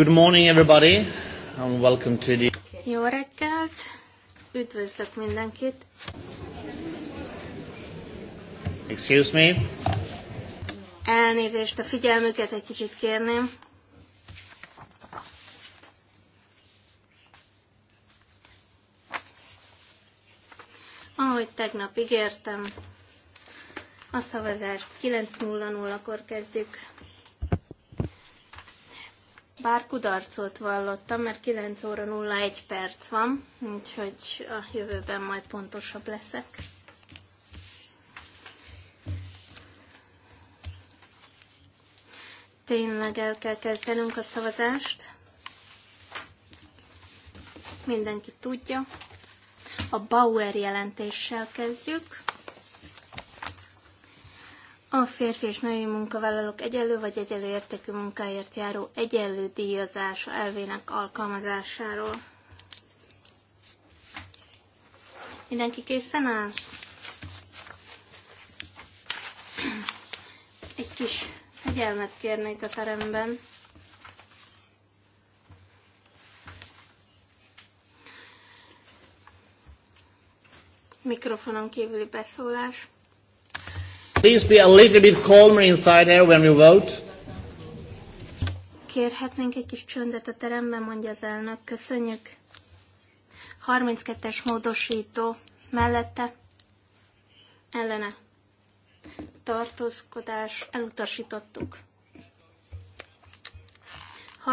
Good morning everybody, and welcome to the... Jó reggelt, üdvözlök mindenkit. Excuse me. Elnézést, a figyelmüket egy kicsit kérném. Ahogy tegnap ígértem, a szavazást 9.00-kor kezdjük. Bár kudarcot vallottam, mert 9 óra 01 perc van, úgyhogy a jövőben majd pontosabb leszek. Tényleg el kell kezdenünk a szavazást. Mindenki tudja. A Bauer jelentéssel kezdjük a férfi és női munkavállalók egyenlő vagy egyenlő értékű munkáért járó egyenlő díjazása elvének alkalmazásáról. Mindenki készen áll? Egy kis fegyelmet kérnék a teremben. Mikrofonon kívüli beszólás. Please be a little bit calmer inside there when we vote. Kérhetnénk egy kis csöndet a teremben, mondja az elnök. Köszönjük. 32-es módosító mellette ellene tartózkodás elutasítottuk.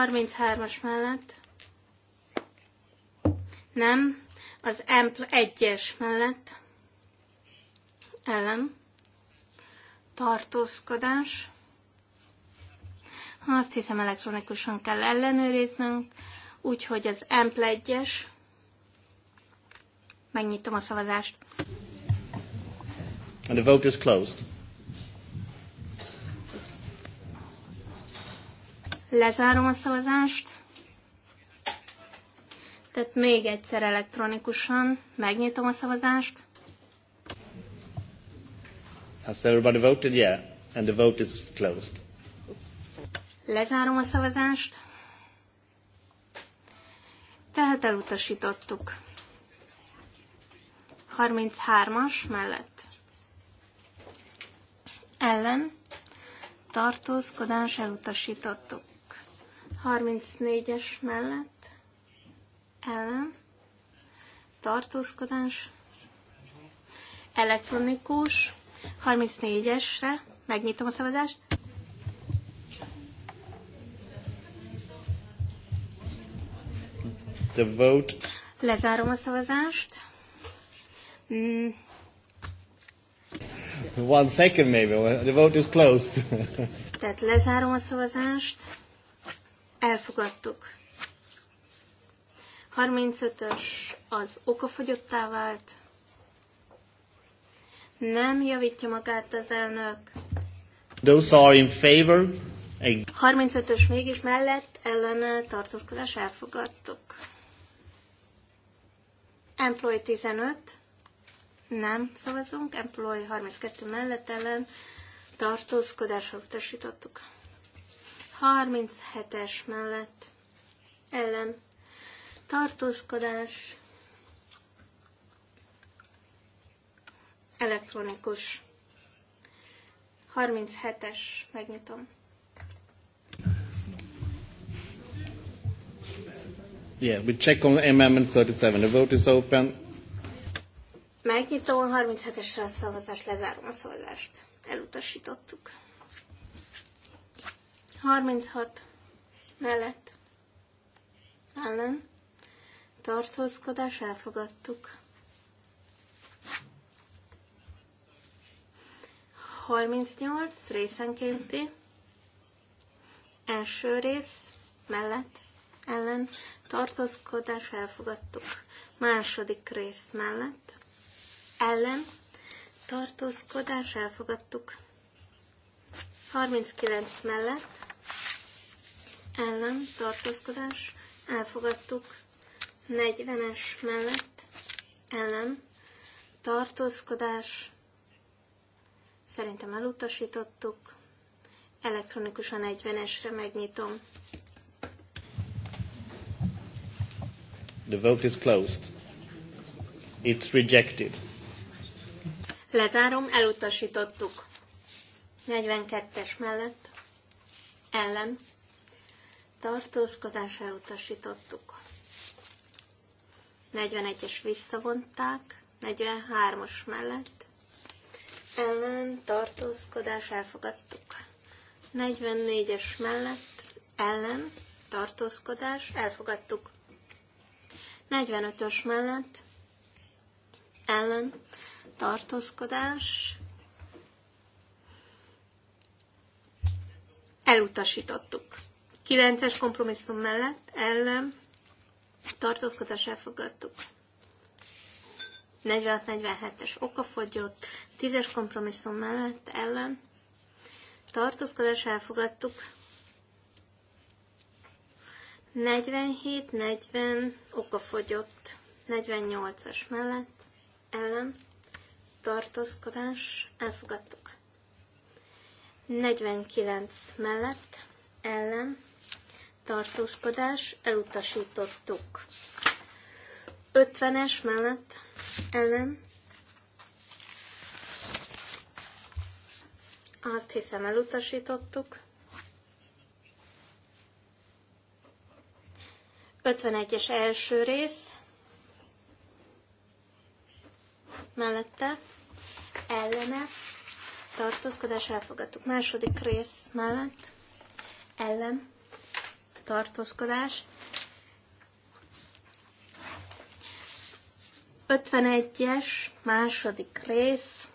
33-as mellett nem, az EMPL 1-es mellett ellen tartózkodás. Azt hiszem elektronikusan kell ellenőriznünk, úgyhogy az M1-es. Megnyitom a szavazást. And the vote is closed. Lezárom a szavazást. Tehát még egyszer elektronikusan megnyitom a szavazást. Has everybody voted? Yeah. And the vote is closed. Lezárom a szavazást. Tehát elutasítottuk. 33-as mellett. Ellen tartózkodás elutasítottuk. 34-es mellett ellen tartózkodás elektronikus 34-esre megnyitom a szavazást. The vote. Lezárom a szavazást. Mm. One second maybe, the vote is closed. Tehát lezárom a szavazást. Elfogadtuk. 35-ös az okafogyottá vált. Nem javítja magát az elnök. Those are in favor. 35-ös mégis mellett ellen, tartózkodás elfogadtuk. Employ 15. Nem szavazunk. Employ 32 mellett ellen tartózkodásra utasítottuk. 37-es mellett ellen tartózkodás Elektronikus. 37-es, megnyitom. Yeah, we check on amendment 37. The vote is open. Megnyitom a 37-esre a szavazást, lezárom a szavazást. Elutasítottuk. 36 mellett ellen tartózkodás elfogadtuk. 38 részenkénti. Első rész mellett ellen tartózkodás elfogadtuk. Második rész mellett ellen tartózkodás elfogadtuk. 39 mellett ellen tartózkodás elfogadtuk. 40-es mellett ellen tartózkodás Szerintem elutasítottuk. Elektronikusan 40-esre megnyitom. The vote is closed. It's rejected. Lezárom, elutasítottuk. 42-es mellett ellen tartózkodás elutasítottuk. 41-es visszavonták, 43 os mellett ellen tartózkodás elfogadtuk. 44-es mellett ellen tartózkodás elfogadtuk. 45-ös mellett ellen tartózkodás elutasítottuk. 9-es kompromisszum mellett ellen tartózkodás elfogadtuk. 46-47-es okafogyott, 10-es kompromisszum mellett ellen. Tartózkodás elfogadtuk. 47-40 okafogyott, 48-as mellett ellen. Tartózkodás elfogadtuk. 49 mellett ellen tartózkodás elutasítottuk. 50-es mellett ellen. Azt hiszem elutasítottuk. 51-es első rész mellette ellene tartózkodás elfogadtuk. Második rész mellett ellen tartózkodás 51-es, második rész.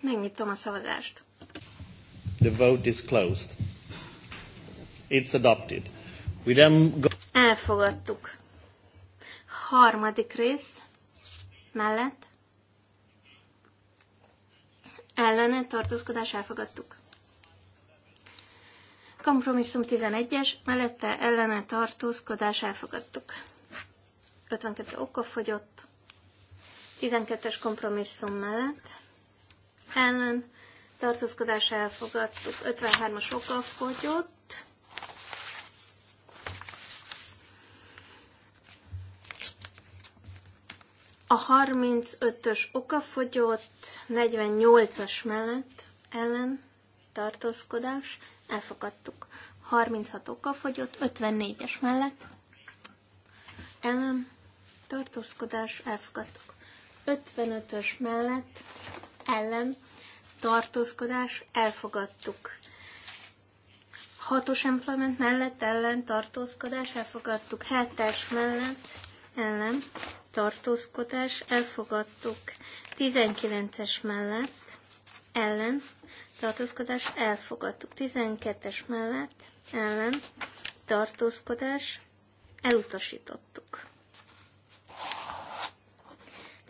Megnyitom a szavazást. The vote is closed. It's adopted. We then go... Elfogadtuk. Harmadik rész mellett ellene tartózkodás elfogadtuk. Kompromisszum 11-es, mellette ellene tartózkodás elfogadtuk. 52 oka fogyott, 12-es kompromisszum mellett, ellen tartózkodás elfogadtuk, 53-as oka fogyott, a 35-ös oka fogyott, 48-as mellett ellen tartózkodás, elfogadtuk. 36 oka fogyott, 54-es mellett ellen tartózkodás, elfogadtuk. 55-ös mellett, ellen, tartózkodás, elfogadtuk. 6-os employment mellett, ellen, tartózkodás, elfogadtuk. 7-es mellett, ellen, tartózkodás, elfogadtuk. 19-es mellett, ellen, tartózkodás, elfogadtuk. 12-es mellett, ellen, tartózkodás, elutasítottuk.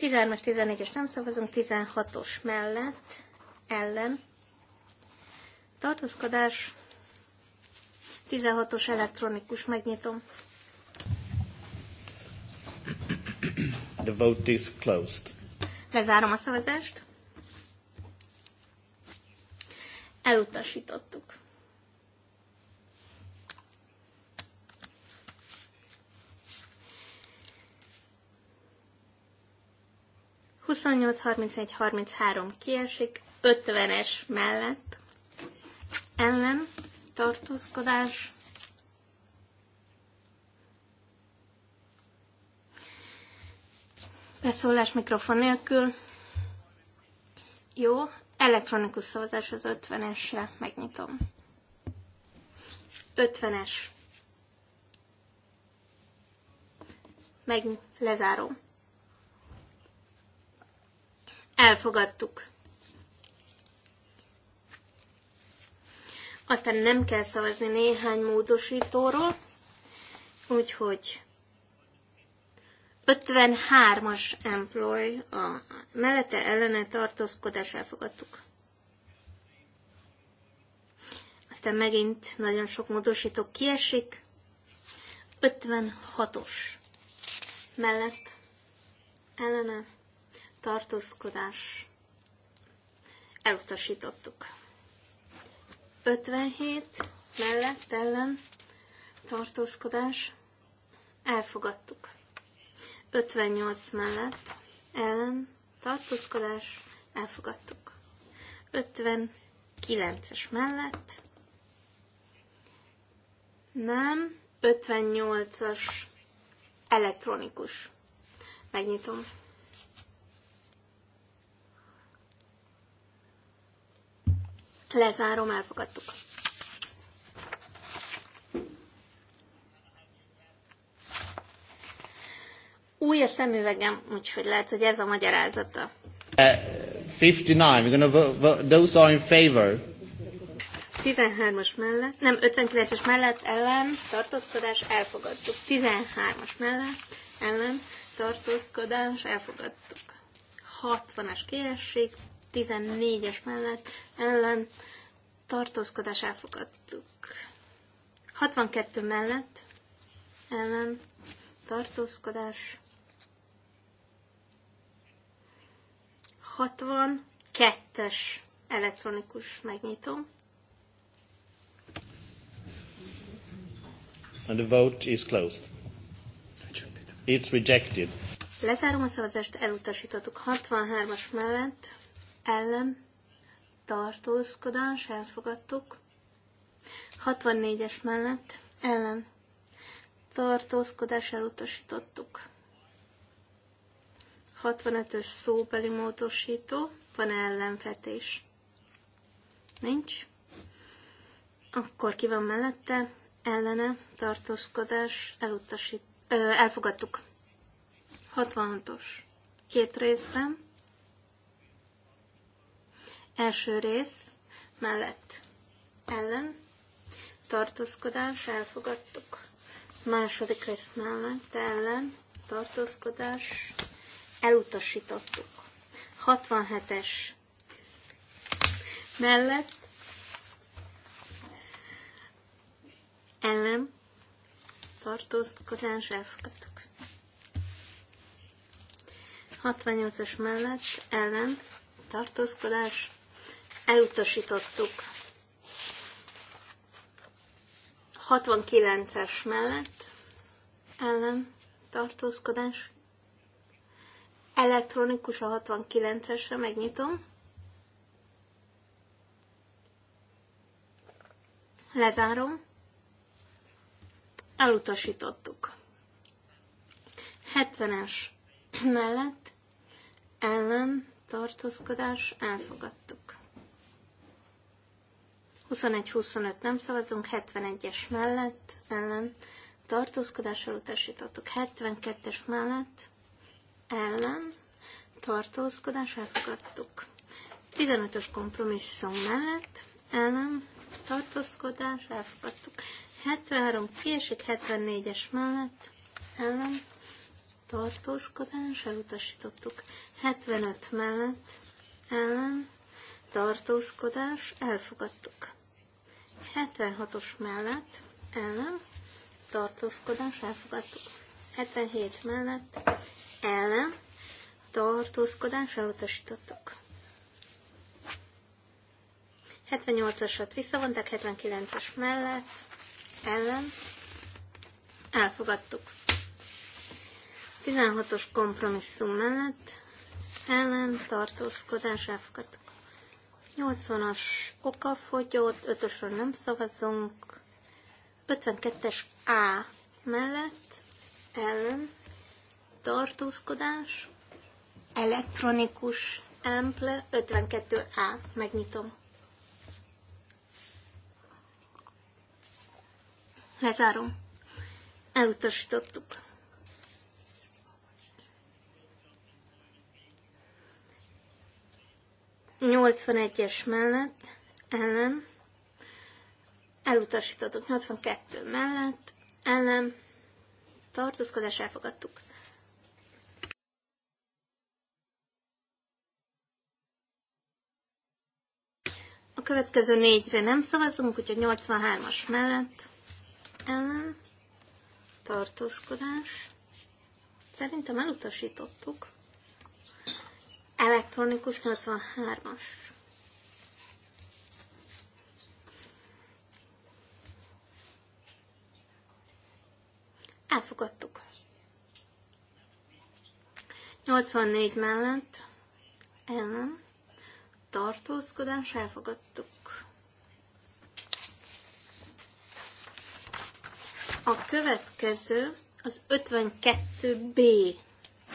13-as, 14-es nem szavazunk, 16-os mellett, ellen. Tartózkodás, 16-os elektronikus, megnyitom. The vote is closed. Lezárom a szavazást. Elutasítottuk. 28, 31, 33 kiesik, 50-es mellett ellen tartózkodás. Beszólás mikrofon nélkül. Jó, elektronikus szavazás az 50-esre, megnyitom. 50-es. Meg lezárom. Elfogadtuk. Aztán nem kell szavazni néhány módosítóról, úgyhogy 53-as employ, a mellette ellene tartózkodás elfogadtuk. Aztán megint nagyon sok módosító kiesik. 56-os mellett ellene tartózkodás, elutasítottuk. 57 mellett ellen tartózkodás, elfogadtuk. 58 mellett ellen tartózkodás, elfogadtuk. 59-es mellett nem, 58-as elektronikus. Megnyitom. Lezárom, elfogadtuk. Új a szemüvegem, úgyhogy lehet, hogy ez a magyarázata. Uh, 59, we're gonna vote, vote, those are in favor. 13-as mellett, nem, 59-es mellett ellen tartózkodás elfogadtuk. 13-as mellett ellen tartózkodás elfogadtuk. 60-as kiesség, 14-es mellett ellen tartózkodás elfogadtuk. 62 mellett ellen tartózkodás 62-es elektronikus megnyitó. And the vote is closed. It's rejected. Lezárom a szavazást, elutasítottuk 63-as mellett ellen tartózkodás, elfogadtuk. 64-es mellett ellen tartózkodás elutasítottuk. 65-ös szóbeli módosító, van ellenfetés? Nincs. Akkor ki van mellette? Ellene tartózkodás elutasít, ö, elfogadtuk. 66-os. Két részben Első rész mellett ellen tartózkodás elfogadtuk. Második rész mellett ellen tartózkodás elutasítottuk. 67-es mellett ellen tartózkodás elfogadtuk. 68-as mellett ellen tartózkodás Elutasítottuk. 69-es mellett ellen tartózkodás. Elektronikus a 69-esre, megnyitom. Lezárom. Elutasítottuk. 70-es mellett ellen tartózkodás elfogadtuk. 21-25 nem szavazunk, 71-es mellett ellen tartózkodással utasítottuk, 72-es mellett ellen tartózkodás elfogadtuk. 15-ös kompromisszum mellett ellen tartózkodás elfogadtuk. 73 kiesik, 74-es mellett ellen tartózkodás elutasítottuk. 75 mellett ellen tartózkodás elfogadtuk. 76-os mellett ellen tartózkodás elfogadtuk. 77 mellett ellen tartózkodás elutasítottuk. 78-asat visszavonták, 79-es mellett ellen elfogadtuk. 16-os kompromisszum mellett ellen tartózkodás elfogadtuk. 80-as okafogyott, 5 nem szavazunk, 52-es A mellett ellen tartózkodás, elektronikus emple, 52A, megnyitom. Lezárom. Elutasítottuk. 81-es mellett ellen elutasítottuk, 82 mellett ellen tartózkodás elfogadtuk. A következő négyre nem szavazunk, úgyhogy 83-as mellett ellen tartózkodás. Szerintem elutasítottuk. Elektronikus 83-as. Elfogadtuk. 84 mellett ellen tartózkodás elfogadtuk. A következő az 52B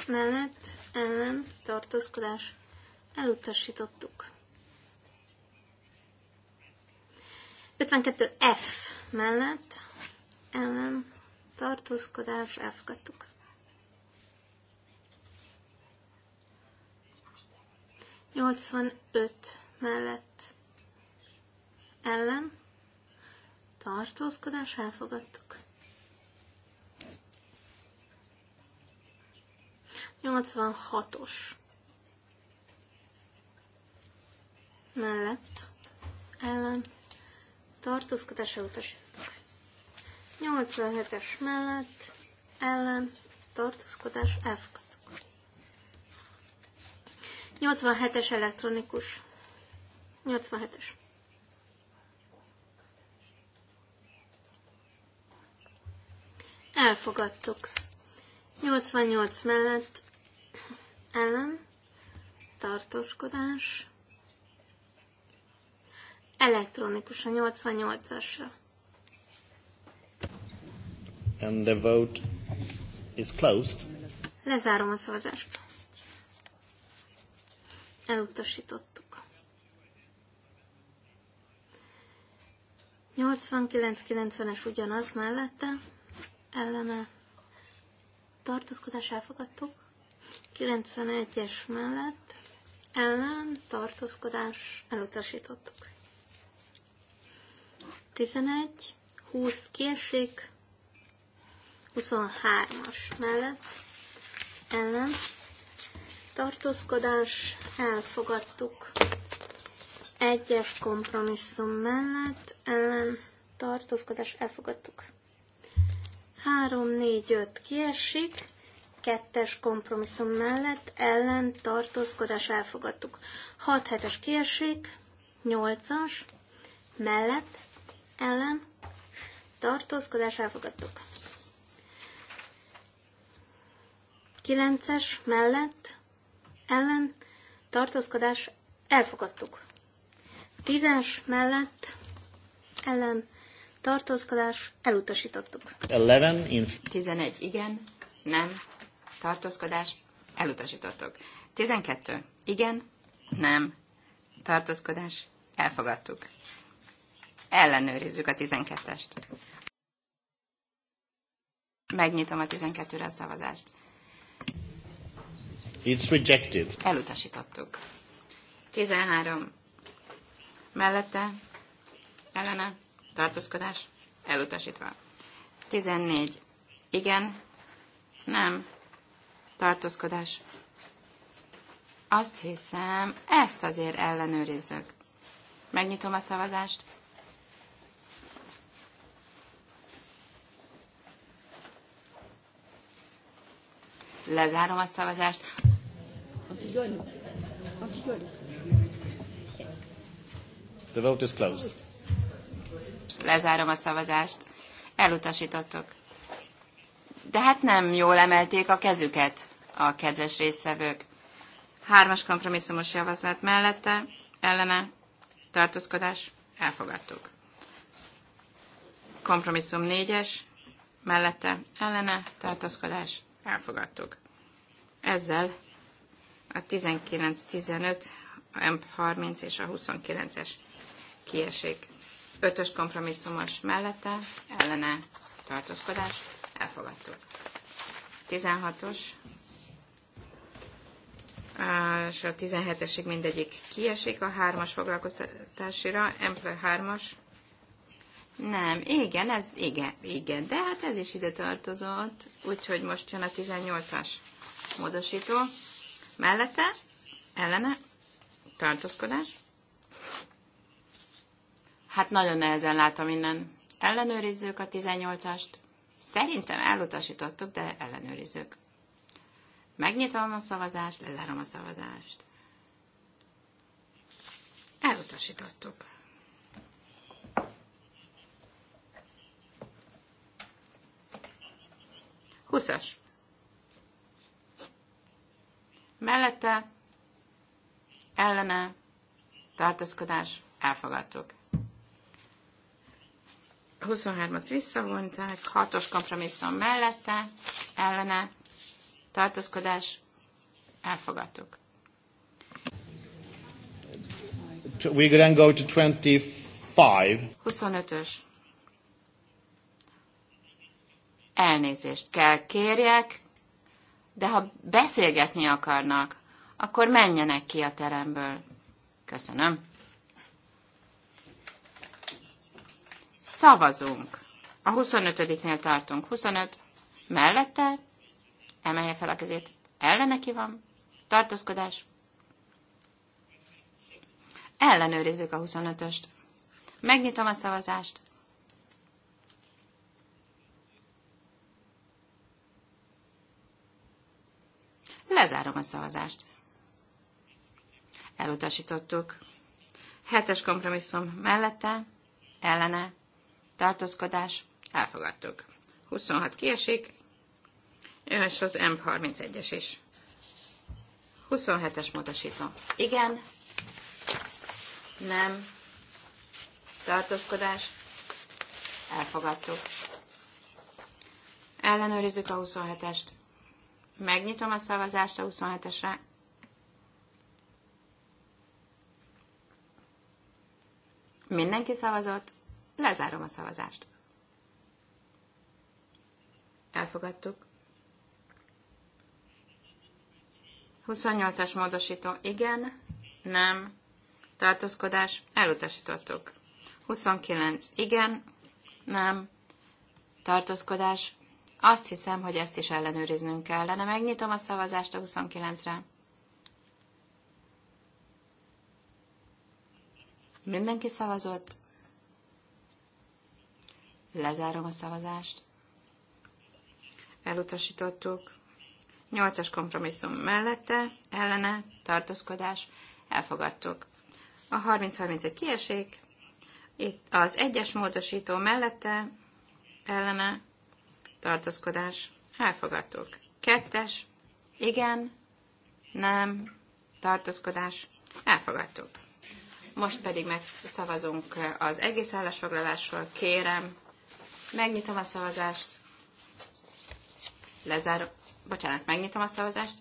mellett ellen tartózkodás elutasítottuk. 52 F mellett ellen tartózkodás elfogadtuk. Nyolcvanöt mellett ellen tartózkodás elfogadtuk. 86-os mellett ellen tartózkodás elutasítottak. 87-es mellett ellen tartózkodás elfogadtuk. 87-es elektronikus. 87-es. Elfogadtuk. 88 mellett ellen, tartózkodás, elektronikus a 88-asra. And the vote is closed. Lezárom a szavazást. Elutasítottuk. 89-90-es ugyanaz mellette, ellene tartózkodás elfogadtuk. 91-es mellett ellen tartózkodás elutasítottuk. 11, 20 kiesik, 23-as mellett ellen tartózkodás elfogadtuk. Egyes kompromisszum mellett ellen tartózkodás elfogadtuk. 3, 4, 5 kiesik, kettes kompromisszum mellett ellen tartózkodás elfogadtuk. 6 hetes kiesik, 8-as mellett ellen tartózkodás elfogadtuk. 9-es mellett ellen tartózkodás elfogadtuk. 10-es mellett ellen tartózkodás elutasítottuk. 11, in... 11 igen, nem, tartózkodás, elutasítottuk. 12. Igen, nem, tartózkodás, elfogadtuk. Ellenőrizzük a 12-est. Megnyitom a 12-re a szavazást. It's rejected. Elutasítottuk. 13. Mellette, ellene, tartózkodás, elutasítva. 14. Igen, nem, tartózkodás. Azt hiszem, ezt azért ellenőrizzük. Megnyitom a szavazást. Lezárom a szavazást. Antigone. Antigone. The vote is closed. Lezárom a szavazást. Elutasítottok de hát nem jól emelték a kezüket a kedves résztvevők. Hármas kompromisszumos javaslat mellette, ellene, tartózkodás, elfogadtuk. Kompromisszum négyes, mellette, ellene, tartózkodás, elfogadtuk. Ezzel a 19-15, a M30 és a 29-es kiesik. Ötös kompromisszumos mellette, ellene, tartózkodás, elfogadtuk. 16-os és a 17-esig mindegyik kiesik a 3-as foglalkoztatásira, MP3-as. Nem, igen, ez igen, igen, de hát ez is ide tartozott, úgyhogy most jön a 18-as módosító. Mellette, ellene, tartózkodás. Hát nagyon nehezen látom innen. Ellenőrizzük a 18-ast. Szerintem elutasítottuk, de ellenőrizzük. Megnyitom a szavazást, lezárom a szavazást. Elutasítottuk. Huszas. Mellette, ellene, tartózkodás, elfogadtuk. 23-at visszavonták, 6-os kompromisszum mellette, ellene, tartózkodás, elfogadtuk. We then go to 25. 25-ös. Elnézést kell kérjek, de ha beszélgetni akarnak, akkor menjenek ki a teremből. Köszönöm. Szavazunk. A 25-nél tartunk. 25. Mellette? Emelje fel a kezét. Ellene ki van? Tartózkodás? Ellenőrizzük a 25-öst. Megnyitom a szavazást. Lezárom a szavazást. Elutasítottuk. Hetes kompromisszum mellette, ellene, tartózkodás, elfogadtuk. 26 kiesik, és az M31-es is. 27-es módosító. Igen, nem, tartózkodás, elfogadtuk. Ellenőrizzük a 27-est. Megnyitom a szavazást a 27-esre. Mindenki szavazott? Lezárom a szavazást. Elfogadtuk. 28-as módosító, igen, nem, tartózkodás, elutasítottuk. 29, igen, nem, tartózkodás, azt hiszem, hogy ezt is ellenőriznünk kellene. Megnyitom a szavazást a 29-re. Mindenki szavazott? Lezárom a szavazást. Elutasítottuk. Nyolcas kompromisszum mellette, ellene, tartózkodás, elfogadtuk. A 30-31 kiesék, itt az egyes módosító mellette, ellene, tartózkodás, elfogadtuk. Kettes, igen, nem, tartózkodás, elfogadtuk. Most pedig megszavazunk az egész állásfoglalásról. Kérem, Megnyitom a szavazást. Lezárom. Bocsánat, megnyitom a szavazást.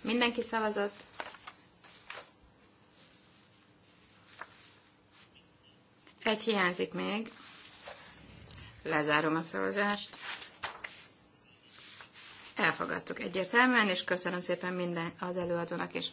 Mindenki szavazott. Egy hiányzik még. Lezárom a szavazást. Elfogadtuk egyértelműen, és köszönöm szépen minden az előadónak is.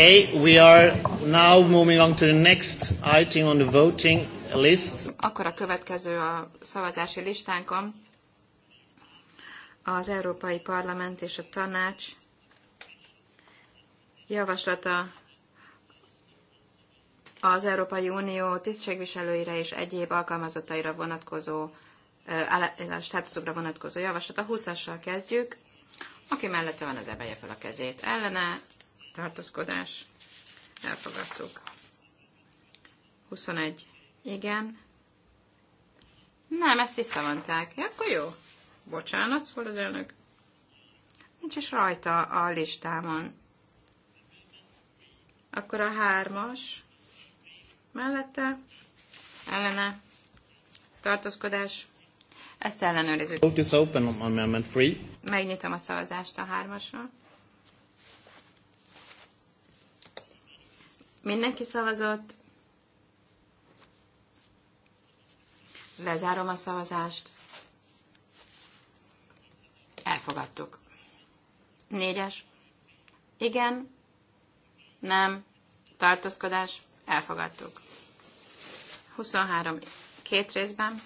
Okay, we are now moving on to the next item on the voting list. Akkor a következő a szavazási listánkon az Európai Parlament és a Tanács javaslata az Európai Unió tisztségviselőire és egyéb alkalmazottaira vonatkozó, a státuszokra vonatkozó javaslata. 20-assal kezdjük. Aki mellette van, az emelje fel a kezét. Ellene tartózkodás, elfogadtuk. 21, igen. Nem, ezt visszavonták. Ja, akkor jó. Bocsánat, szól az elnök. Nincs is rajta a listámon. Akkor a hármas mellette ellene tartózkodás. Ezt ellenőrizzük. open on Megnyitom a szavazást a hármasra. Mindenki szavazott. Lezárom a szavazást. Elfogadtuk. Négyes. Igen. Nem. Tartózkodás. Elfogadtuk. 23. Két részben.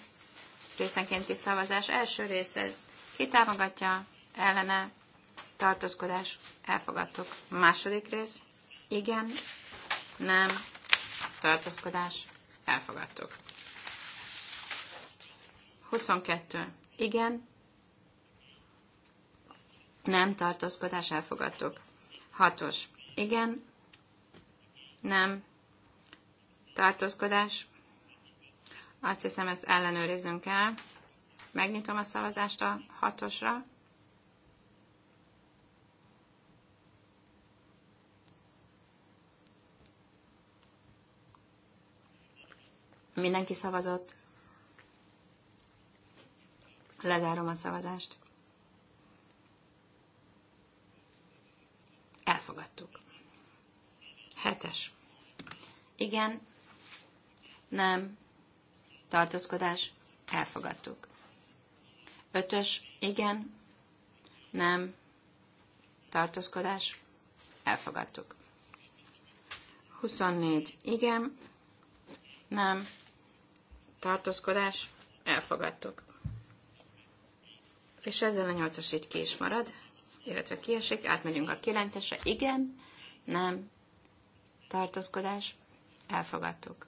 Részenkénti szavazás. Első része. Ki támogatja? Ellene. Tartózkodás. Elfogadtuk. Második rész. Igen. Nem. Tartózkodás. Elfogadtuk. 22. Igen. Nem. Tartózkodás. Elfogadtuk. 6-os. Igen. Nem. Tartózkodás. Azt hiszem, ezt ellenőriznünk kell. Megnyitom a szavazást a hatosra. Mindenki szavazott. Lezárom a szavazást. Elfogadtuk. Hetes. Igen. Nem. Tartózkodás. Elfogadtuk. Ötös. Igen. Nem. Tartózkodás. Elfogadtuk. 24. Igen. Nem tartózkodás, elfogadtuk. És ezzel a nyolcas így ki is marad, illetve kiesik, átmegyünk a kilencesre, igen, nem, tartózkodás, elfogadtuk.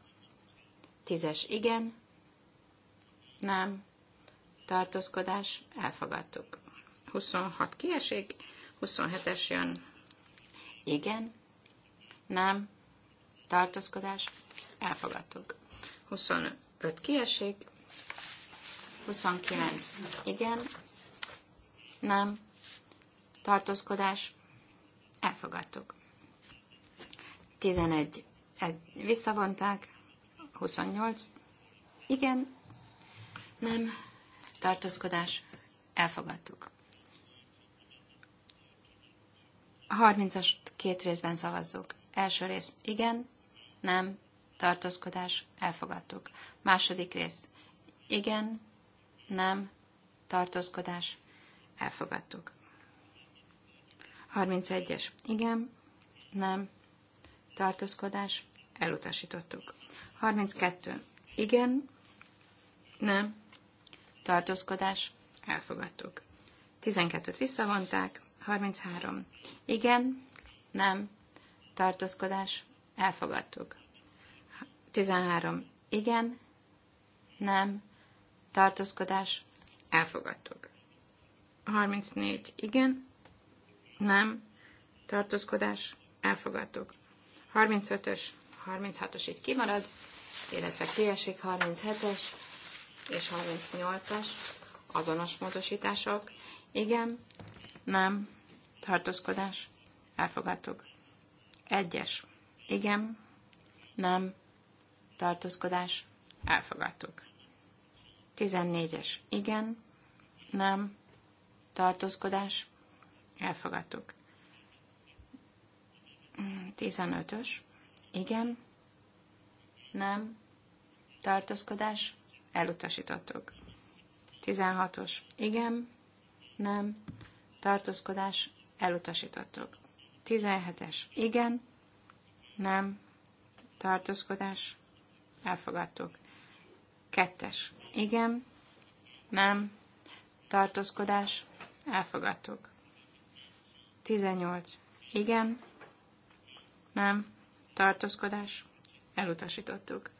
Tízes, igen, nem, tartózkodás, elfogadtuk. 26 kiesik, 27-es jön, igen, nem, tartózkodás, elfogadtuk. 25 5 kiesik, 29 igen, nem, tartózkodás, elfogadtuk. 11 egy, visszavonták, 28 igen, nem, tartózkodás, elfogadtuk. 30-as két részben szavazzuk. Első rész igen, nem, tartózkodás, elfogadtuk. Második rész, igen, nem, tartózkodás, elfogadtuk. 31-es, igen, nem, tartózkodás, elutasítottuk. 32. Igen, nem, tartózkodás, elfogadtuk. 12-t visszavonták, 33. Igen, nem, tartózkodás, elfogadtuk. 13. Igen, nem, tartózkodás, elfogadtuk. 34. Igen, nem, tartózkodás, elfogadtuk. 35-ös, 36-os így kimarad, illetve kiesik 37-es és 38-as, azonos módosítások. Igen, nem, tartózkodás, elfogadtuk. 1-es, Igen, nem, tartózkodás, elfogadtuk. 14-es, igen, nem, tartózkodás, elfogadtuk. 15-ös, igen, nem, tartózkodás, elutasítottuk. 16-os, igen, nem, tartózkodás, elutasítottuk. 17-es, igen, nem, tartózkodás, elfogadtuk. Kettes. Igen, nem, tartózkodás, elfogadtuk. 18. Igen, nem, tartózkodás, elutasítottuk.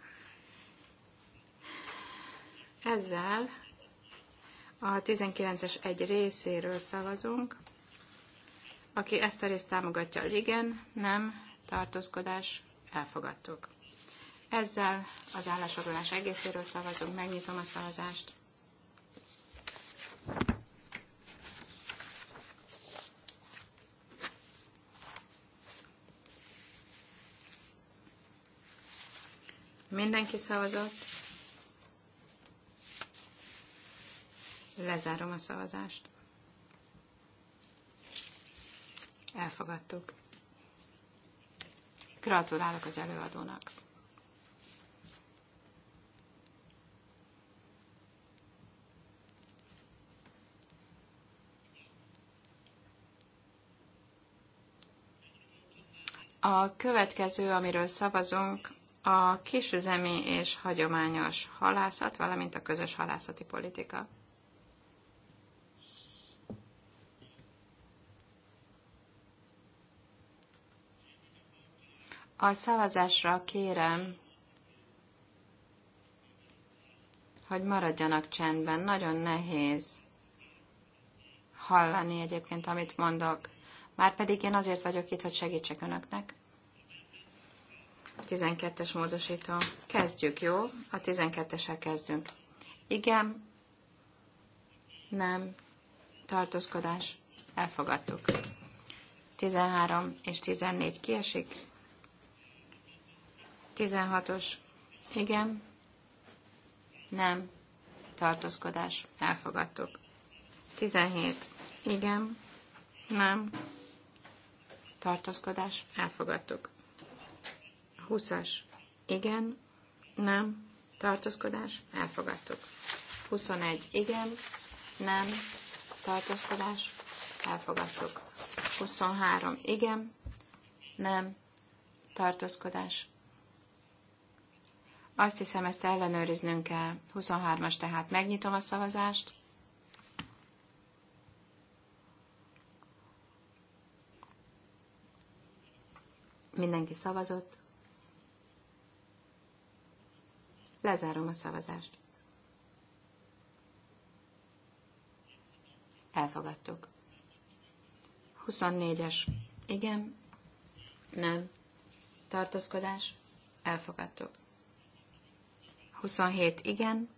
Ezzel a 19-es egy részéről szavazunk. Aki ezt a részt támogatja, az igen, nem, tartózkodás, elfogadtuk. Ezzel az állásfoglalás egészéről szavazunk, megnyitom a szavazást. Mindenki szavazott. Lezárom a szavazást. Elfogadtuk. Gratulálok az előadónak. A következő, amiről szavazunk, a kisüzemi és hagyományos halászat, valamint a közös halászati politika. A szavazásra kérem, hogy maradjanak csendben. Nagyon nehéz hallani egyébként, amit mondok. Márpedig én azért vagyok itt, hogy segítsek önöknek. 12-es módosító. Kezdjük, jó? A 12 esel kezdünk. Igen. Nem. Tartózkodás. Elfogadtuk. 13 és 14 kiesik. 16-os. Igen. Nem. Tartózkodás. Elfogadtuk. 17. Igen. Nem tartózkodás, elfogadtuk. 20-as, igen, nem, tartózkodás, elfogadtuk. 21, igen, nem, tartózkodás, elfogadtuk. 23, igen, nem, tartózkodás. Azt hiszem, ezt ellenőriznünk kell. 23-as, tehát megnyitom a szavazást. Mindenki szavazott. Lezárom a szavazást. Elfogadtuk. 24-es. Igen. Nem. Tartózkodás. Elfogadtuk. 27. Igen.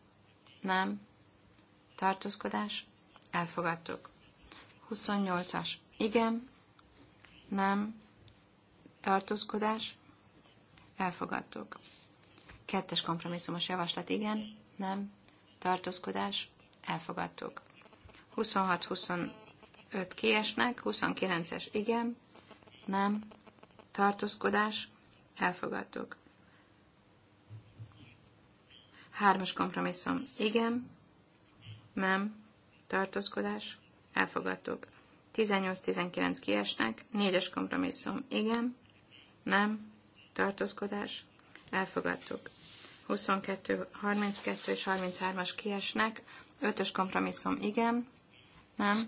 Nem. Tartózkodás. Elfogadtuk. 28-as. Igen. Nem tartózkodás, elfogadtuk. Kettes kompromisszumos javaslat, igen, nem, tartózkodás, elfogadtuk. 26-25 kiesnek, 29-es igen, nem, tartózkodás, elfogadtuk. Hármas kompromisszum, igen, nem, tartózkodás, elfogadtuk. 18-19 kiesnek, négyes kompromisszum, igen, nem, tartózkodás, elfogadtuk. 22, 32 és 33-as kiesnek, 5-ös kompromisszum igen, nem,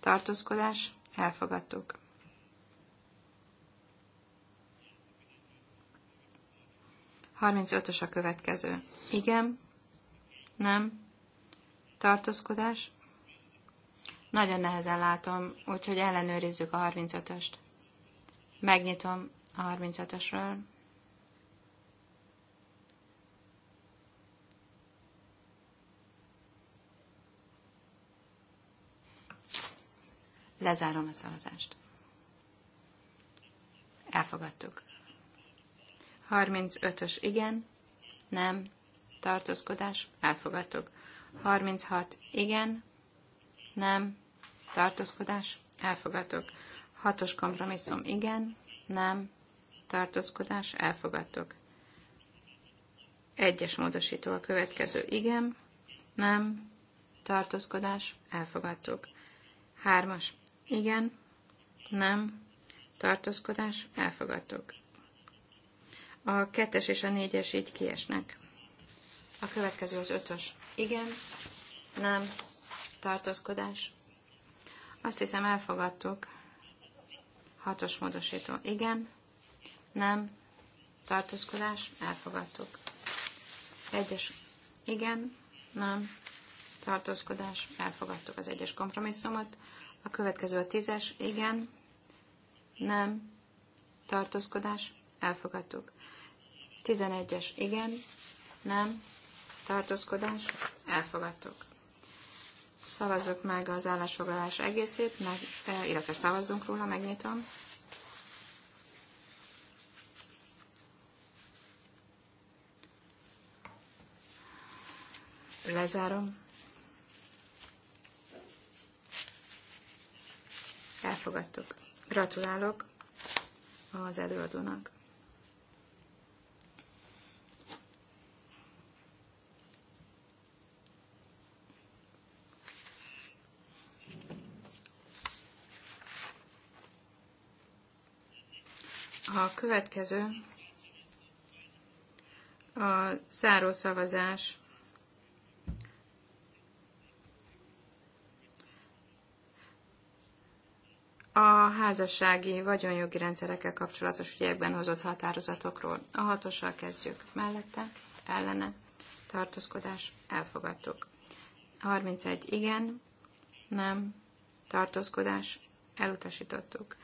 tartózkodás, elfogadtuk. Harmincötös a következő. Igen, nem, tartózkodás. Nagyon nehezen látom, úgyhogy ellenőrizzük a 35-öst. Megnyitom a 35-ösről. Lezárom a szavazást. Elfogadtuk. 35-ös igen, nem, tartózkodás, elfogadtuk. 36 igen, nem, tartózkodás, elfogadtuk. 6-os kompromisszum igen, nem, tartózkodás, elfogadtok Egyes módosító a következő, igen, nem, tartózkodás, elfogadtok Hármas, igen, nem, tartózkodás, elfogadtok A kettes és a négyes így kiesnek. A következő az ötös. Igen, nem, tartózkodás. Azt hiszem elfogadtuk. Hatos módosító. Igen, nem. Tartózkodás. Elfogadtuk. Egyes. Igen. Nem. Tartózkodás. Elfogadtuk az egyes kompromisszumot. A következő a tízes. Igen. Nem. Tartózkodás. Elfogadtuk. Tizenegyes. Igen. Nem. Tartózkodás. Elfogadtuk. Szavazzuk meg az állásfoglalás egészét, meg, eh, illetve szavazzunk róla, megnyitom. Lezárom. Elfogadtuk. Gratulálok az előadónak. A következő a szavazás. a házassági vagyonjogi rendszerekkel kapcsolatos ügyekben hozott határozatokról. A hatossal kezdjük. Mellette, ellene, tartózkodás, elfogadtuk. 31. Igen, nem, tartózkodás, elutasítottuk.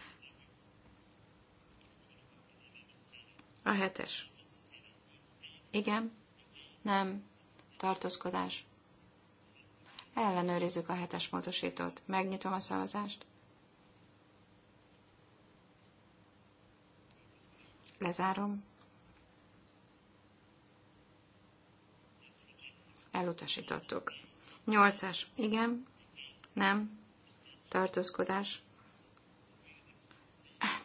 A hetes. Igen, nem, tartózkodás. Ellenőrizzük a hetes módosítót. Megnyitom a szavazást. Lezárom. Elutasítottuk. Nyolcas. Igen. Nem. Tartózkodás.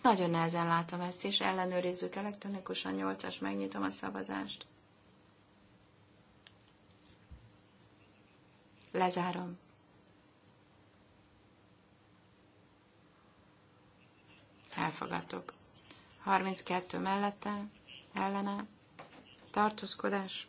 Nagyon nehezen látom ezt is. Ellenőrizzük elektronikusan. Nyolcas. Megnyitom a szavazást. Lezárom. Elfogadtok. 32 mellette, ellene, tartózkodás.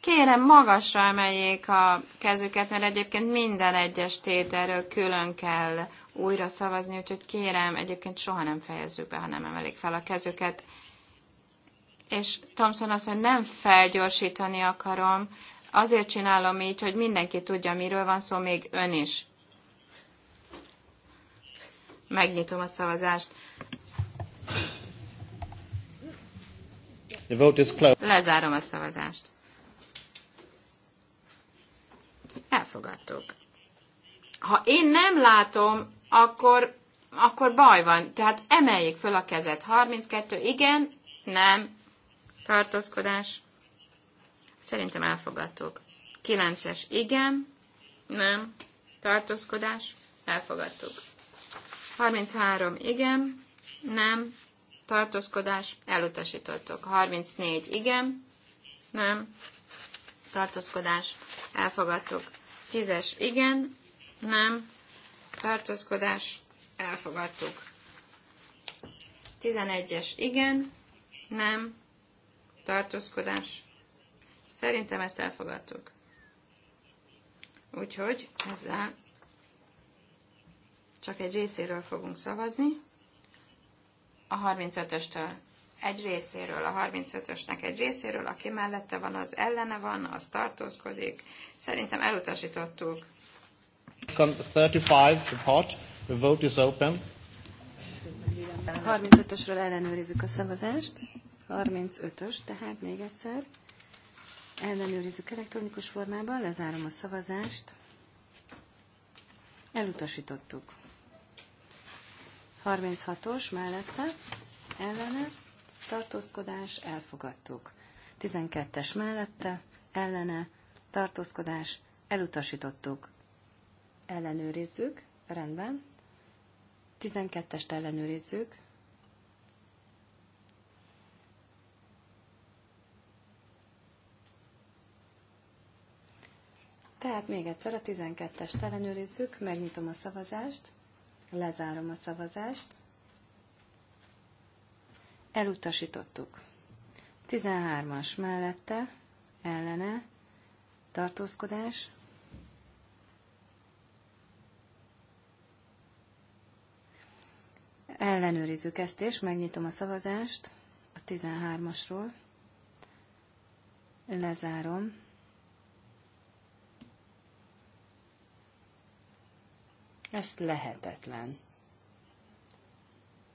Kérem, magasra emeljék a kezüket, mert egyébként minden egyes tételről külön kell újra szavazni, úgyhogy kérem, egyébként soha nem fejezzük be, ha nem emelik fel a kezüket. És Thompson azt mondja, nem felgyorsítani akarom, azért csinálom így, hogy mindenki tudja, miről van szó, még ön is. Megnyitom a szavazást. The vote is closed. Lezárom a szavazást. Elfogadtuk. Ha én nem látom, akkor, akkor baj van. Tehát emeljék föl a kezet. 32, igen, nem, tartózkodás. Szerintem elfogadtuk. 9-es, igen, nem, tartózkodás, elfogadtuk. 33 igen, nem, tartózkodás, elutasítottuk. 34 igen, nem, tartózkodás, elfogadtuk. 10-es igen, nem, tartózkodás, elfogadtuk. 11-es igen, nem, tartózkodás. Szerintem ezt elfogadtuk. Úgyhogy ezzel csak egy részéről fogunk szavazni. A 35-östől egy részéről, a 35-ösnek egy részéről, aki mellette van, az ellene van, az tartózkodik. Szerintem elutasítottuk. 35 report. The vote is open. 35-ösről ellenőrizzük a szavazást. 35-ös, tehát még egyszer. Ellenőrizzük elektronikus formában, lezárom a szavazást. Elutasítottuk. 36-os mellette ellene tartózkodás elfogadtuk. 12-es mellette ellene tartózkodás elutasítottuk. Ellenőrizzük, rendben. 12-est ellenőrizzük. Tehát még egyszer a 12-est ellenőrizzük, megnyitom a szavazást. Lezárom a szavazást. Elutasítottuk. 13-as mellette, ellene, tartózkodás. Ellenőrizzük ezt, és megnyitom a szavazást a 13-asról. Lezárom. Ez lehetetlen.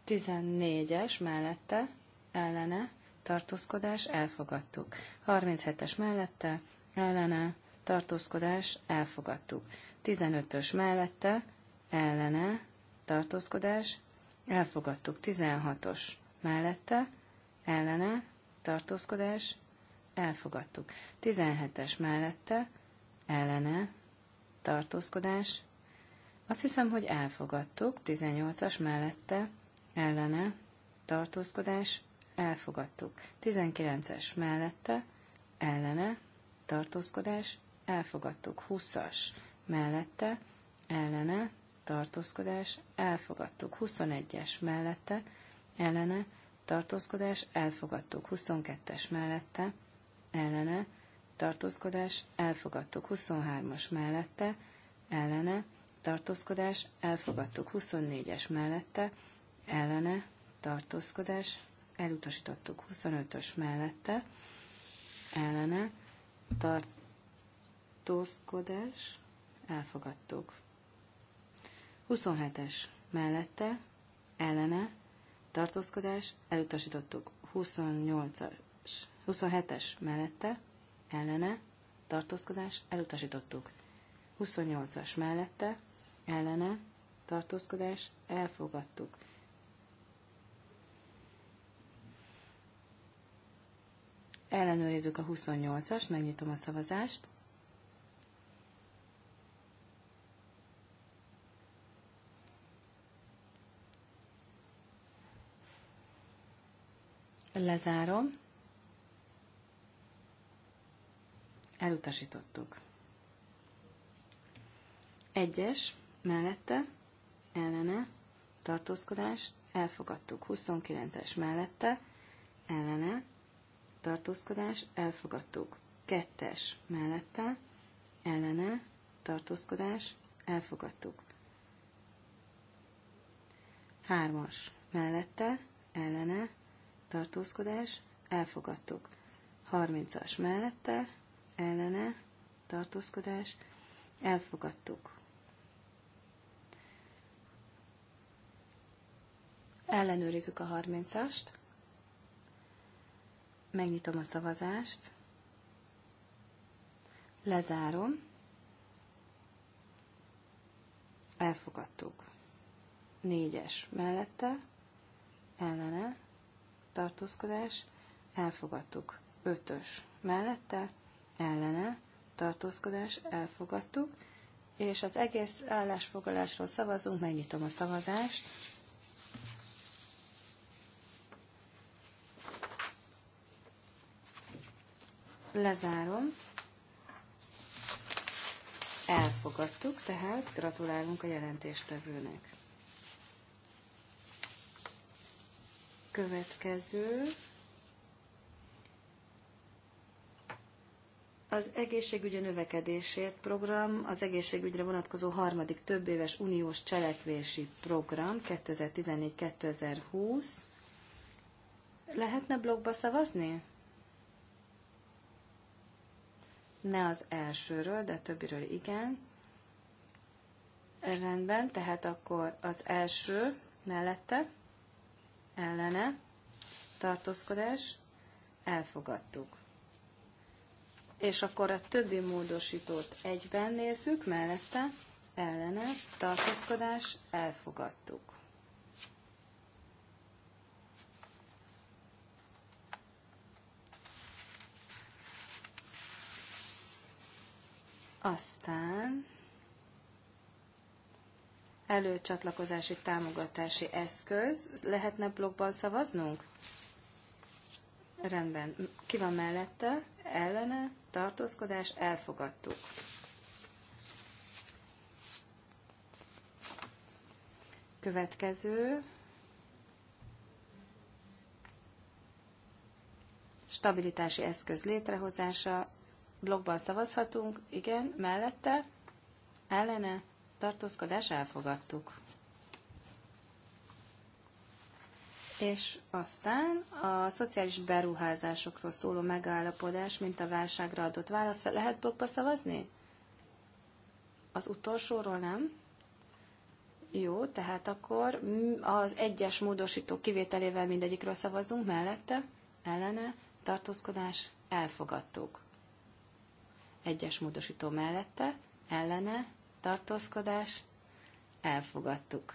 14-es mellette, ellene, tartózkodás, elfogadtuk. 37-es mellette, ellene, tartózkodás, elfogadtuk. 15-ös mellette, ellene, tartózkodás, elfogadtuk. 16-os mellette, ellene, tartózkodás, elfogadtuk. 17-es mellette, ellene, tartózkodás, azt hiszem, hogy elfogadtuk. 18-as mellette ellene tartózkodás elfogadtuk. 19-es mellette ellene tartózkodás elfogadtuk. 20-as mellette ellene tartózkodás elfogadtuk. 21-es mellette ellene tartózkodás elfogadtuk. 22-es mellette ellene tartózkodás elfogadtuk. 23-as mellette ellene tartózkodás, elfogadtuk 24-es mellette, ellene, tartózkodás, elutasítottuk 25-ös mellette, ellene, tartózkodás, elfogadtuk. 27-es mellette, ellene, tartózkodás, elutasítottuk 28-as, 27-es mellette, ellene, tartózkodás, elutasítottuk 28-as mellette, ellene, tartózkodás, elfogadtuk. Ellenőrizzük a 28 as megnyitom a szavazást. Lezárom. Elutasítottuk. Egyes mellette, ellene, tartózkodás, elfogadtuk. 29-es mellette, ellene, tartózkodás, elfogadtuk. 2-es mellette, ellene, tartózkodás, elfogadtuk. 3-as mellette, ellene, tartózkodás, elfogadtuk. 30-as mellette, ellene, tartózkodás, elfogadtuk. Ellenőrizzük a 30-ast. Megnyitom a szavazást. Lezárom. Elfogadtuk. Négyes mellette, ellene, tartózkodás, elfogadtuk. Ötös mellette, ellene, tartózkodás, elfogadtuk. És az egész állásfoglalásról szavazunk, megnyitom a szavazást. Lezárom. Elfogadtuk, tehát gratulálunk a jelentéstevőnek. Következő. Az egészségügyi növekedésért program, az egészségügyre vonatkozó harmadik többéves uniós cselekvési program 2014-2020. Lehetne blogba szavazni? ne az elsőről, de a többiről igen. Rendben, tehát akkor az első mellette, ellene, tartózkodás, elfogadtuk. És akkor a többi módosítót egyben nézzük, mellette, ellene, tartózkodás, elfogadtuk. Aztán előcsatlakozási támogatási eszköz. Lehetne blogban szavaznunk? Rendben. Ki van mellette? Ellene? Tartózkodás? Elfogadtuk. Következő. Stabilitási eszköz létrehozása. Blogban szavazhatunk, igen, mellette, ellene, tartózkodás elfogadtuk. És aztán a szociális beruházásokról szóló megállapodás, mint a válságra adott válasz, lehet blogba szavazni? Az utolsóról nem? Jó, tehát akkor az egyes módosító kivételével mindegyikről szavazunk, mellette, ellene, tartózkodás, elfogadtuk egyes módosító mellette, ellene, tartózkodás, elfogadtuk.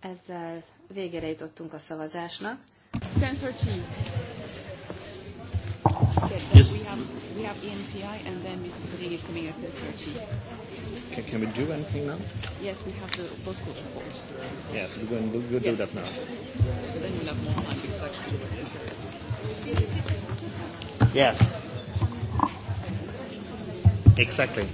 Ezzel végére jutottunk a szavazásnak. Yes. We, have, we have ENPI and then Mrs. Reading is coming at 30. Can, can we do anything now? Yes, we have the both court reports. Yes, we're going to we'll yes. do that now. So then we'll have more time because actually. Yes. Exactly.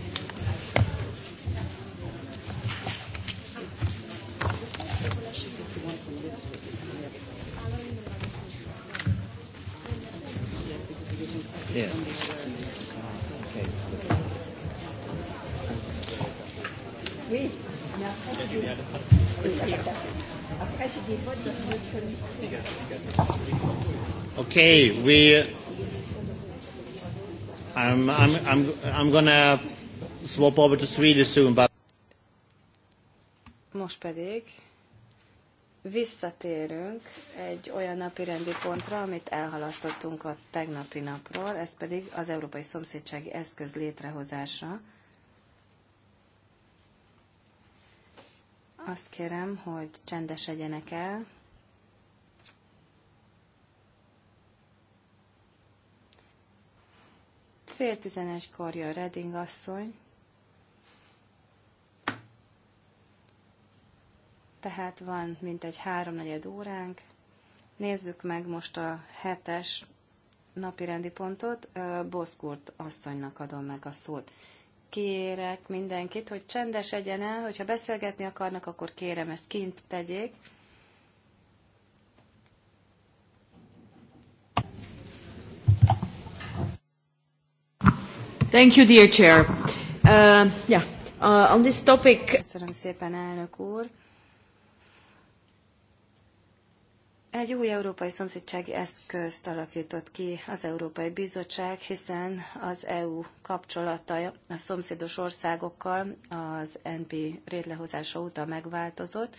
Okay, we. I'm, I'm, I'm, I'm gonna swap over to Swedish soon, but. Most pedig visszatérünk egy olyan napirendi pontra, amit elhalasztottunk a tegnapi napról, ez pedig az Európai Szomszédsági Eszköz létrehozása. Azt kérem, hogy csendesedjenek el. Fél tizenegykor jön Reding asszony. tehát van mintegy háromnegyed óránk. Nézzük meg most a hetes napirendi pontot. Boszkurt asszonynak adom meg a szót. Kérek mindenkit, hogy csendes legyen el, hogyha beszélgetni akarnak, akkor kérem ezt kint tegyék. Thank you, dear chair. Uh, yeah, uh, on this topic... Köszönöm szépen, elnök úr. Egy új európai szomszédsági eszközt alakított ki az Európai Bizottság, hiszen az EU kapcsolata a szomszédos országokkal az NP rétlehozása óta megváltozott.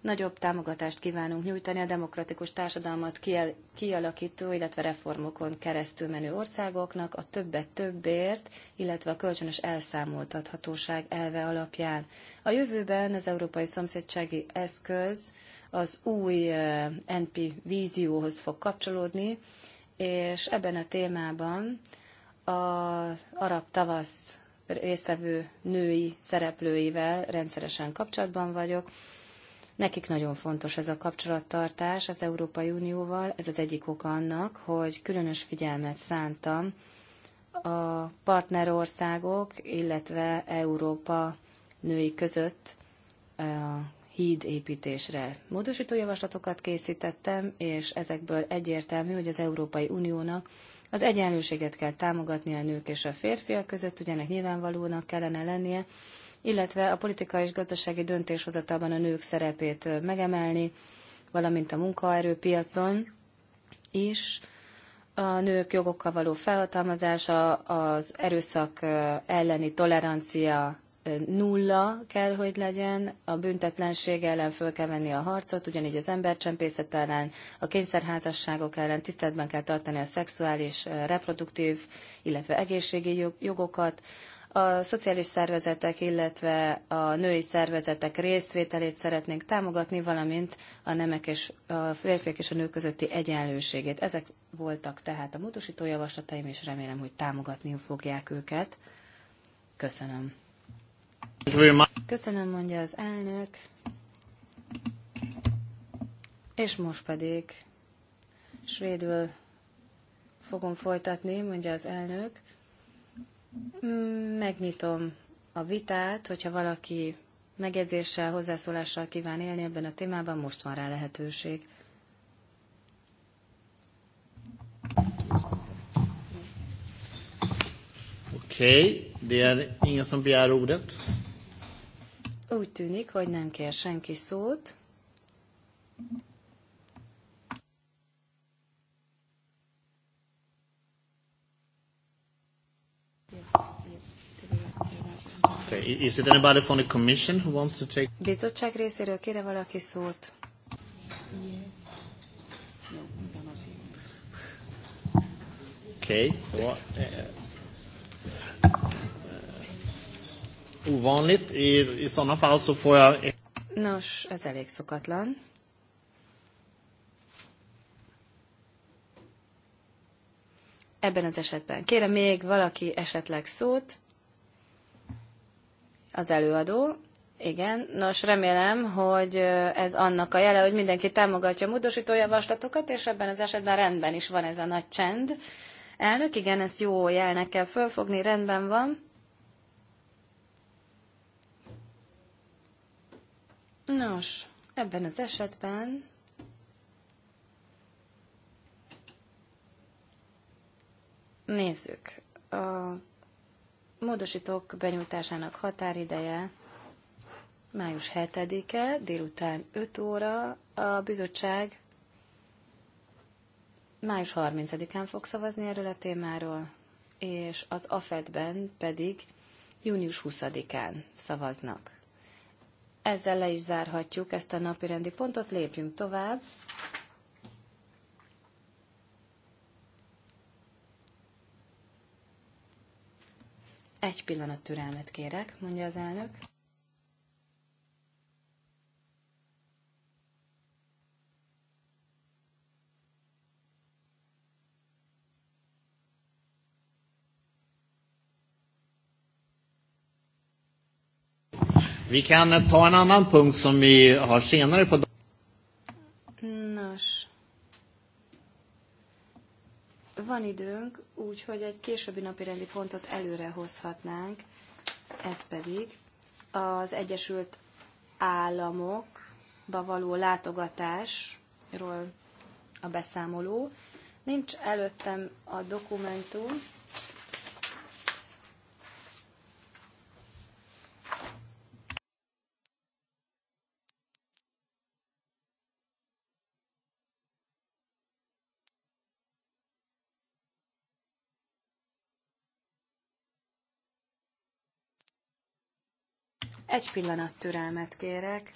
Nagyobb támogatást kívánunk nyújtani a demokratikus társadalmat kialakító, illetve reformokon keresztül menő országoknak a többet többért, illetve a kölcsönös elszámoltathatóság elve alapján. A jövőben az európai szomszédsági eszköz az új NP vízióhoz fog kapcsolódni, és ebben a témában az arab tavasz résztvevő női szereplőivel rendszeresen kapcsolatban vagyok. Nekik nagyon fontos ez a kapcsolattartás az Európai Unióval. Ez az egyik oka annak, hogy különös figyelmet szántam a partnerországok, illetve Európa női között hídépítésre. Módosító javaslatokat készítettem, és ezekből egyértelmű, hogy az Európai Uniónak az egyenlőséget kell támogatnia a nők és a férfiak között, ugyanek nyilvánvalónak kellene lennie, illetve a politikai és gazdasági döntéshozatalban a nők szerepét megemelni, valamint a munkaerőpiacon is a nők jogokkal való felhatalmazása, az erőszak elleni tolerancia nulla kell, hogy legyen, a büntetlenség ellen föl kell venni a harcot, ugyanígy az embercsempészet ellen, a kényszerházasságok ellen tiszteletben kell tartani a szexuális, reproduktív, illetve egészségi jogokat, a szociális szervezetek, illetve a női szervezetek részvételét szeretnénk támogatni, valamint a nemek és a férfiak és a nők közötti egyenlőségét. Ezek voltak tehát a módosító javaslataim, és remélem, hogy támogatni fogják őket. Köszönöm. Köszönöm, mondja az elnök. És most pedig svédül fogom folytatni, mondja az elnök. Megnyitom a vitát, hogyha valaki megjegyzéssel, hozzászólással kíván élni ebben a témában, most van rá lehetőség. Oké, okay. det är ingen som begär ordet. Úgy tűnik, hogy nem kér senki szót. Is it anybody from the commission who wants to take... Bizottság részéről kér valaki szót? okay. uh, ovanligt. I, i sådana fall så får jag... Nos, ez elég szokatlan. Ebben az esetben. Kérem még valaki esetleg szót. Az előadó. Igen, nos remélem, hogy ez annak a jele, hogy mindenki támogatja a módosító javaslatokat, és ebben az esetben rendben is van ez a nagy csend. Elnök, igen, ezt jó jelnek kell fölfogni, rendben van. Nos, ebben az esetben nézzük. A módosítók benyújtásának határideje május 7-e, délután 5 óra, a bizottság május 30-án fog szavazni erről a témáról, és az AFED-ben pedig június 20-án szavaznak. Ezzel le is zárhatjuk ezt a napi rendi pontot, lépjünk tovább. Egy pillanat türelmet kérek, mondja az elnök. Vi kan ta en annan punkt som vi har senare på Nos. Van időnk, úgyhogy egy későbbi napi rendi pontot előre hozhatnánk. Ez pedig az Egyesült Államokba való látogatásról a beszámoló. Nincs előttem a dokumentum, Egy pillanat türelmet kérek.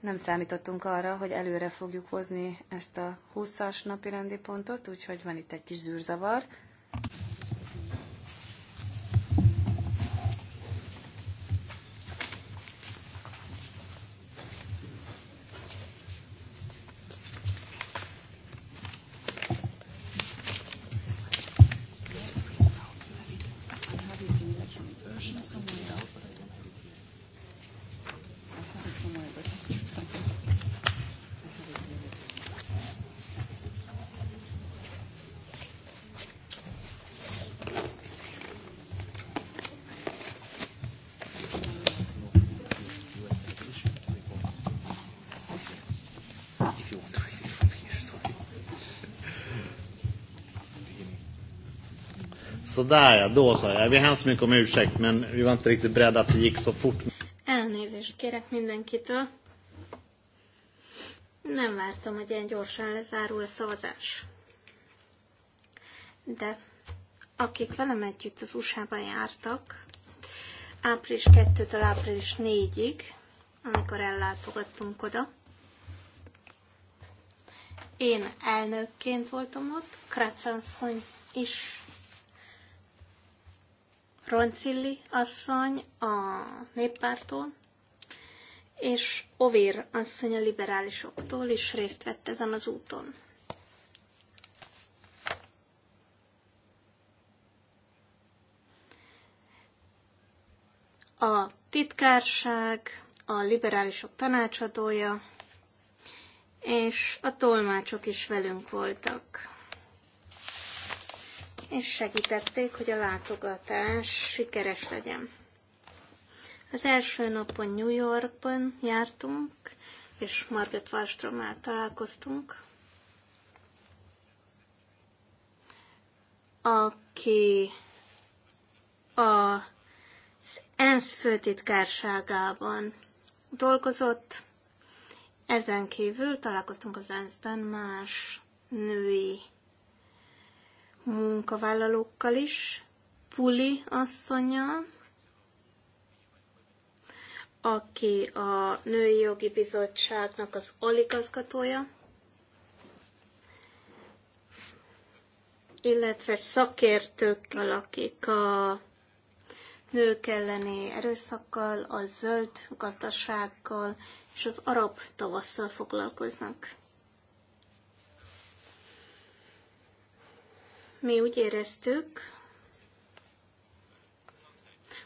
Nem számítottunk arra, hogy előre fogjuk hozni ezt a 20-as napi rendi pontot, úgyhogy van itt egy kis zűrzavar. Sådär ja, då sa jag. ber hemskt mycket om ursäkt men vi var inte riktigt beredda att det gick så fort. Elnézést kérek mindenkitől. Nem vártam, hogy ilyen gyorsan lezárul a szavazás. De akik velem együtt az usa jártak, április 2-től április 4-ig, amikor ellátogattunk oda, én elnökként voltam ott, Kratz is Roncilli asszony a néppártól, és Ovér asszony a liberálisoktól is részt vett ezen az úton. A titkárság, a liberálisok tanácsadója, és a tolmácsok is velünk voltak és segítették, hogy a látogatás sikeres legyen. Az első napon New Yorkban jártunk, és Margaret Wallströmmel találkoztunk, aki a ENSZ főtitkárságában dolgozott, ezen kívül találkoztunk az ENSZ-ben más női munkavállalókkal is, Puli asszonya, aki a Női Jogi Bizottságnak az oligazgatója, illetve szakértők, akik a nők elleni erőszakkal, a zöld gazdasággal és az arab tavasszal foglalkoznak. Mi úgy éreztük,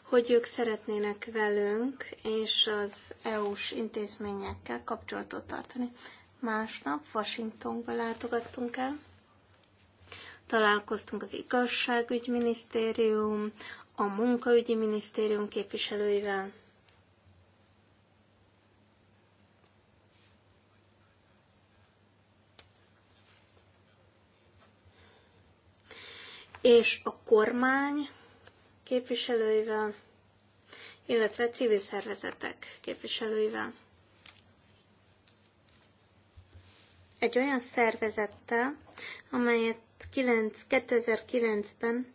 hogy ők szeretnének velünk és az EU-s intézményekkel kapcsolatot tartani. Másnap Washingtonba látogattunk el, találkoztunk az igazságügyminisztérium, a munkaügyi minisztérium képviselőivel. és a kormány képviselőivel, illetve civil szervezetek képviselőivel. Egy olyan szervezettel, amelyet 2009-ben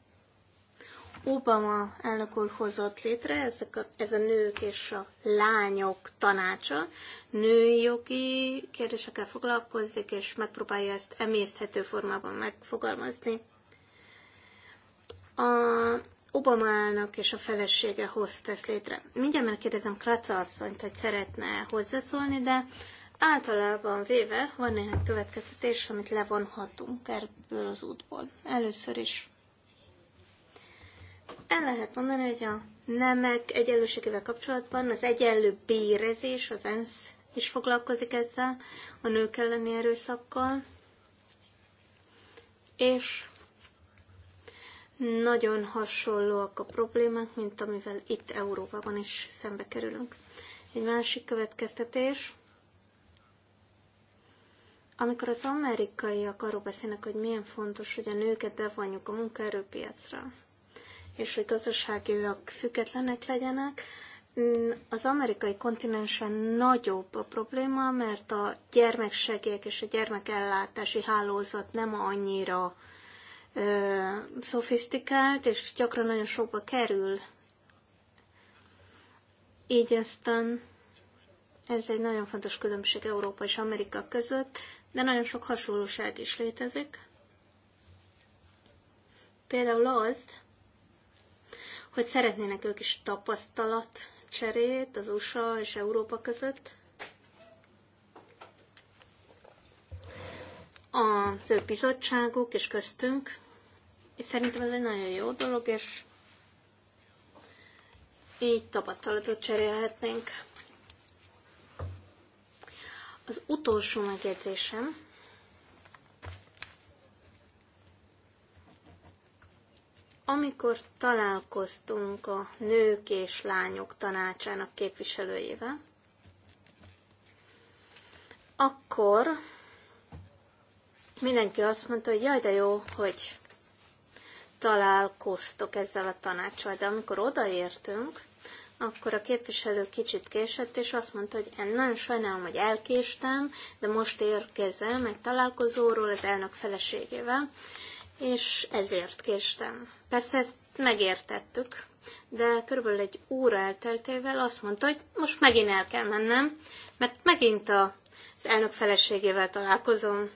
Obama elnök úr hozott létre, ezek a, ez a nők és a lányok tanácsa, női jogi kérdésekkel foglalkozik, és megpróbálja ezt emészthető formában megfogalmazni a Obamának és a felesége hoztesz létre. Mindjárt megkérdezem Kraca asszonyt, hogy szeretne hozzászólni, de általában véve van néhány következtetés, amit levonhatunk ebből az útból. Először is el lehet mondani, hogy a nemek egyenlőségével kapcsolatban az egyenlő bérezés, az ENSZ is foglalkozik ezzel, a nők elleni erőszakkal, és nagyon hasonlóak a problémák, mint amivel itt Európában is szembe kerülünk. Egy másik következtetés, amikor az amerikaiak arról beszélnek, hogy milyen fontos, hogy a nőket bevonjuk a munkaerőpiacra, és hogy gazdaságilag függetlenek legyenek, az amerikai kontinensen nagyobb a probléma, mert a gyermeksegélyek és a gyermekellátási hálózat nem annyira szofisztikált, és gyakran nagyon sokba kerül. Így aztán ez egy nagyon fontos különbség Európa és Amerika között, de nagyon sok hasonlóság is létezik. Például az, hogy szeretnének ők is tapasztalat cserét az USA és Európa között, az bizottságok és köztünk, és szerintem ez egy nagyon jó dolog, és így tapasztalatot cserélhetnénk. Az utolsó megjegyzésem, amikor találkoztunk a nők és lányok tanácsának képviselőjével, akkor mindenki azt mondta, hogy jaj, de jó, hogy találkoztok ezzel a tanácssal, de amikor odaértünk, akkor a képviselő kicsit késett, és azt mondta, hogy én nagyon sajnálom, hogy elkéstem, de most érkezem egy találkozóról az elnök feleségével, és ezért késtem. Persze ezt megértettük, de körülbelül egy óra elteltével azt mondta, hogy most megint el kell mennem, mert megint az elnök feleségével találkozom.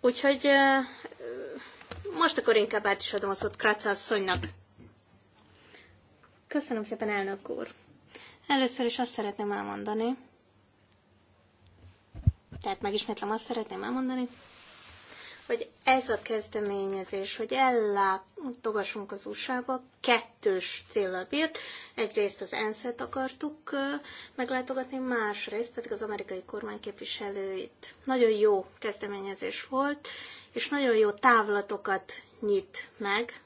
Úgyhogy most akkor inkább át is adom a szót Kratza asszonynak. Köszönöm szépen, elnök úr. Először is azt szeretném elmondani, tehát megismétlem, azt szeretném elmondani, hogy ez a kezdeményezés, hogy ellátogassunk az USA-ba, kettős célra bírt. Egyrészt az ENSZ-et akartuk meglátogatni, másrészt pedig az amerikai kormány képviselőit. Nagyon jó kezdeményezés volt, és nagyon jó távlatokat nyit meg,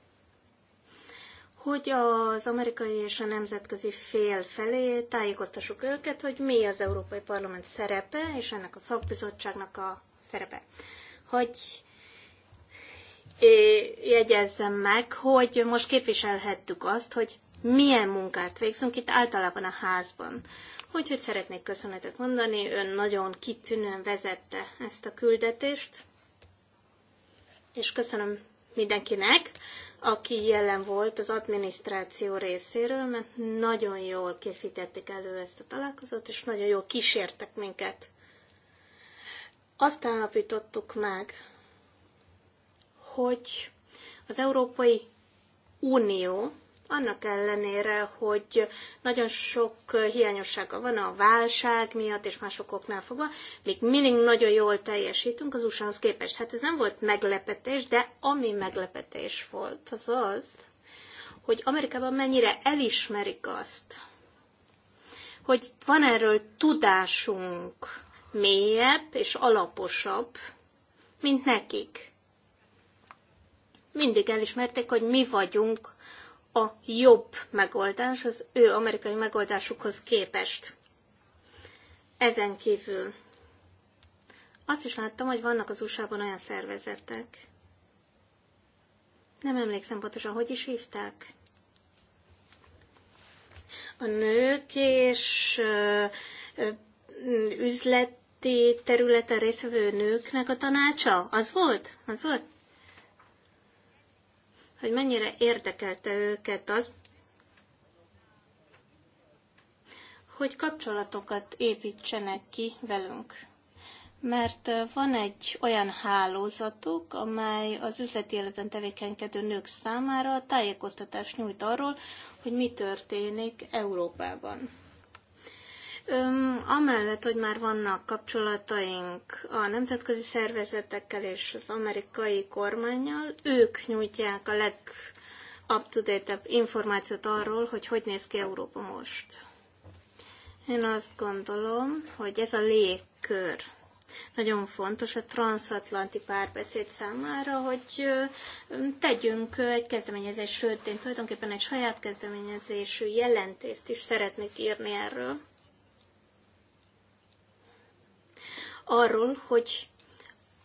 hogy az amerikai és a nemzetközi fél felé tájékoztassuk őket, hogy mi az Európai Parlament szerepe, és ennek a szakbizottságnak a szerepe. Hogy jegyezzem meg, hogy most képviselhettük azt, hogy milyen munkát végzünk itt általában a házban. Úgyhogy szeretnék köszönetet mondani, ön nagyon kitűnően vezette ezt a küldetést, és köszönöm mindenkinek, aki jelen volt az adminisztráció részéről, mert nagyon jól készítették elő ezt a találkozót, és nagyon jól kísértek minket. Azt állapítottuk meg, hogy az Európai Unió annak ellenére, hogy nagyon sok hiányossága van a válság miatt és más okoknál fogva, még mindig nagyon jól teljesítünk az USA-hoz képest. Hát ez nem volt meglepetés, de ami meglepetés volt, az az, hogy Amerikában mennyire elismerik azt, hogy van erről tudásunk mélyebb és alaposabb, mint nekik mindig elismerték, hogy mi vagyunk a jobb megoldás az ő amerikai megoldásukhoz képest. Ezen kívül azt is láttam, hogy vannak az USA-ban olyan szervezetek, nem emlékszem pontosan, hogy is hívták. A nők és ö, ö, üzleti területen részvevő nőknek a tanácsa? Az volt? Az volt? hogy mennyire érdekelte őket az, hogy kapcsolatokat építsenek ki velünk. Mert van egy olyan hálózatuk, amely az üzleti életen tevékenykedő nők számára tájékoztatást nyújt arról, hogy mi történik Európában. Öm, amellett, hogy már vannak kapcsolataink a nemzetközi szervezetekkel és az amerikai kormányjal, ők nyújtják a leg up to date információt arról, hogy hogy néz ki Európa most. Én azt gondolom, hogy ez a légkör nagyon fontos a transatlanti párbeszéd számára, hogy tegyünk egy kezdeményezés, sőt, én tulajdonképpen egy saját kezdeményezésű jelentést is szeretnék írni erről. arról, hogy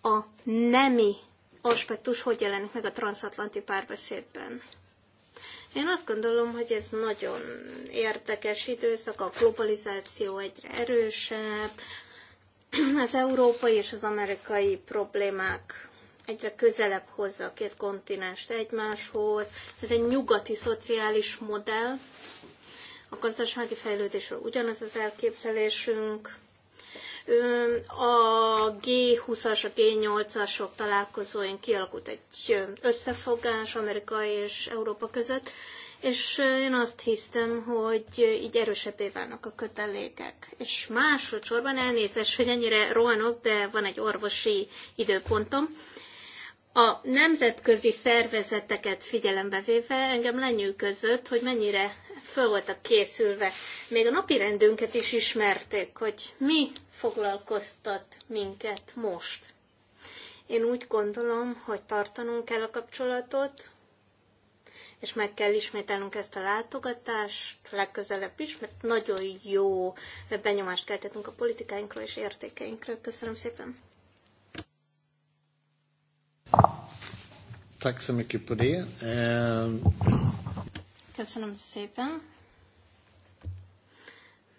a nemi aspektus hogy jelenik meg a transatlanti párbeszédben. Én azt gondolom, hogy ez nagyon érdekes időszak, a globalizáció egyre erősebb, az európai és az amerikai problémák egyre közelebb hozza a két kontinenst egymáshoz. Ez egy nyugati szociális modell. A gazdasági fejlődésről ugyanaz az elképzelésünk, a G20-as, a G8-asok találkozóin kialakult egy összefogás Amerika és Európa között, és én azt hiszem, hogy így erősebbé válnak a kötelékek. És másodszorban elnézés, hogy ennyire rohanok, de van egy orvosi időpontom a nemzetközi szervezeteket figyelembe véve engem lenyűgözött, hogy mennyire föl voltak készülve. Még a napi rendünket is ismerték, hogy mi foglalkoztat minket most. Én úgy gondolom, hogy tartanunk kell a kapcsolatot, és meg kell ismételnünk ezt a látogatást legközelebb is, mert nagyon jó benyomást keltettünk a politikáinkról és értékeinkről. Köszönöm szépen! Tack så mycket på det. Ehm. Köszönöm szépen.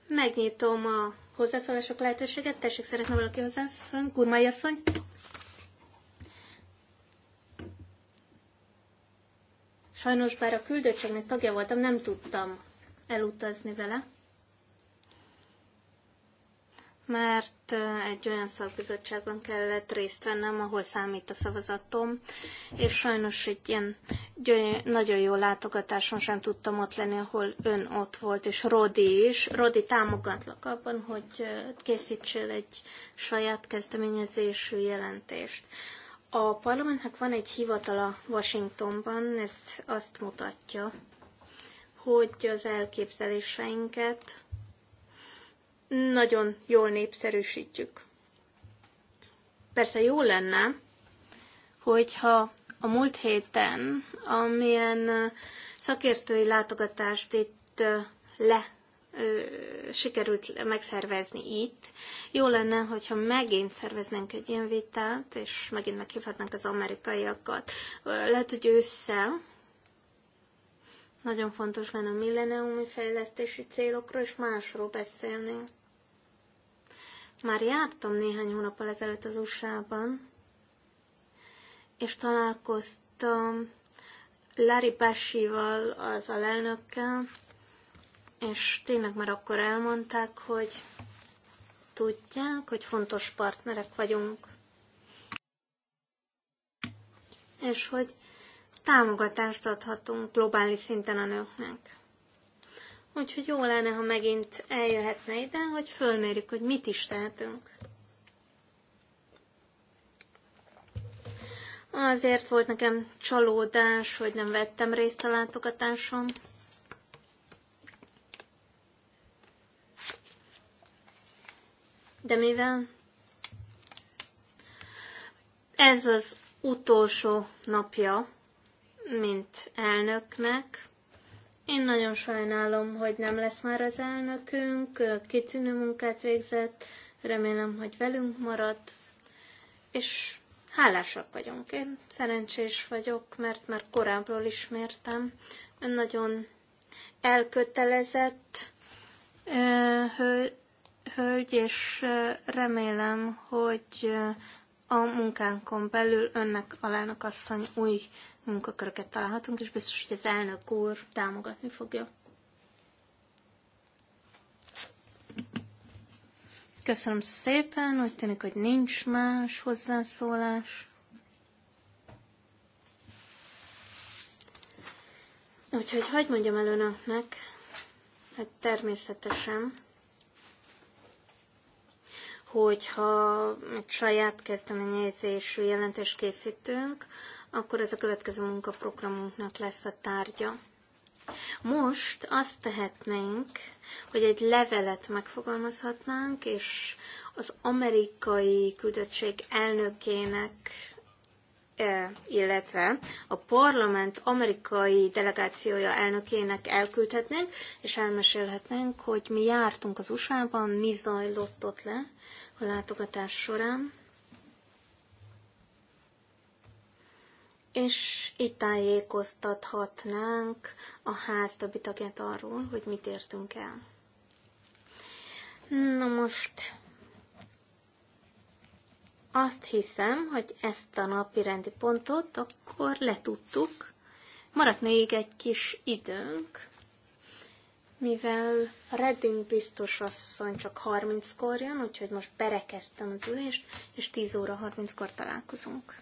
Megnyitom a hozzászólások lehetőséget. Tessék, szeretne valaki hozzászólni? Kurmai asszony. Sajnos bár a küldöttségnek tagja voltam, nem tudtam elutazni vele mert egy olyan szakbizottságban kellett részt vennem, ahol számít a szavazatom, és sajnos egy ilyen nagyon jó látogatáson sem tudtam ott lenni, ahol ön ott volt, és Rodi is. Rodi, támogatlak abban, hogy készítsél egy saját kezdeményezésű jelentést. A parlamentnek van egy hivatala Washingtonban, ez azt mutatja, hogy az elképzeléseinket nagyon jól népszerűsítjük. Persze jó lenne, hogyha a múlt héten, amilyen szakértői látogatást itt le sikerült megszervezni itt. Jó lenne, hogyha megint szerveznénk egy ilyen vitát, és megint meghívhatnánk az amerikaiakat. Lehet, hogy ősszel nagyon fontos lenne a milleniumi fejlesztési célokról, és másról beszélni. Már jártam néhány hónappal ezelőtt az USA-ban, és találkoztam Larry Pessy-val, az alelnökkel, és tényleg már akkor elmondták, hogy tudják, hogy fontos partnerek vagyunk, és hogy támogatást adhatunk globális szinten a nőknek. Úgyhogy jó lenne, ha megint eljöhetne ide, hogy fölmérjük, hogy mit is tehetünk. Azért volt nekem csalódás, hogy nem vettem részt a látogatáson. De mivel ez az utolsó napja, mint elnöknek, én nagyon sajnálom, hogy nem lesz már az elnökünk, kitűnő munkát végzett, remélem, hogy velünk marad, és hálásak vagyunk. Én szerencsés vagyok, mert már korábbról ismertem. Ön nagyon elkötelezett hölgy, és remélem, hogy a munkánkon belül önnek, alának asszony új munkaköröket találhatunk, és biztos, hogy az elnök úr támogatni fogja. Köszönöm szépen, úgy tűnik, hogy nincs más hozzászólás. Úgyhogy hagyd mondjam el önöknek, hát természetesen, hogyha egy saját kezdeményezésű jelentést készítünk, akkor ez a következő munkaprogramunknak lesz a tárgya. Most azt tehetnénk, hogy egy levelet megfogalmazhatnánk, és az amerikai küldöttség elnökének e, illetve a parlament amerikai delegációja elnökének elküldhetnénk, és elmesélhetnénk, hogy mi jártunk az USA-ban, mi zajlott ott le a látogatás során, és itt tájékoztathatnánk a ház többi tagját arról, hogy mit értünk el. Na most azt hiszem, hogy ezt a napi rendi pontot akkor letudtuk. Maradt még egy kis időnk, mivel Redding biztos asszony csak 30-kor jön, úgyhogy most berekeztem az ülést, és 10 óra 30-kor találkozunk.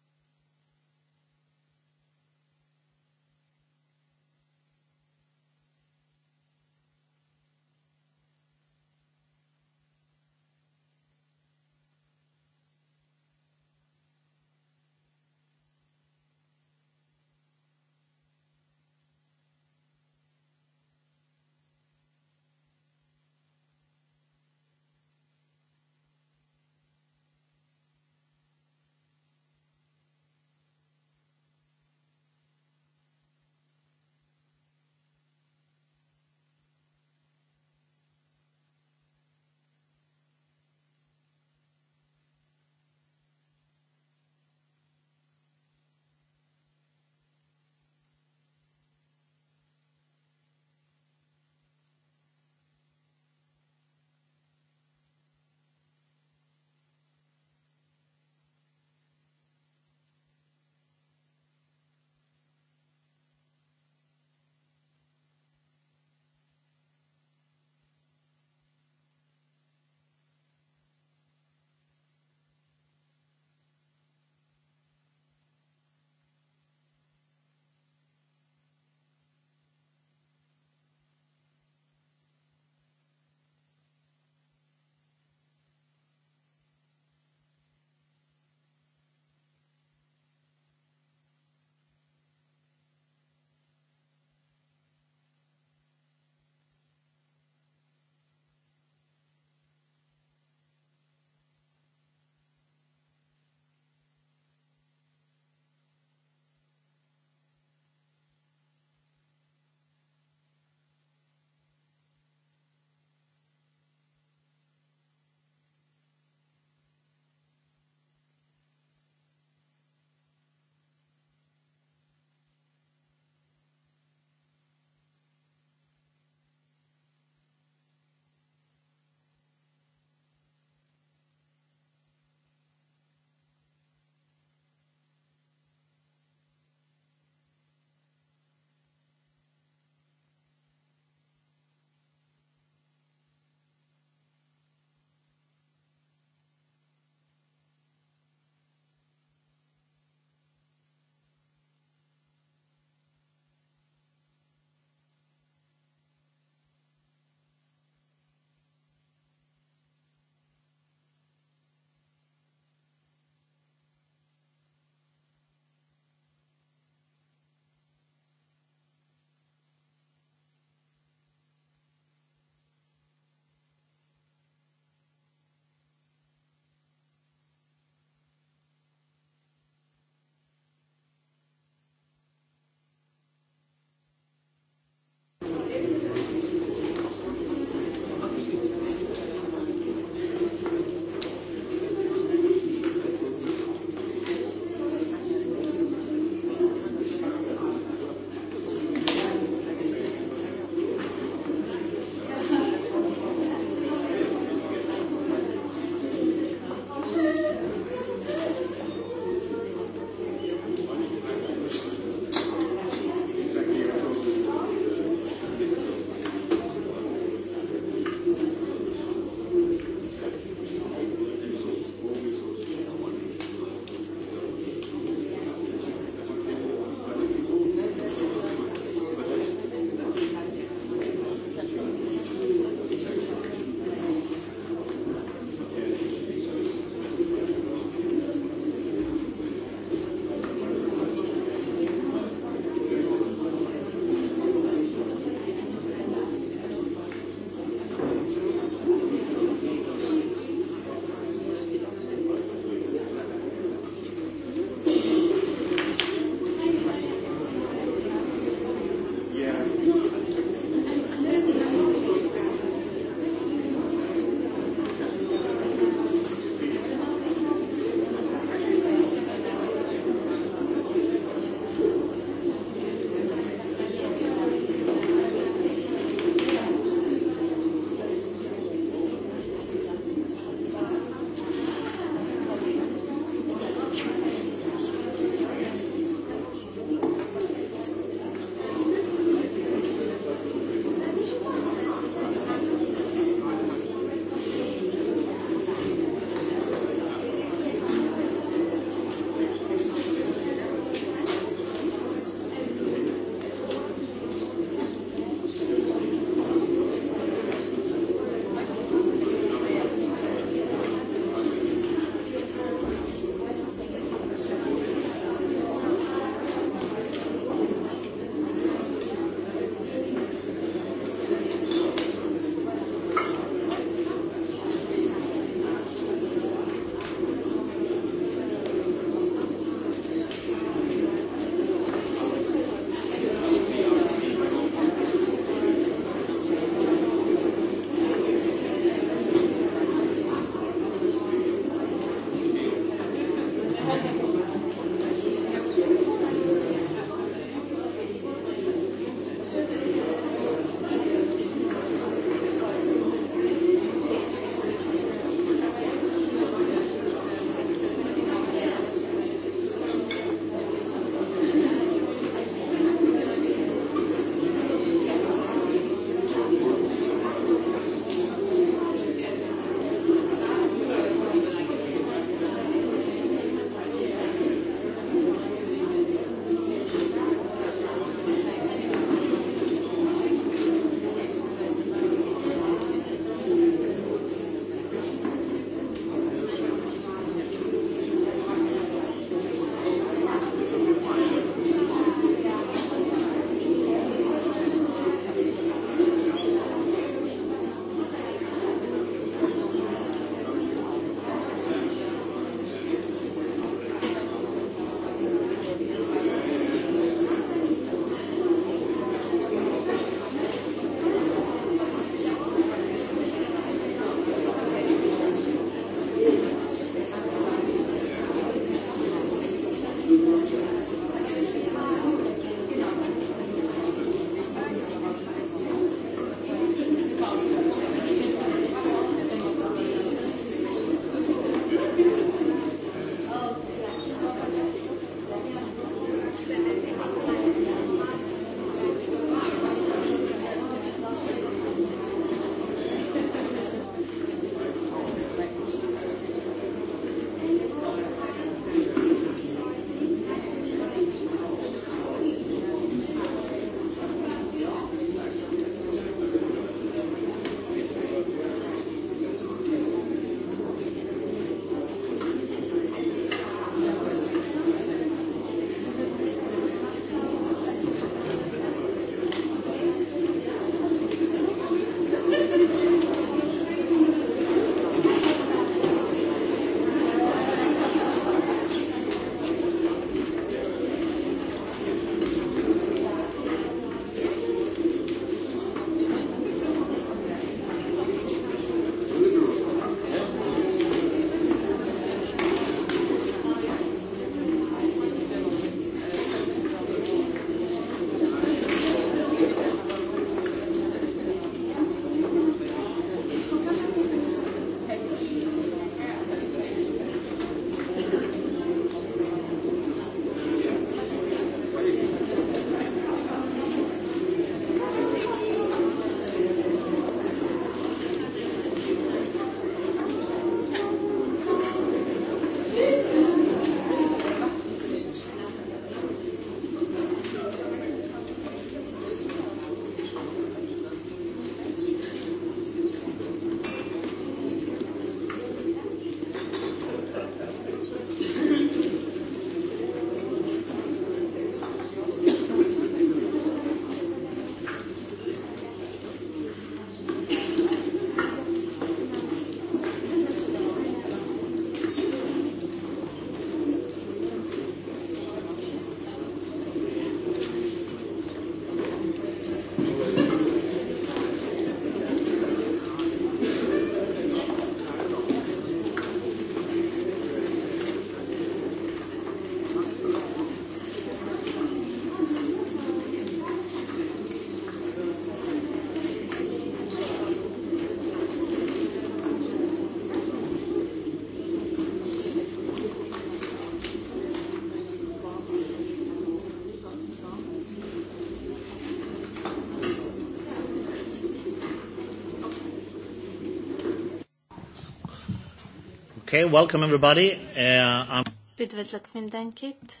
Okay, welcome everybody. Uh, I'm... Üdvözlök mindenkit.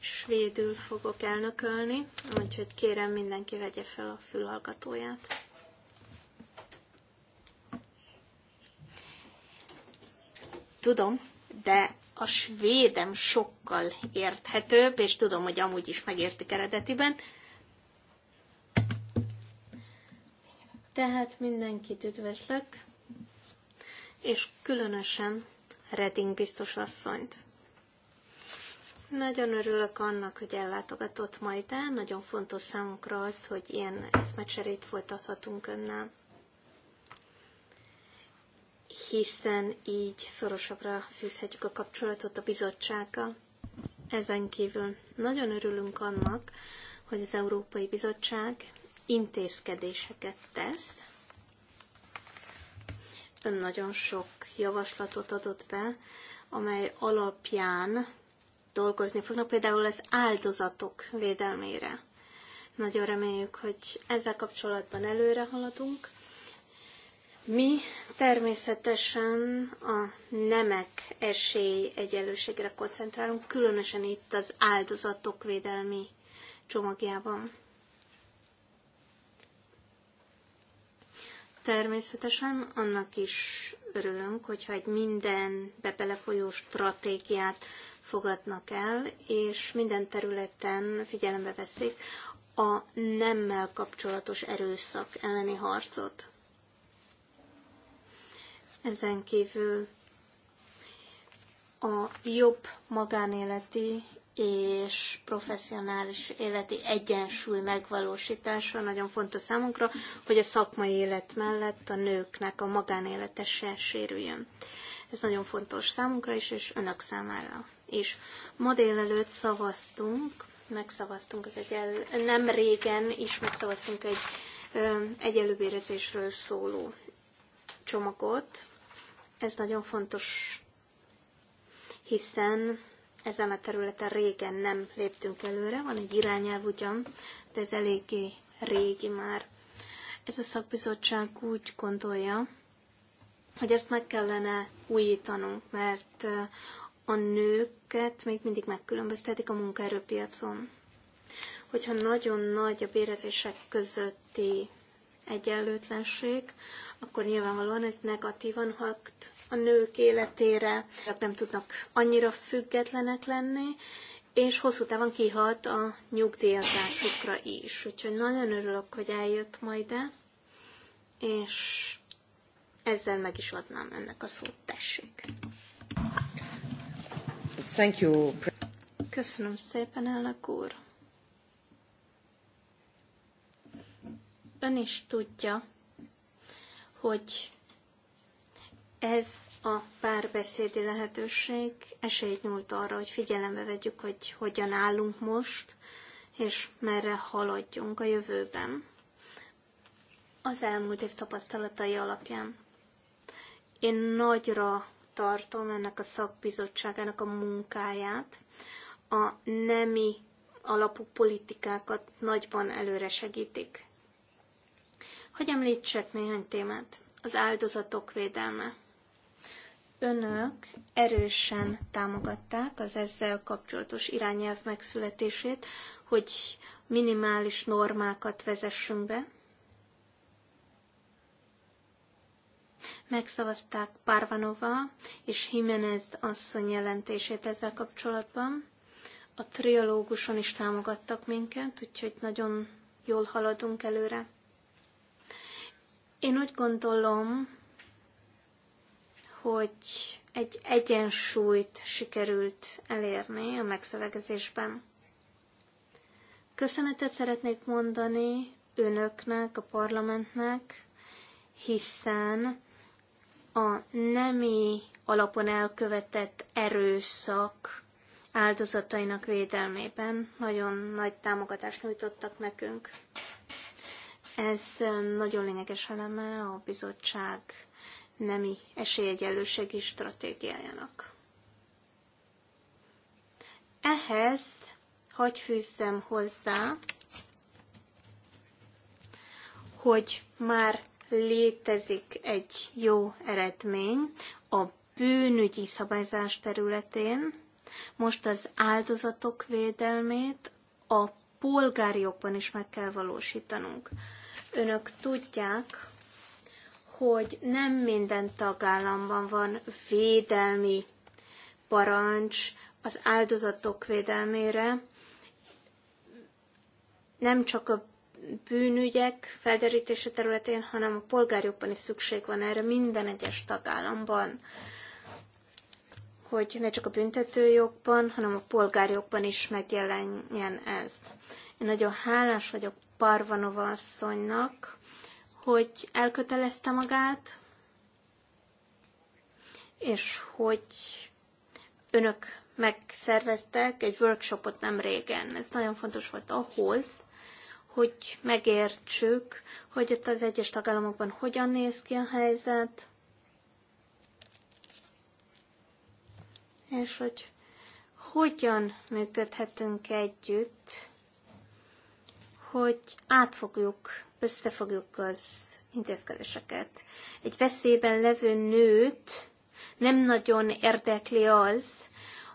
Svédül fogok elnökölni, úgyhogy kérem mindenki vegye fel a fülhallgatóját. Tudom, de a svédem sokkal érthetőbb, és tudom, hogy amúgy is megértik eredetiben. Tehát mindenkit üdvözlök, és különösen Reding biztos asszonyt. Nagyon örülök annak, hogy ellátogatott majd el. Nagyon fontos számunkra az, hogy ilyen eszmecserét folytathatunk önnel. Hiszen így szorosabbra fűzhetjük a kapcsolatot a bizottsággal. Ezen kívül nagyon örülünk annak, hogy az Európai Bizottság intézkedéseket tesz ön nagyon sok javaslatot adott be, amely alapján dolgozni fognak, például az áldozatok védelmére. Nagyon reméljük, hogy ezzel kapcsolatban előre haladunk. Mi természetesen a nemek esély egyenlőségre koncentrálunk, különösen itt az áldozatok védelmi csomagjában. Természetesen annak is örülünk, hogyha egy minden bebelefolyó stratégiát fogadnak el, és minden területen figyelembe veszik a nemmel kapcsolatos erőszak elleni harcot. Ezen kívül a jobb magánéleti és professzionális életi egyensúly megvalósítása nagyon fontos számunkra, hogy a szakmai élet mellett a nőknek a magánélete se sérüljön. Ez nagyon fontos számunkra is, és önök számára is. Ma délelőtt szavaztunk, megszavaztunk, az egyel nem régen is megszavaztunk egy egyelőbérezésről szóló csomagot. Ez nagyon fontos, hiszen ezen a területen régen nem léptünk előre, van egy irányelv ugyan, de ez eléggé régi már. Ez a szakbizottság úgy gondolja, hogy ezt meg kellene újítanunk, mert a nőket még mindig megkülönböztetik a munkaerőpiacon. Hogyha nagyon nagy a bérezések közötti egyenlőtlenség, akkor nyilvánvalóan ez negatívan hat a nők életére, nem tudnak annyira függetlenek lenni, és hosszú távon kihat a nyugdíjazásukra is. Úgyhogy nagyon örülök, hogy eljött majd el, és ezzel meg is adnám ennek a szót, tessék. Thank you. Köszönöm szépen, elnök úr. Ön is tudja, hogy ez a párbeszédi lehetőség esélyt nyújt arra, hogy figyelembe vegyük, hogy hogyan állunk most, és merre haladjunk a jövőben. Az elmúlt év tapasztalatai alapján. Én nagyra tartom ennek a szakbizottságának a munkáját, a nemi alapú politikákat nagyban előre segítik. Hogy említsek néhány témát? Az áldozatok védelme önök erősen támogatták az ezzel kapcsolatos irányelv megszületését, hogy minimális normákat vezessünk be. Megszavazták Parvanova és Jimenez asszony jelentését ezzel kapcsolatban. A triológuson is támogattak minket, úgyhogy nagyon jól haladunk előre. Én úgy gondolom, hogy egy egyensúlyt sikerült elérni a megszövegezésben. Köszönetet szeretnék mondani önöknek, a parlamentnek, hiszen a nemi alapon elkövetett erőszak áldozatainak védelmében nagyon nagy támogatást nyújtottak nekünk. Ez nagyon lényeges eleme a bizottság nemi esélyegyenlőségi stratégiájának. Ehhez hagy fűzzem hozzá, hogy már létezik egy jó eredmény a bűnügyi szabályzás területén, most az áldozatok védelmét a polgári jogban is meg kell valósítanunk. Önök tudják, hogy nem minden tagállamban van védelmi parancs az áldozatok védelmére, nem csak a bűnügyek felderítése területén, hanem a polgárjogban is szükség van erre minden egyes tagállamban, hogy ne csak a büntetőjogban, hanem a polgárjogban is megjelenjen ez. Én nagyon hálás vagyok Parvanova asszonynak, hogy elkötelezte magát, és hogy önök megszerveztek egy workshopot nem régen. Ez nagyon fontos volt ahhoz, hogy megértsük, hogy ott az egyes tagállamokban hogyan néz ki a helyzet, és hogy hogyan működhetünk együtt, hogy átfogjuk összefogjuk az intézkedéseket. Egy veszélyben levő nőt nem nagyon érdekli az,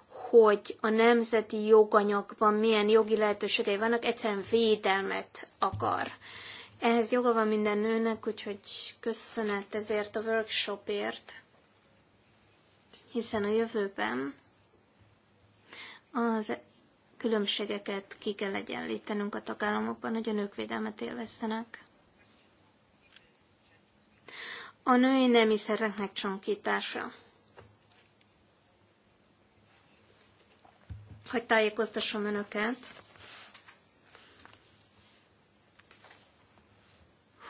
hogy a nemzeti joganyagban milyen jogi lehetőségei vannak, egyszerűen védelmet akar. Ehhez joga van minden nőnek, úgyhogy köszönet ezért a workshopért, hiszen a jövőben az különbségeket ki kell egyenlítenünk a tagállamokban, hogy a nők védelmet élvezzenek. A női nemi szervek megcsonkítása. Hogy tájékoztassam önöket,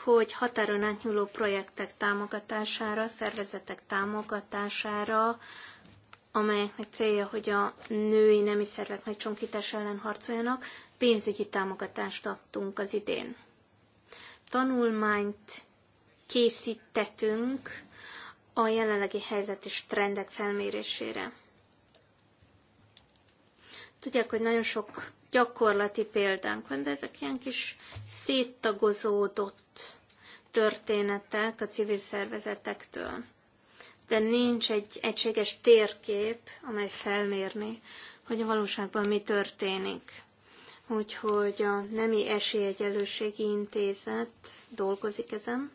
hogy határon átnyúló projektek támogatására, szervezetek támogatására, amelyeknek célja, hogy a női nemi szervek megcsonkítás ellen harcoljanak, pénzügyi támogatást adtunk az idén. Tanulmányt készítettünk a jelenlegi helyzet és trendek felmérésére. Tudják, hogy nagyon sok gyakorlati példánk van, de ezek ilyen kis széttagozódott történetek a civil szervezetektől de nincs egy egységes térkép, amely felmérni, hogy a valóságban mi történik. Úgyhogy a Nemi Esélyegyelőségi Intézet dolgozik ezen,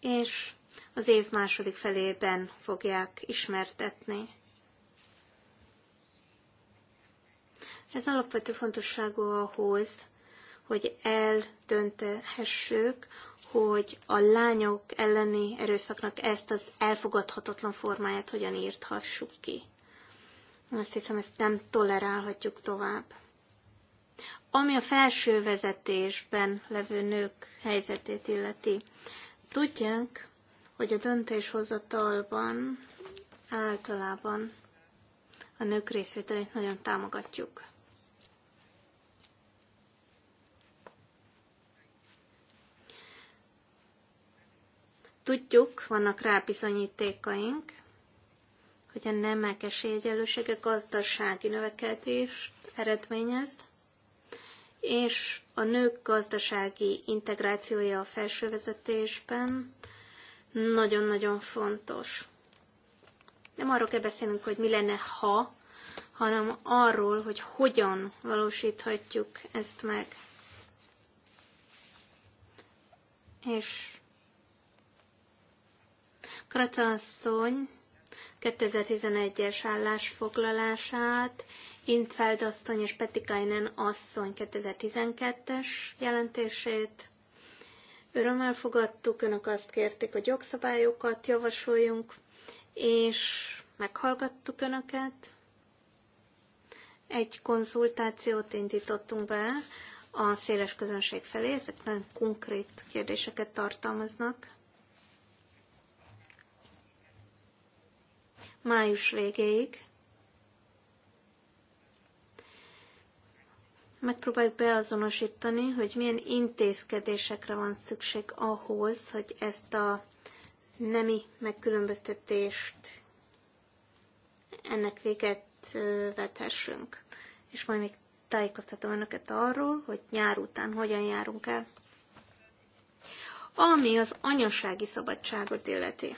és az év második felében fogják ismertetni. Ez alapvető fontosságú ahhoz, hogy eldönthessük, hogy a lányok elleni erőszaknak ezt az elfogadhatatlan formáját hogyan írthassuk ki. Azt hiszem, ezt nem tolerálhatjuk tovább. Ami a felső vezetésben levő nők helyzetét illeti, tudják, hogy a döntéshozatalban általában a nők részvételét nagyon támogatjuk. Tudjuk, vannak rá bizonyítékaink, hogy a nemek esélyegyenlősége gazdasági növekedést eredményez, és a nők gazdasági integrációja a felsővezetésben nagyon-nagyon fontos. Nem arról kell beszélnünk, hogy mi lenne, ha, hanem arról, hogy hogyan valósíthatjuk ezt meg. És Kraca 2011-es állásfoglalását, Intfeld asszony és Petikainen asszony 2012-es jelentését. Örömmel fogadtuk, önök azt kérték, hogy jogszabályokat javasoljunk, és meghallgattuk önöket. Egy konzultációt indítottunk be a széles közönség felé, ezek nagyon konkrét kérdéseket tartalmaznak. május végéig. Megpróbáljuk beazonosítani, hogy milyen intézkedésekre van szükség ahhoz, hogy ezt a nemi megkülönböztetést ennek véget vethessünk. És majd még tájékoztatom önöket arról, hogy nyár után hogyan járunk el. Ami az anyasági szabadságot illeti.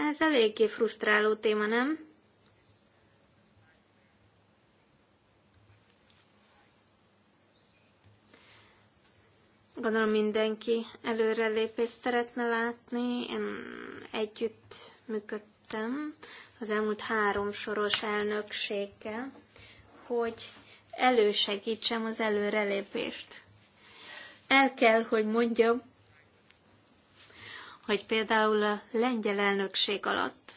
Ez eléggé frusztráló téma, nem? Gondolom mindenki előrelépést szeretne látni. Én együtt működtem az elmúlt három soros elnökséggel, hogy elősegítsem az előrelépést. El kell, hogy mondjam, hogy például a lengyel elnökség alatt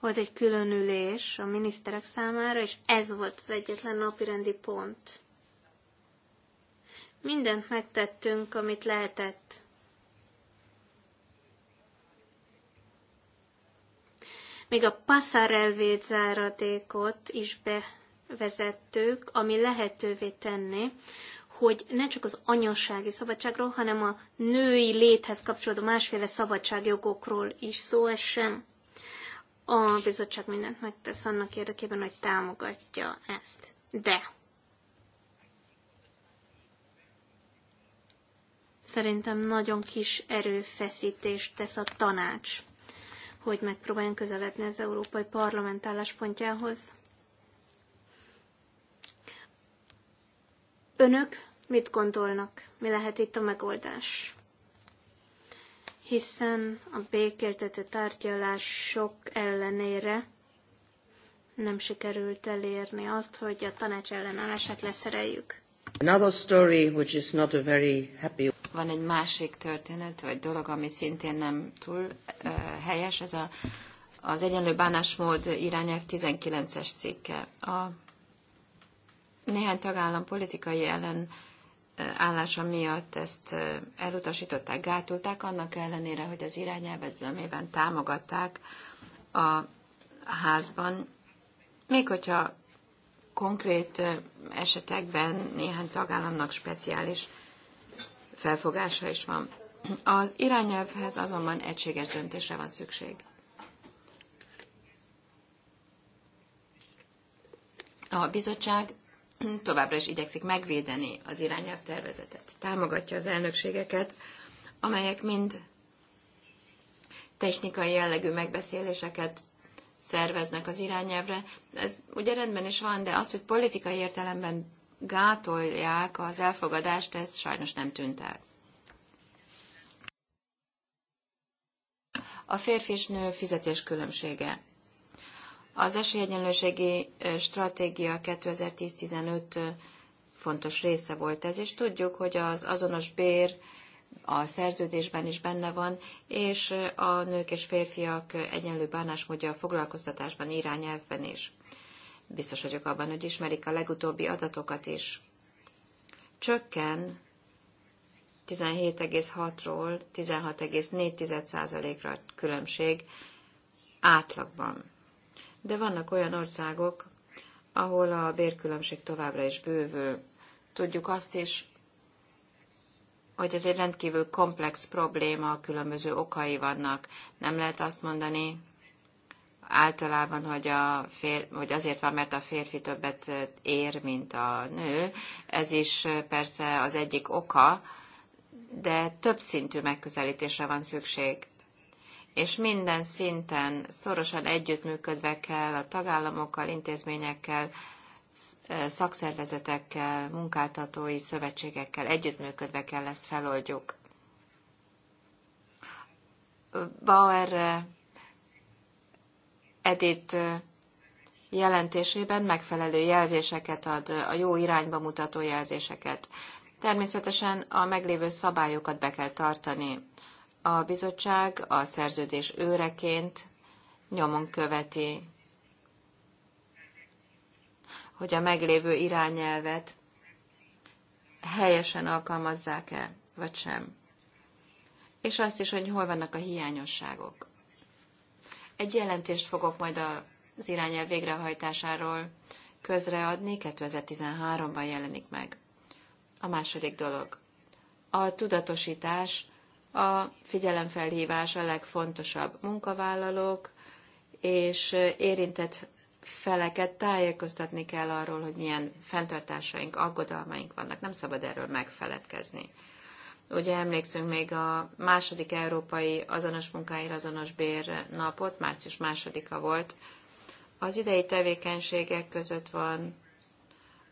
volt egy különülés a miniszterek számára, és ez volt az egyetlen napirendi pont. Mindent megtettünk, amit lehetett. Még a passzárelvéd záradékot is bevezettük, ami lehetővé tenni, hogy ne csak az anyassági szabadságról, hanem a női léthez kapcsolódó másféle szabadságjogokról is szó essen. A bizottság mindent megtesz annak érdekében, hogy támogatja ezt. De szerintem nagyon kis erőfeszítést tesz a tanács, hogy megpróbáljon közeledni az Európai Parlament álláspontjához. Önök mit gondolnak? Mi lehet itt a megoldás? Hiszen a tárgyalás sok ellenére nem sikerült elérni azt, hogy a tanács ellenállását leszereljük. Another story, which is not a very happy... Van egy másik történet, vagy dolog, ami szintén nem túl uh, helyes, ez a, az egyenlő bánásmód irányelv 19-es cikke. A néhány tagállam politikai ellen állása miatt ezt elutasították, gátolták, annak ellenére, hogy az irányelvet zömében támogatták a házban, még hogyha konkrét esetekben néhány tagállamnak speciális felfogása is van. Az irányelvhez azonban egységes döntésre van szükség. A bizottság továbbra is igyekszik megvédeni az irányelv tervezetet. Támogatja az elnökségeket, amelyek mind technikai jellegű megbeszéléseket szerveznek az irányelvre. Ez ugye rendben is van, de az, hogy politikai értelemben gátolják az elfogadást, ez sajnos nem tűnt el. A férfi és nő fizetés különbsége. Az esélyegyenlőségi stratégia 2010-15 fontos része volt ez, és tudjuk, hogy az azonos bér a szerződésben is benne van, és a nők és férfiak egyenlő bánásmódja a foglalkoztatásban irányelvben is. Biztos vagyok abban, hogy ismerik a legutóbbi adatokat is. Csökken 17,6-ról 16,4%-ra különbség átlagban de vannak olyan országok, ahol a bérkülönbség továbbra is bővül. Tudjuk azt is, hogy ez egy rendkívül komplex probléma, különböző okai vannak. Nem lehet azt mondani általában, hogy, a fér, hogy azért van, mert a férfi többet ér, mint a nő. Ez is persze az egyik oka, de több szintű megközelítésre van szükség és minden szinten szorosan együttműködve kell a tagállamokkal, intézményekkel, szakszervezetekkel, munkáltatói szövetségekkel együttműködve kell ezt feloldjuk. Bauer Edith jelentésében megfelelő jelzéseket ad, a jó irányba mutató jelzéseket. Természetesen a meglévő szabályokat be kell tartani a bizottság a szerződés őreként nyomon követi, hogy a meglévő irányelvet helyesen alkalmazzák-e, vagy sem. És azt is, hogy hol vannak a hiányosságok. Egy jelentést fogok majd az irányelv végrehajtásáról közreadni, 2013-ban jelenik meg. A második dolog. A tudatosítás a figyelemfelhívás a legfontosabb munkavállalók, és érintett feleket tájékoztatni kell arról, hogy milyen fenntartásaink, aggodalmaink vannak. Nem szabad erről megfeledkezni. Ugye emlékszünk még a második európai azonos munkáért azonos bér napot, március másodika volt. Az idei tevékenységek között van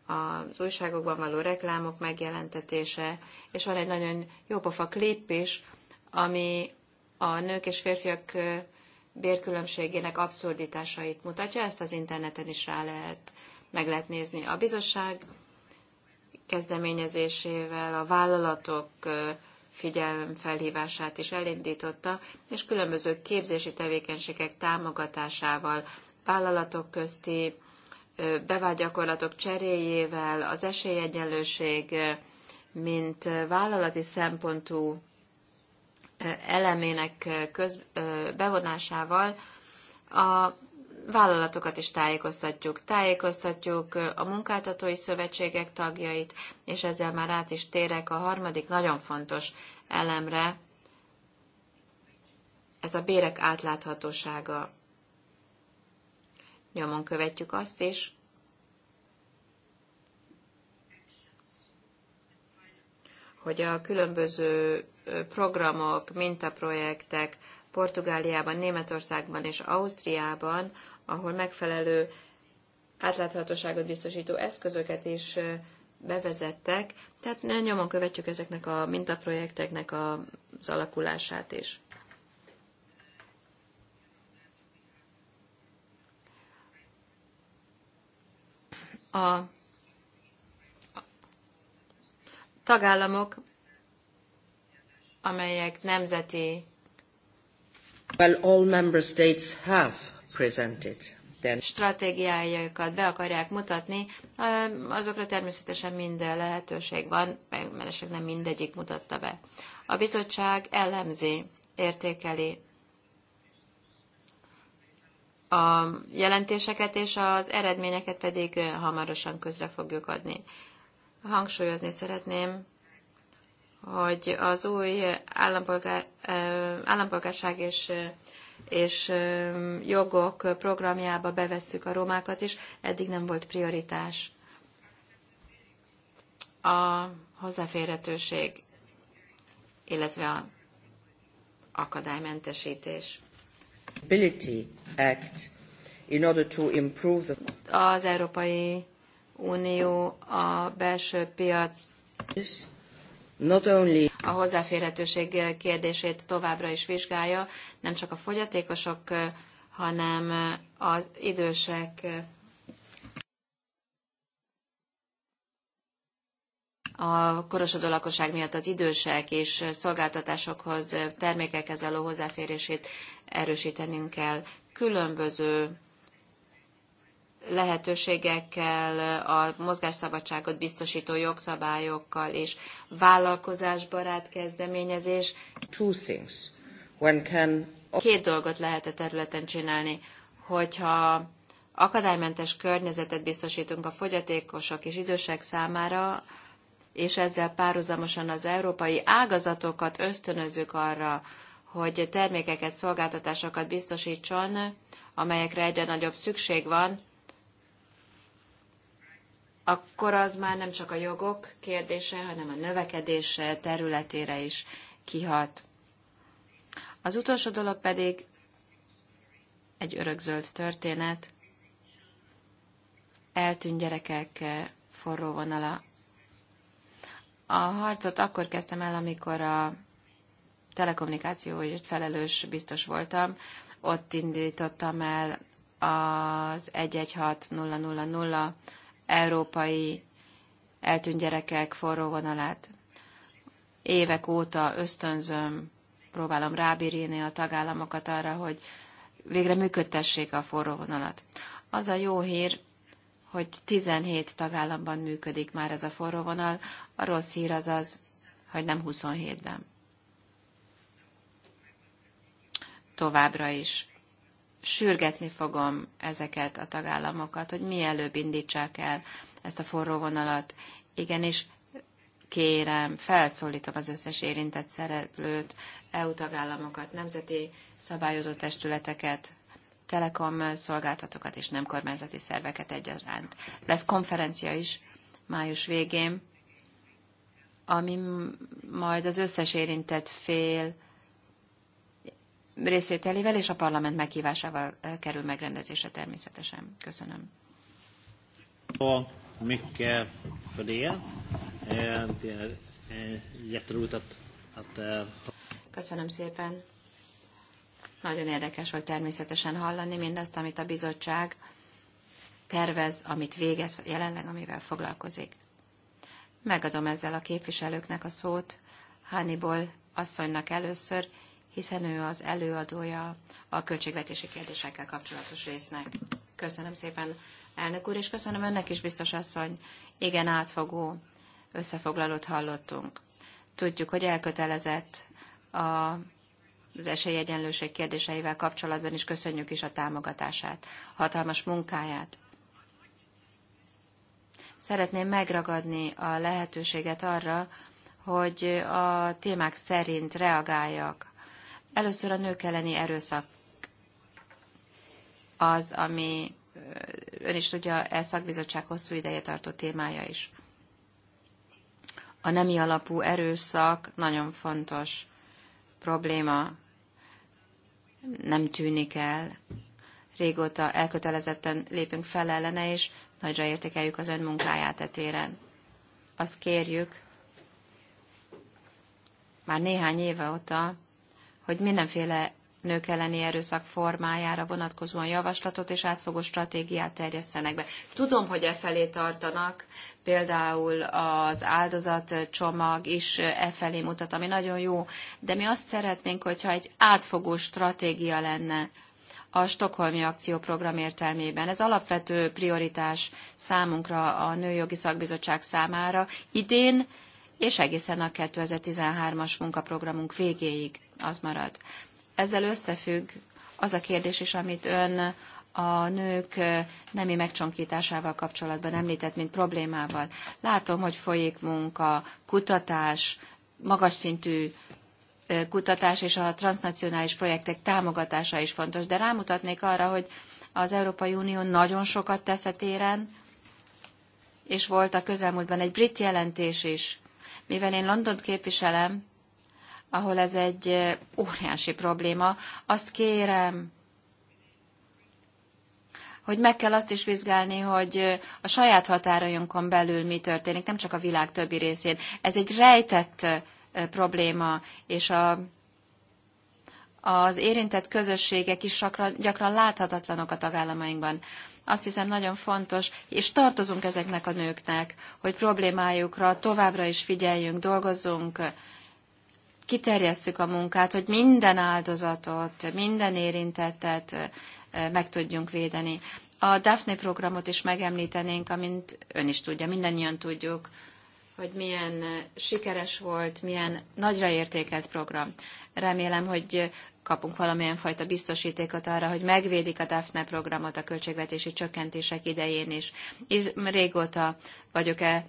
az újságokban való reklámok megjelentetése, és van egy nagyon jópofa klip is, ami a nők és férfiak bérkülönbségének abszurditásait mutatja, ezt az interneten is rá lehet, meg lehet nézni. A bizottság kezdeményezésével a vállalatok figyelem felhívását is elindította, és különböző képzési tevékenységek támogatásával, vállalatok közti bevágyakorlatok cseréjével, az esélyegyenlőség, mint vállalati szempontú elemének köz, bevonásával a vállalatokat is tájékoztatjuk. Tájékoztatjuk a munkáltatói szövetségek tagjait, és ezzel már át is térek a harmadik nagyon fontos elemre, ez a bérek átláthatósága. Nyomon követjük azt is, hogy a különböző programok, mintaprojektek Portugáliában, Németországban és Ausztriában, ahol megfelelő átláthatóságot biztosító eszközöket is bevezettek, tehát nyomon követjük ezeknek a mintaprojekteknek az alakulását is. A tagállamok amelyek nemzeti well, all member states have presented stratégiájaikat be akarják mutatni, azokra természetesen minden lehetőség van, mert esetleg nem mindegyik mutatta be. A bizottság elemzi, értékeli a jelentéseket, és az eredményeket pedig hamarosan közre fogjuk adni. Hangsúlyozni szeretném, hogy az új állampolgár, állampolgárság és, és jogok programjába bevesszük a romákat is, eddig nem volt prioritás. A hozzáférhetőség, illetve a akadálymentesítés. Act in order to improve the... Az Európai Unió a belső piac a hozzáférhetőség kérdését továbbra is vizsgálja, nem csak a fogyatékosok, hanem az idősek a korosodó lakosság miatt az idősek és szolgáltatásokhoz, termékekhez való hozzáférését erősítenünk kell. Különböző lehetőségekkel, a mozgásszabadságot biztosító jogszabályokkal és vállalkozásbarát kezdeményezés. Two things. can... Két dolgot lehet a területen csinálni, hogyha akadálymentes környezetet biztosítunk a fogyatékosok és idősek számára, és ezzel párhuzamosan az európai ágazatokat ösztönözzük arra, hogy termékeket, szolgáltatásokat biztosítson, amelyekre egyre nagyobb szükség van, akkor az már nem csak a jogok kérdése, hanem a növekedés területére is kihat. Az utolsó dolog pedig egy örökzöld történet, eltűnt gyerekek eh, forró vonala. A harcot akkor kezdtem el, amikor a telekommunikációért felelős biztos voltam. Ott indítottam el az 116000 európai eltűnt gyerekek forró vonalát. Évek óta ösztönzöm, próbálom rábírni a tagállamokat arra, hogy végre működtessék a forró vonalat. Az a jó hír, hogy 17 tagállamban működik már ez a forró vonal, a rossz hír az az, hogy nem 27-ben. Továbbra is sürgetni fogom ezeket a tagállamokat, hogy mielőbb indítsák el ezt a forró vonalat. Igenis, kérem, felszólítom az összes érintett szereplőt, EU tagállamokat, nemzeti szabályozó testületeket, telekom szolgáltatókat és nem kormányzati szerveket egyaránt. Lesz konferencia is május végén, ami majd az összes érintett fél részvételével és a parlament meghívásával kerül megrendezésre természetesen. Köszönöm. A för det. Eh, eh, eh, Köszönöm szépen. Nagyon érdekes volt természetesen hallani mindazt, amit a bizottság tervez, amit végez, jelenleg amivel foglalkozik. Megadom ezzel a képviselőknek a szót, Hannibal asszonynak először, hiszen ő az előadója a költségvetési kérdésekkel kapcsolatos résznek. Köszönöm szépen, elnök úr, és köszönöm önnek is, biztos asszony. Igen, átfogó összefoglalót hallottunk. Tudjuk, hogy elkötelezett a, az esélyegyenlőség kérdéseivel kapcsolatban is köszönjük is a támogatását, hatalmas munkáját. Szeretném megragadni a lehetőséget arra, hogy a témák szerint reagáljak Először a nők elleni erőszak az, ami ön is tudja, e szakbizottság hosszú ideje tartó témája is. A nemi alapú erőszak nagyon fontos probléma, nem tűnik el. Régóta elkötelezetten lépünk fel ellene, és nagyra értékeljük az ön munkáját etéren. Azt kérjük, már néhány éve óta, hogy mindenféle nők elleni erőszak formájára vonatkozóan javaslatot és átfogó stratégiát terjesztenek be. Tudom, hogy e felé tartanak, például az áldozat csomag is e felé mutat, ami nagyon jó, de mi azt szeretnénk, hogyha egy átfogó stratégia lenne a Stokholmi Akcióprogram értelmében. Ez alapvető prioritás számunkra a Nőjogi Szakbizottság számára. Idén és egészen a 2013-as munkaprogramunk végéig az marad. Ezzel összefügg az a kérdés is, amit ön a nők nemi megcsonkításával kapcsolatban említett, mint problémával. Látom, hogy folyik munka, kutatás, magas szintű kutatás és a transnacionális projektek támogatása is fontos, de rámutatnék arra, hogy az Európai Unió nagyon sokat tesz a téren, és volt a közelmúltban egy brit jelentés is, mivel én london képviselem, ahol ez egy óriási probléma, azt kérem, hogy meg kell azt is vizsgálni, hogy a saját határainkon belül mi történik, nem csak a világ többi részén. Ez egy rejtett probléma, és a, az érintett közösségek is gyakran láthatatlanok a tagállamainkban azt hiszem nagyon fontos, és tartozunk ezeknek a nőknek, hogy problémájukra továbbra is figyeljünk, dolgozzunk, kiterjesszük a munkát, hogy minden áldozatot, minden érintettet meg tudjunk védeni. A Daphne programot is megemlítenénk, amint ön is tudja, mindannyian tudjuk, hogy milyen eh, sikeres volt, milyen nagyra értékelt program. Remélem, hogy kapunk valamilyen fajta biztosítékot arra, hogy megvédik a DAFNE programot a költségvetési csökkentések idején is. És régóta vagyok-e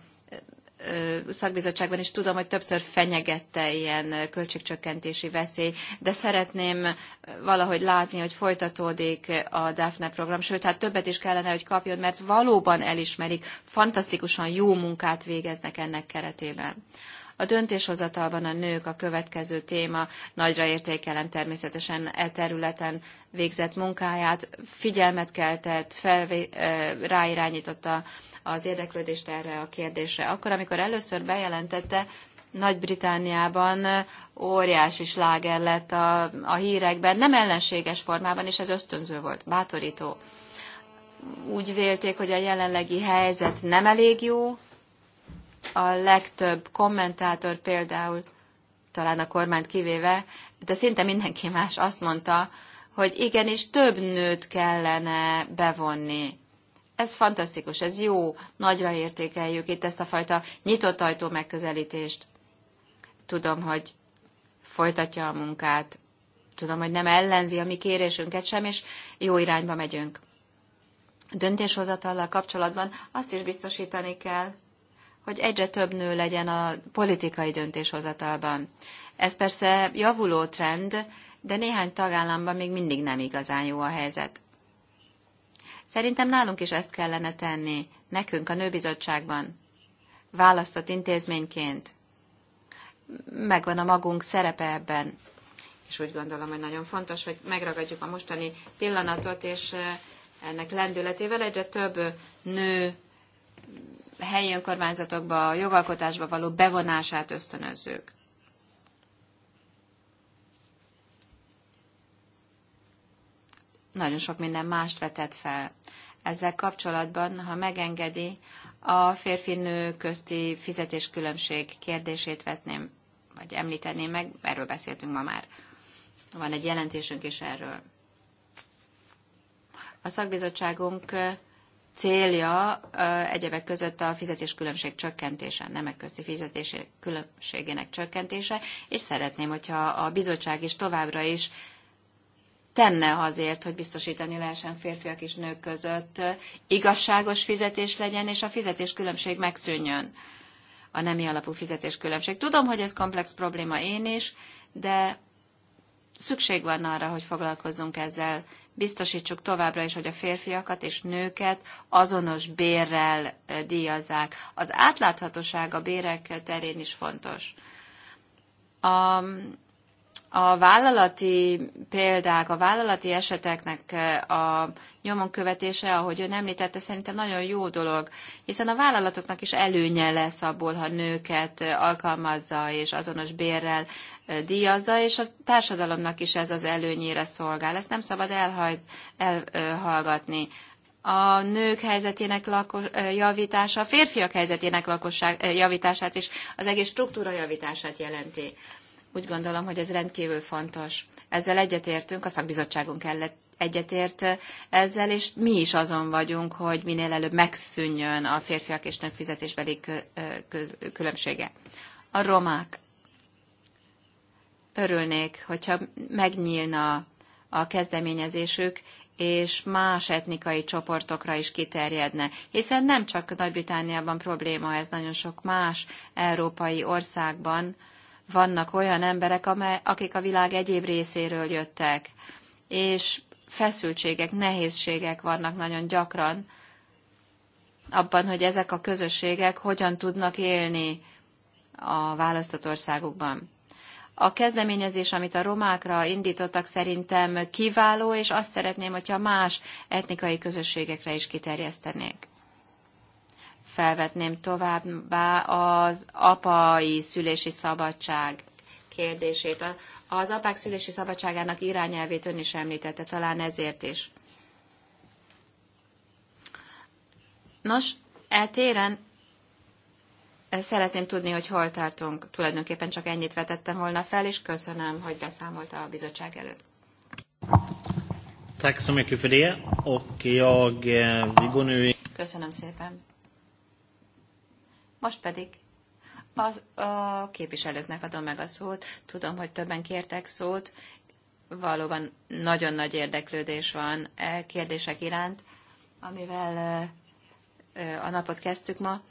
szakbizottságban is tudom, hogy többször fenyegette ilyen költségcsökkentési veszély, de szeretném valahogy látni, hogy folytatódik a DAFNE program, sőt, hát többet is kellene, hogy kapjon, mert valóban elismerik, fantasztikusan jó munkát végeznek ennek keretében. A döntéshozatalban a nők a következő téma. Nagyra értékelem természetesen e területen végzett munkáját. Figyelmet keltett, felvé, ráirányította az érdeklődést erre a kérdésre. Akkor, amikor először bejelentette, nagy-Britániában óriási sláger lett a, a hírekben, nem ellenséges formában, és ez ösztönző volt, bátorító. Úgy vélték, hogy a jelenlegi helyzet nem elég jó, a legtöbb kommentátor például, talán a kormányt kivéve, de szinte mindenki más azt mondta, hogy igenis több nőt kellene bevonni. Ez fantasztikus, ez jó, nagyra értékeljük itt ezt a fajta nyitott ajtó megközelítést. Tudom, hogy folytatja a munkát, tudom, hogy nem ellenzi a mi kérésünket sem, és jó irányba megyünk. Döntéshozatallal kapcsolatban azt is biztosítani kell, hogy egyre több nő legyen a politikai döntéshozatalban. Ez persze javuló trend, de néhány tagállamban még mindig nem igazán jó a helyzet. Szerintem nálunk is ezt kellene tenni, nekünk a nőbizottságban. Választott intézményként. Megvan a magunk szerepe ebben. És úgy gondolom, hogy nagyon fontos, hogy megragadjuk a mostani pillanatot, és eh, ennek lendületével egyre több nő helyi önkormányzatokba, a jogalkotásba való bevonását ösztönözzük. Nagyon sok minden mást vetett fel. Ezzel kapcsolatban, ha megengedi, a férfi-nő közti fizetéskülönbség kérdését vetném, vagy említeném meg, erről beszéltünk ma már. Van egy jelentésünk is erről. A szakbizottságunk célja egyebek között a fizetéskülönbség csökkentése, nemek közti fizetés különbségének csökkentése, és szeretném, hogyha a bizottság is továbbra is tenne azért, hogy biztosítani lehessen férfiak és nők között igazságos fizetés legyen, és a fizetéskülönbség megszűnjön a nemi alapú fizetéskülönbség. Tudom, hogy ez komplex probléma én is, de szükség van arra, hogy foglalkozzunk ezzel, biztosítsuk továbbra is, hogy a férfiakat és nőket azonos bérrel díjazzák. Az átláthatóság a bérek terén is fontos. A, a vállalati példák, a vállalati eseteknek a nyomon követése, ahogy ön említette, szerintem nagyon jó dolog, hiszen a vállalatoknak is előnye lesz abból, ha nőket alkalmazza és azonos bérrel díjazza, és a társadalomnak is ez az előnyére szolgál. Ezt nem szabad elhajt, elhallgatni. A nők helyzetének lakos, javítása, a férfiak helyzetének lakosság, javítását is, az egész struktúra javítását jelenti. Úgy gondolom, hogy ez rendkívül fontos. Ezzel egyetértünk, a szakbizottságunk kellett egyetért ezzel, és mi is azon vagyunk, hogy minél előbb megszűnjön a férfiak és nők fizetésbeli különbsége. A romák örülnék, hogyha megnyílna a kezdeményezésük, és más etnikai csoportokra is kiterjedne. Hiszen nem csak Nagy-Britániában probléma ez, nagyon sok más európai országban vannak olyan emberek, amely, akik a világ egyéb részéről jöttek, és feszültségek, nehézségek vannak nagyon gyakran abban, hogy ezek a közösségek hogyan tudnak élni a választott országukban. A kezdeményezés, amit a romákra indítottak, szerintem kiváló, és azt szeretném, hogyha más etnikai közösségekre is kiterjesztenék. Felvetném továbbá az apai szülési szabadság kérdését. Az apák szülési szabadságának irányelvét ön is említette, talán ezért is. Nos, eltéren Szeretném tudni, hogy hol tartunk. Tulajdonképpen csak ennyit vetettem volna fel, és köszönöm, hogy beszámolt a bizottság előtt. Eh, köszönöm szépen. Most pedig az, a képviselőknek adom meg a szót. Tudom, hogy többen kértek szót. Valóban nagyon nagy érdeklődés van e kérdések iránt, amivel eh, a napot kezdtük ma.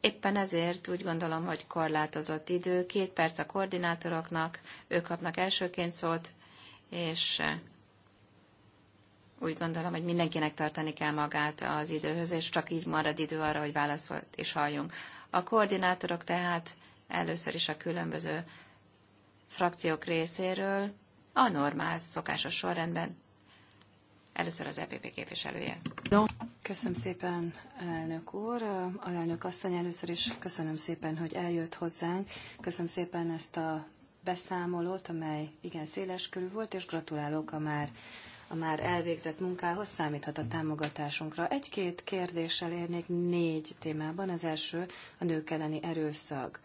Éppen ezért úgy gondolom, hogy korlátozott idő, két perc a koordinátoroknak, ők kapnak elsőként szót, és eh, úgy gondolom, hogy mindenkinek tartani kell magát az időhöz, és csak így marad idő arra, hogy válaszolt és halljunk. A koordinátorok tehát először is a különböző frakciók részéről a normál szokásos sorrendben Először az EPP képviselője. No. Köszönöm szépen, elnök úr. Alelnök asszony, először is köszönöm szépen, hogy eljött hozzánk. Köszönöm szépen ezt a beszámolót, amely igen széles körű volt, és gratulálok a már a már elvégzett munkához számíthat a támogatásunkra. Egy-két kérdéssel érnék négy témában. Az első a nők elleni erőszak.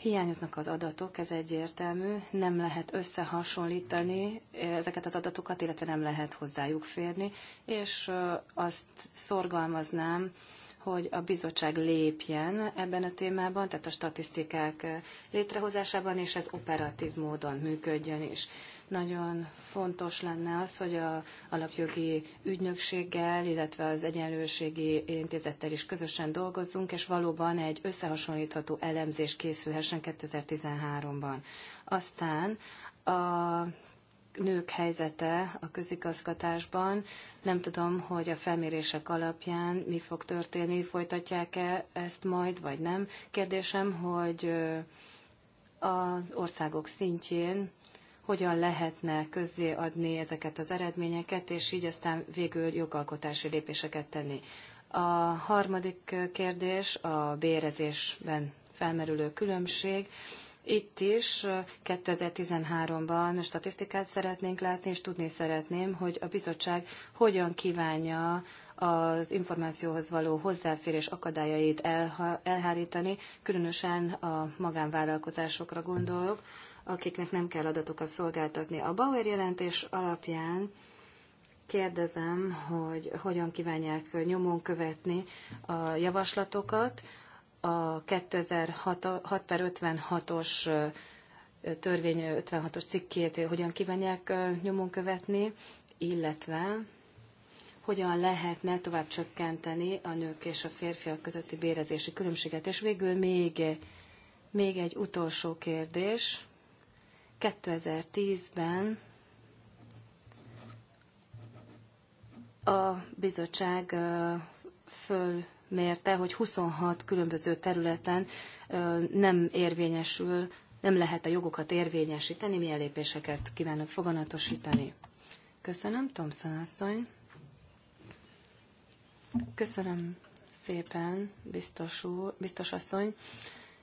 Hiányoznak az adatok, ez egyértelmű, nem lehet összehasonlítani eh, ezeket az adatokat, illetve nem lehet hozzájuk férni, és eh, azt szorgalmaznám, hogy a bizottság lépjen ebben a témában, tehát a statisztikák létrehozásában, és ez operatív módon működjön is. Nagyon fontos lenne az, hogy a alapjogi ügynökséggel, illetve az egyenlőségi intézettel is közösen dolgozzunk, és valóban egy összehasonlítható elemzés készülhessen 2013-ban. Aztán a nők helyzete a közigazgatásban. Nem tudom, hogy a felmérések alapján mi fog történni, folytatják-e ezt majd, vagy nem. Kérdésem, hogy az országok szintjén hogyan lehetne közzé adni ezeket az eredményeket, és így aztán végül jogalkotási lépéseket tenni. A harmadik kérdés a bérezésben felmerülő különbség. Itt is 2013-ban statisztikát szeretnénk látni, és tudni szeretném, hogy a bizottság hogyan kívánja az információhoz való hozzáférés akadályait elhárítani, különösen a magánvállalkozásokra gondolok, akiknek nem kell adatokat szolgáltatni. A Bauer jelentés alapján kérdezem, hogy hogyan kívánják nyomon követni a javaslatokat, a 2006 per 56-os törvény 56-os cikkét hogyan kívánják nyomon követni, illetve hogyan lehetne tovább csökkenteni a nők és a férfiak közötti bérezési különbséget. És végül még, még egy utolsó kérdés. 2010-ben a bizottság föl mérte, hogy 26 különböző területen nem érvényesül, nem lehet a jogokat érvényesíteni, milyen lépéseket kívánok foganatosítani. Köszönöm, Tomszon asszony. Köszönöm szépen, biztos, úr, biztos asszony.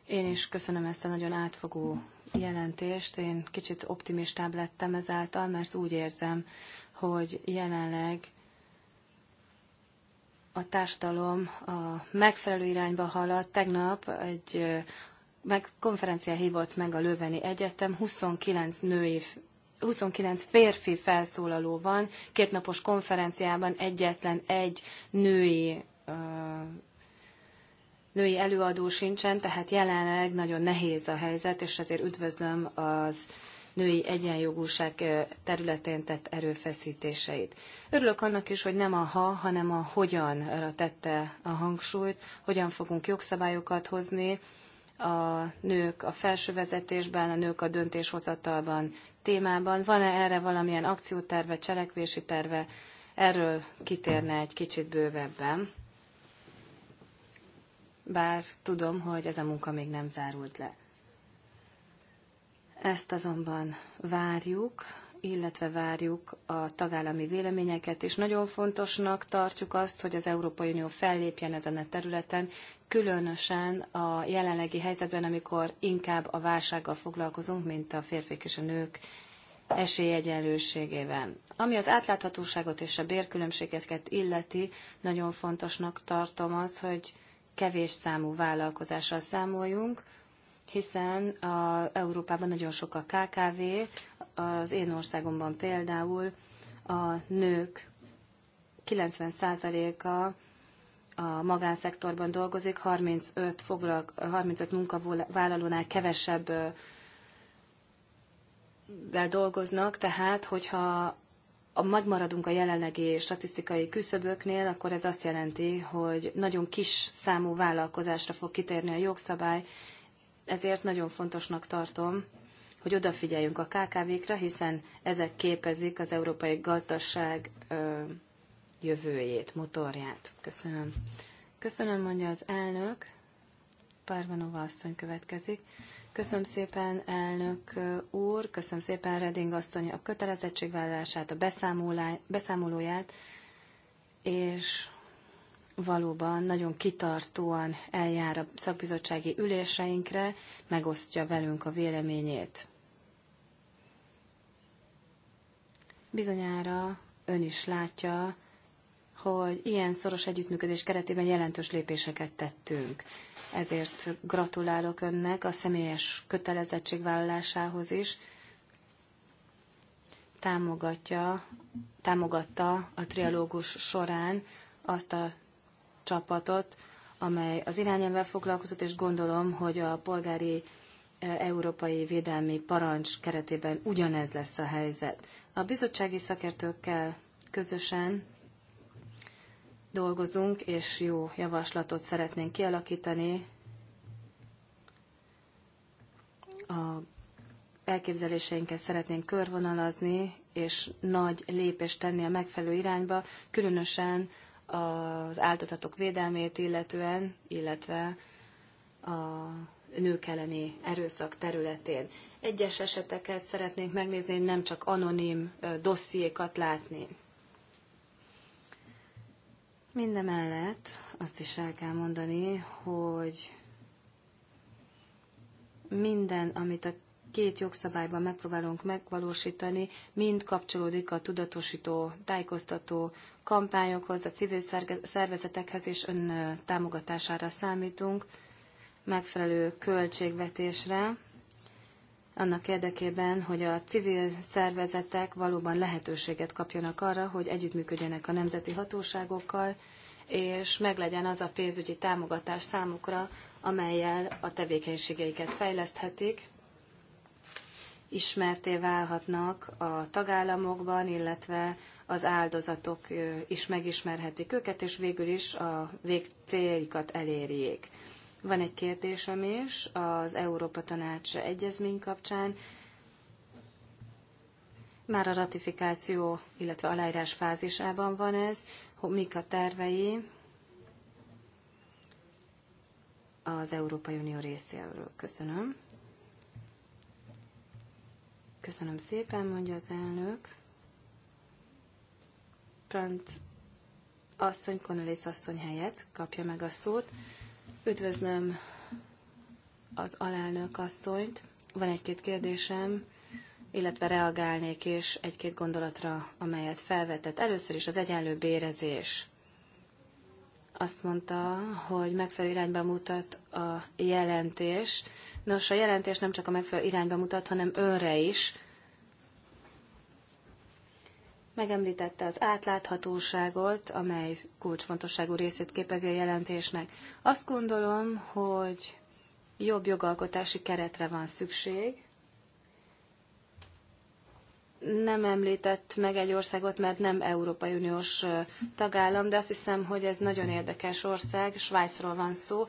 Én is köszönöm ezt a nagyon átfogó jelentést. Én kicsit optimistább lettem ezáltal, mert úgy érzem, hogy jelenleg a társadalom a megfelelő irányba halad. Tegnap egy meg konferencia hívott meg a Löveni Egyetem, 29 női 29 férfi felszólaló van, két napos konferenciában egyetlen egy női, női előadó sincsen, tehát jelenleg nagyon nehéz a helyzet, és ezért üdvözlöm az női egyenjogúság területén tett erőfeszítéseit. Örülök annak is, hogy nem a ha, hanem a hogyan tette a hangsúlyt, hogyan fogunk jogszabályokat hozni, a nők a felső vezetésben, a nők a döntéshozatalban témában. Van-e erre valamilyen akcióterve, cselekvési terve? Erről kitérne egy kicsit bővebben. Bár tudom, hogy ez a munka még nem zárult le. Ezt azonban várjuk, illetve várjuk a tagállami véleményeket, és nagyon fontosnak tartjuk azt, hogy az Európai Unió fellépjen ezen a területen, különösen a jelenlegi helyzetben, amikor inkább a válsággal foglalkozunk, mint a férfiak és a nők esélyegyenlőségével. Ami az átláthatóságot és a bérkülönbségeket illeti, nagyon fontosnak tartom azt, hogy kevés számú vállalkozással számoljunk, hiszen a, Európában nagyon sok a KKV, az én országomban például a nők 90%-a a magánszektorban dolgozik, 35, foglalk, 35 munkavállalónál kevesebb dolgoznak, tehát hogyha a megmaradunk a jelenlegi statisztikai küszöböknél, akkor ez azt jelenti, hogy nagyon kis számú vállalkozásra fog kitérni a jogszabály, ezért nagyon fontosnak tartom, hogy odafigyeljünk a KKV-kra, hiszen ezek képezik az európai gazdaság ö, jövőjét, motorját. Köszönöm. Köszönöm, mondja az elnök. Párvanova asszony következik. Köszönöm szépen, elnök úr, köszönöm szépen Reding asszony a kötelezettségvállalását, a beszámolóját, és valóban nagyon kitartóan eljár a szakbizottsági üléseinkre, megosztja velünk a véleményét. Bizonyára ön is látja, hogy ilyen szoros együttműködés keretében jelentős lépéseket tettünk. Ezért gratulálok önnek a személyes kötelezettségvállalásához is. Támogatja, támogatta a trialógus során azt a csapatot, amely az irányelvvel foglalkozott, és gondolom, hogy a polgári e, európai védelmi parancs keretében ugyanez lesz a helyzet. A bizottsági szakértőkkel közösen dolgozunk, és jó javaslatot szeretnénk kialakítani a elképzeléseinket szeretnénk körvonalazni, és nagy lépést tenni a megfelelő irányba, különösen az áldozatok védelmét illetően, illetve a nők elleni erőszak területén. Egyes eseteket szeretnénk megnézni, nem csak anonim dossziékat látni. Mindemellett azt is el kell mondani, hogy minden, amit a két jogszabályban megpróbálunk megvalósítani, mind kapcsolódik a tudatosító, tájékoztató kampányokhoz, a civil szervezetekhez, és ön támogatására számítunk, megfelelő költségvetésre, annak érdekében, hogy a civil szervezetek valóban lehetőséget kapjanak arra, hogy együttműködjenek a nemzeti hatóságokkal, és meglegyen az a pénzügyi támogatás számukra, amelyel a tevékenységeiket fejleszthetik, ismerté válhatnak a tagállamokban, illetve az áldozatok is megismerhetik őket, és végül is a végcéljaikat elérjék. Van egy kérdésem is az Európa Tanács egyezmény kapcsán. Már a ratifikáció, illetve aláírás fázisában van ez. Mik a tervei az Európai Unió részéről? Köszönöm. Köszönöm szépen, mondja az elnök. Prant asszony, Cornelis asszony helyett kapja meg a szót. Üdvözlöm az alelnök asszonyt. Van egy-két kérdésem, illetve reagálnék is egy-két gondolatra, amelyet felvetett. Először is az egyenlő bérezés azt mondta, hogy megfelelő irányba mutat a jelentés. Nos, a jelentés nem csak a megfelelő irányba mutat, hanem önre is. Megemlítette az átláthatóságot, amely kulcsfontosságú részét képezi a jelentésnek. Azt gondolom, hogy jobb jogalkotási keretre van szükség, nem említett meg egy országot, mert nem Európai Uniós tagállam, de azt hiszem, hogy ez nagyon érdekes ország, Svájcról van szó.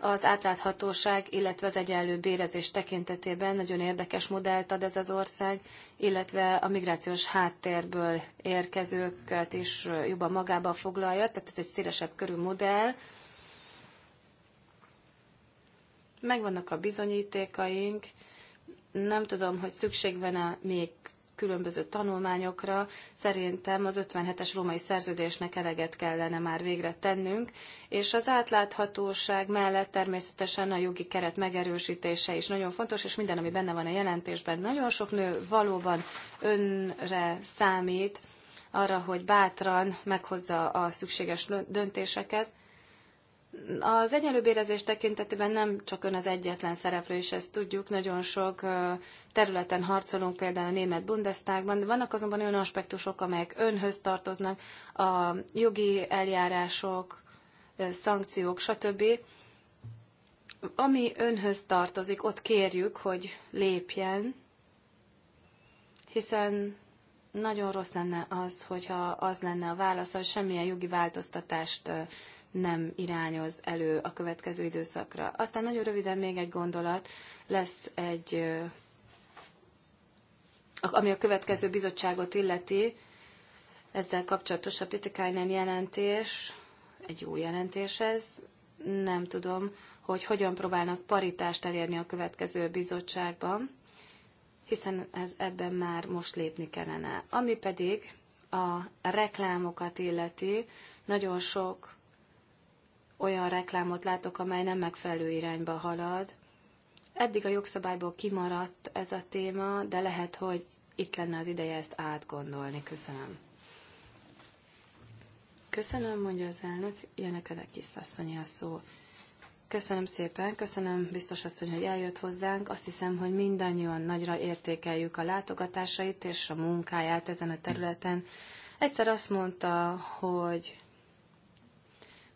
Az átláthatóság, illetve az egyenlő bérezés tekintetében nagyon érdekes modellt ad ez az ország, illetve a migrációs háttérből érkezőket is jobban magába foglalja, tehát ez egy szélesebb körű modell. Megvannak a bizonyítékaink, nem tudom, hogy szükség van-e még különböző tanulmányokra, szerintem az 57-es római szerződésnek eleget kellene már végre tennünk, és az átláthatóság mellett természetesen a jogi keret megerősítése is nagyon fontos, és minden, ami benne van a jelentésben, nagyon sok nő valóban önre számít arra, hogy bátran meghozza a szükséges döntéseket, az egyenlőbérezés tekintetében nem csak ön az egyetlen szereplő, és ezt tudjuk, nagyon sok területen harcolunk, például a német Bundestagban, de vannak azonban olyan aspektusok, amelyek önhöz tartoznak, a jogi eljárások, szankciók, stb. Ami önhöz tartozik, ott kérjük, hogy lépjen, hiszen nagyon rossz lenne az, hogyha az lenne a válasz, hogy semmilyen jogi változtatást nem irányoz elő a következő időszakra. Aztán nagyon röviden még egy gondolat, lesz egy, ami a következő bizottságot illeti, ezzel kapcsolatos a pitekainen jelentés, egy jó jelentés ez, nem tudom, hogy hogyan próbálnak paritást elérni a következő bizottságban, hiszen ez ebben már most lépni kellene. Ami pedig a reklámokat illeti, nagyon sok olyan reklámot látok, amely nem megfelelő irányba halad. Eddig a jogszabályból kimaradt ez a téma, de lehet, hogy itt lenne az ideje ezt átgondolni. Köszönöm. Köszönöm, mondja az elnök, jönnek ennek is asszonyi a szó. Köszönöm szépen, köszönöm biztos asszony, hogy eljött hozzánk. Azt hiszem, hogy mindannyian nagyra értékeljük a látogatásait és a munkáját ezen a területen. Egyszer azt mondta, hogy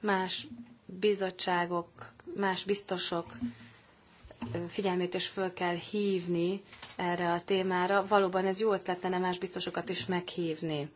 más bizottságok, más biztosok figyelmét is föl kell hívni erre a témára. Valóban ez jó ötlet lenne más biztosokat is meghívni.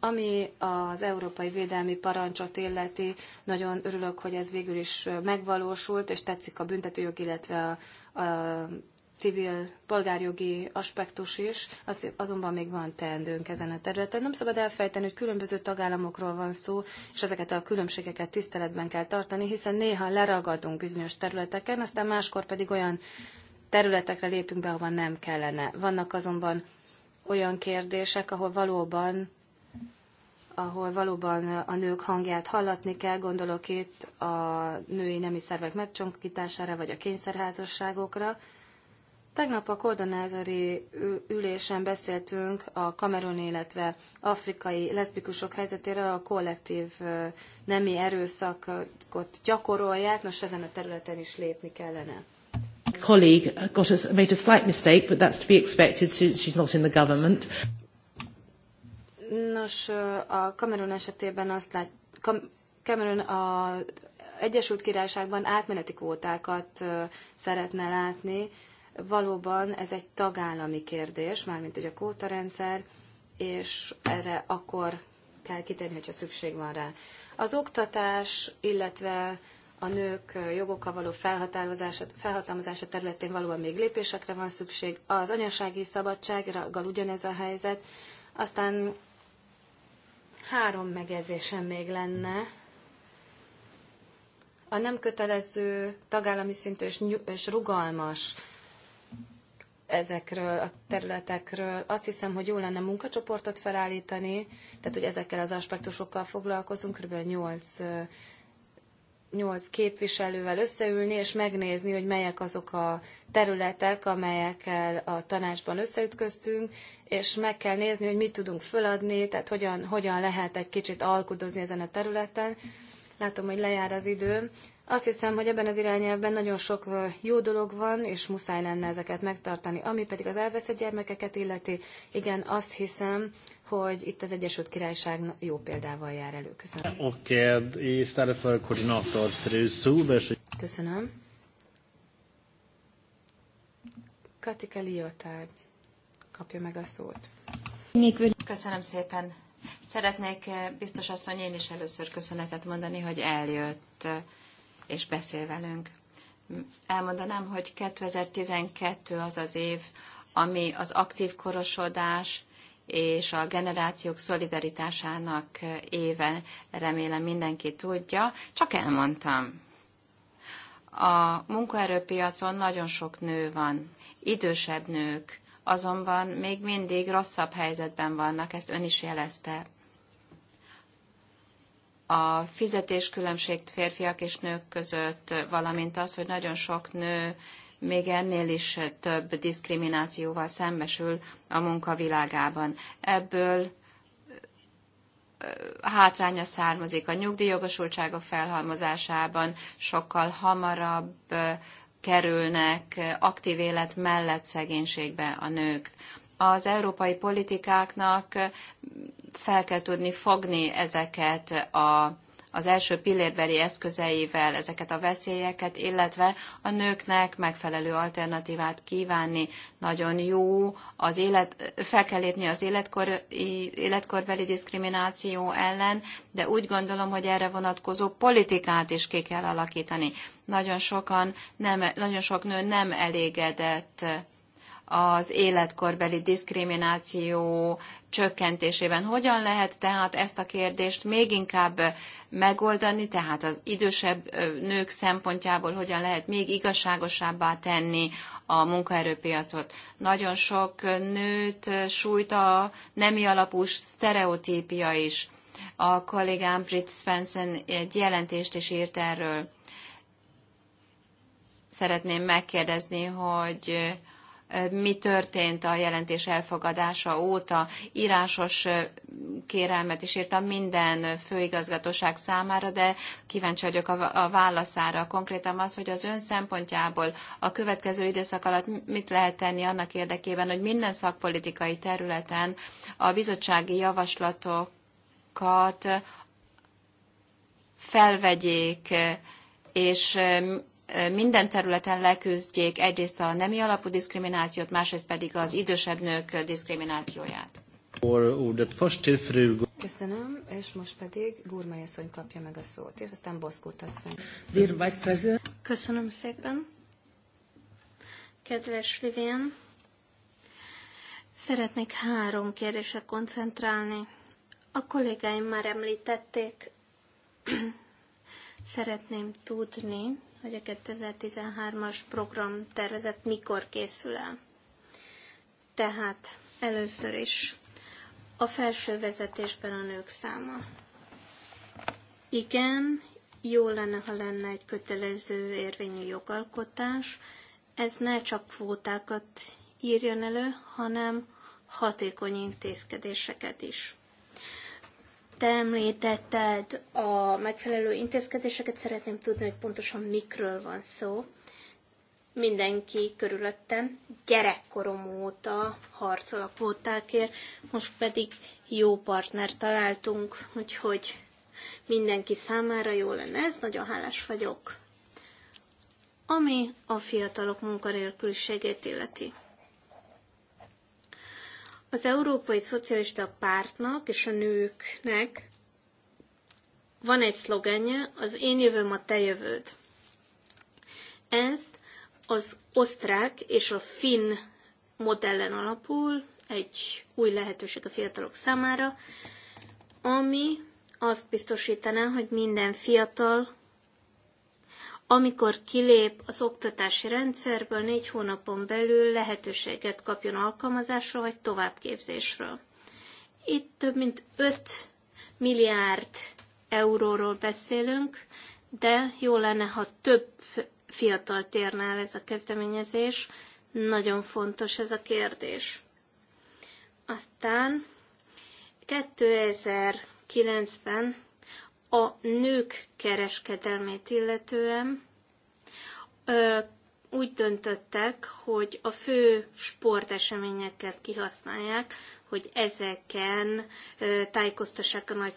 Ami az Európai Védelmi Parancsot illeti, nagyon örülök, hogy ez végül is megvalósult, és tetszik a büntetőjog, illetve a, a civil polgárjogi aspektus is, az, azonban még van teendőnk ezen a területen. Nem szabad elfejteni, hogy különböző tagállamokról van szó, és ezeket a különbségeket tiszteletben kell tartani, hiszen néha leragadunk bizonyos területeken, aztán máskor pedig olyan területekre lépünk be, ahova nem kellene. Vannak azonban olyan kérdések, ahol valóban ahol valóban a nők hangját hallatni kell, gondolok itt a női nemi szervek megcsonkítására, vagy a kényszerházasságokra, Tegnap a koordinátori ülésen beszéltünk a kamerun, illetve afrikai leszbikusok helyzetére, a kollektív nemi erőszakot gyakorolják, nos ezen a területen is lépni kellene. Colleague uh, got a, made a slight mistake, but that's to be expected since she's not in the government. Nos, a Kamerun esetében azt lát, Kam- Kamerun a Egyesült Királyságban átmeneti kvótákat szeretne látni, Valóban ez egy tagállami kérdés, mármint hogy a kótarendszer, és erre akkor kell kitérni, hogyha szükség van rá. Az oktatás, illetve a nők jogokkal való felhatalmazása, felhatalmazása területén valóban még lépésekre van szükség. Az anyasági szabadsággal ugyanez a helyzet. Aztán három megjegyzésem még lenne. A nem kötelező tagállami szintű és, és rugalmas ezekről a területekről. Azt hiszem, hogy jó lenne munkacsoportot felállítani, tehát hogy ezekkel az aspektusokkal foglalkozunk, kb. 8 8 képviselővel összeülni, és megnézni, hogy melyek azok a területek, amelyekkel a tanácsban összeütköztünk, és meg kell nézni, hogy mit tudunk föladni, tehát hogyan, hogyan lehet egy kicsit alkudozni ezen a területen. Mm Látom, hogy lejár az időm. Azt hiszem, hogy ebben az irányelvben nagyon sok jó dolog van, és muszáj lenne ezeket megtartani. Ami pedig az elveszett gyermekeket illeti, igen, azt hiszem, hogy itt az Egyesült Királyság jó példával jár elő. Köszönöm. Oké, eh, istället för koordinátor Köszönöm. Katika Liotard kapja meg a szót. Köszönöm szépen, Szeretnék eh, biztos asszony én is először köszönetet mondani, hogy eljött eh, és beszél velünk. Elmondanám, hogy 2012 az az év, ami az aktív korosodás és a generációk szolidaritásának eh, éve, remélem mindenki tudja, csak elmondtam. A munkaerőpiacon nagyon sok nő van, idősebb nők, azonban még mindig rosszabb helyzetben vannak, ezt ön is jelezte. A fizetéskülönbség férfiak és nők között, valamint az, hogy nagyon sok nő még ennél is több diszkriminációval szembesül a munkavilágában. Ebből hátránya származik a nyugdíjjogosultságok felhalmozásában, sokkal hamarabb kerülnek aktív élet mellett szegénységbe a nők. Az európai politikáknak fel kell tudni fogni ezeket a az első pillérbeli eszközeivel ezeket a veszélyeket, illetve a nőknek megfelelő alternatívát kívánni. Nagyon jó, az élet, fel kell lépni az életkor, életkorbeli diszkrimináció ellen, de úgy gondolom, hogy erre vonatkozó politikát is ki kell alakítani. Nagyon sokan nem, nagyon sok nő nem elégedett az életkorbeli diszkrimináció csökkentésében. Hogyan lehet tehát ezt a kérdést még inkább megoldani, tehát az idősebb nők szempontjából hogyan lehet még igazságosabbá tenni a munkaerőpiacot. Nagyon sok nőt sújt a nemi alapú sztereotípia is. A kollégám Brit Svensson egy jelentést is írt erről. Szeretném megkérdezni, hogy mi történt a jelentés elfogadása óta. Írásos kérelmet is írtam minden főigazgatóság számára, de kíváncsi vagyok a válaszára. Konkrétan az, hogy az ön szempontjából a következő időszak alatt mit lehet tenni annak érdekében, hogy minden szakpolitikai területen a bizottsági javaslatokat felvegyék, és minden területen leküzdjék egyrészt a nemi alapú diszkriminációt, másrészt pedig az idősebb nők diszkriminációját. Köszönöm, és most pedig Gurmai asszony kapja meg a szót, és aztán Boszkút asszony. Köszönöm szépen. Kedves Vivian, szeretnék három kérdésre koncentrálni. A kollégáim már említették, szeretném tudni, hogy a 2013-as program tervezet mikor készül el. Tehát először is a felső vezetésben a nők száma. Igen, jó lenne, ha lenne egy kötelező érvényű jogalkotás. Ez ne csak kvótákat írjon elő, hanem hatékony intézkedéseket is te említetted a megfelelő intézkedéseket, szeretném tudni, hogy pontosan mikről van szó. Mindenki körülöttem gyerekkorom óta harcol a kvótákért, most pedig jó partner találtunk, úgyhogy mindenki számára jó lenne ez, nagyon hálás vagyok. Ami a fiatalok munkanélküliségét illeti. Az Európai Szocialista Pártnak és a nőknek van egy szlogenje, az én jövőm a te jövőd. Ezt az osztrák és a finn modellen alapul, egy új lehetőség a fiatalok számára, ami azt biztosítaná, hogy minden fiatal amikor kilép az oktatási rendszerből, négy hónapon belül lehetőséget kapjon alkalmazásra vagy továbbképzésről. Itt több mint 5 milliárd euróról beszélünk, de jó lenne, ha több fiatal térne el ez a kezdeményezés. Nagyon fontos ez a kérdés. Aztán 2009-ben a nők kereskedelmét illetően úgy döntöttek, hogy a fő sporteseményeket kihasználják, hogy ezeken tájékoztassák a nagy,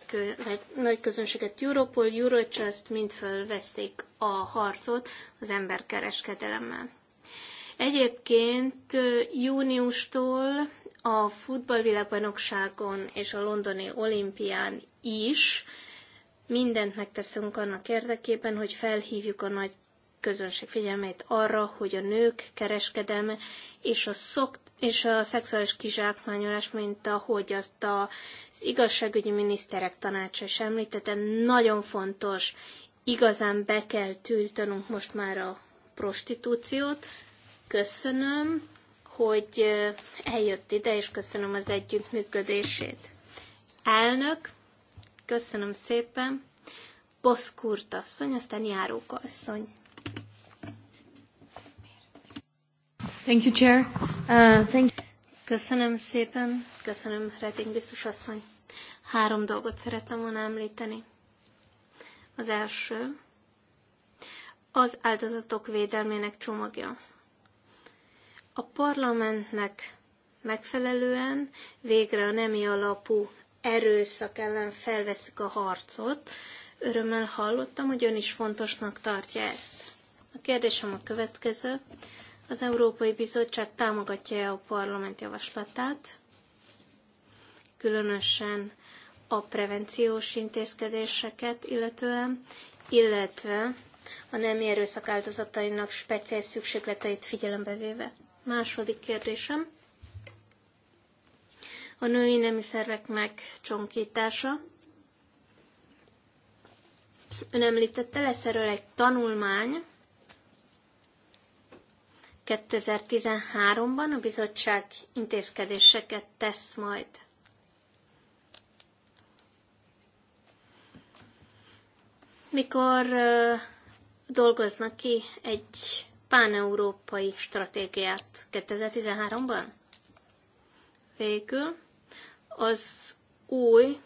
nagy közönséget. Europol, Eurojust mind fölveszték a harcot az emberkereskedelemmel. Egyébként júniustól a futballvilágbajnokságon és a londoni olimpián is mindent megteszünk annak érdekében, hogy felhívjuk a nagy közönség figyelmét arra, hogy a nők kereskedelme és a, szok, és a szexuális kizsákmányolás, mint ahogy azt az igazságügyi miniszterek tanácsa is említette, nagyon fontos. Igazán be kell tűltanunk most már a prostitúciót. Köszönöm, hogy eljött ide, és köszönöm az együttműködését. Elnök, Köszönöm szépen. Boszkurt asszony, aztán Járóka asszony. Thank you, Chair. Uh, thank you. Köszönöm szépen, köszönöm, Reding biztos asszony. Három dolgot szeretem volna említeni. Az első, az áldozatok védelmének csomagja. A parlamentnek megfelelően végre a nemi alapú erőszak ellen felveszik a harcot. Örömmel hallottam, hogy ön is fontosnak tartja ezt. A kérdésem a következő. Az Európai Bizottság támogatja a parlament javaslatát, különösen a prevenciós intézkedéseket illetően, illetve a nem erőszak áldozatainak speciális szükségleteit figyelembe véve. Második kérdésem a női nemi szervek megcsonkítása. Ön említette lesz erről egy tanulmány 2013-ban a bizottság intézkedéseket tesz majd. Mikor dolgoznak ki egy páneurópai stratégiát 2013-ban? Végül az új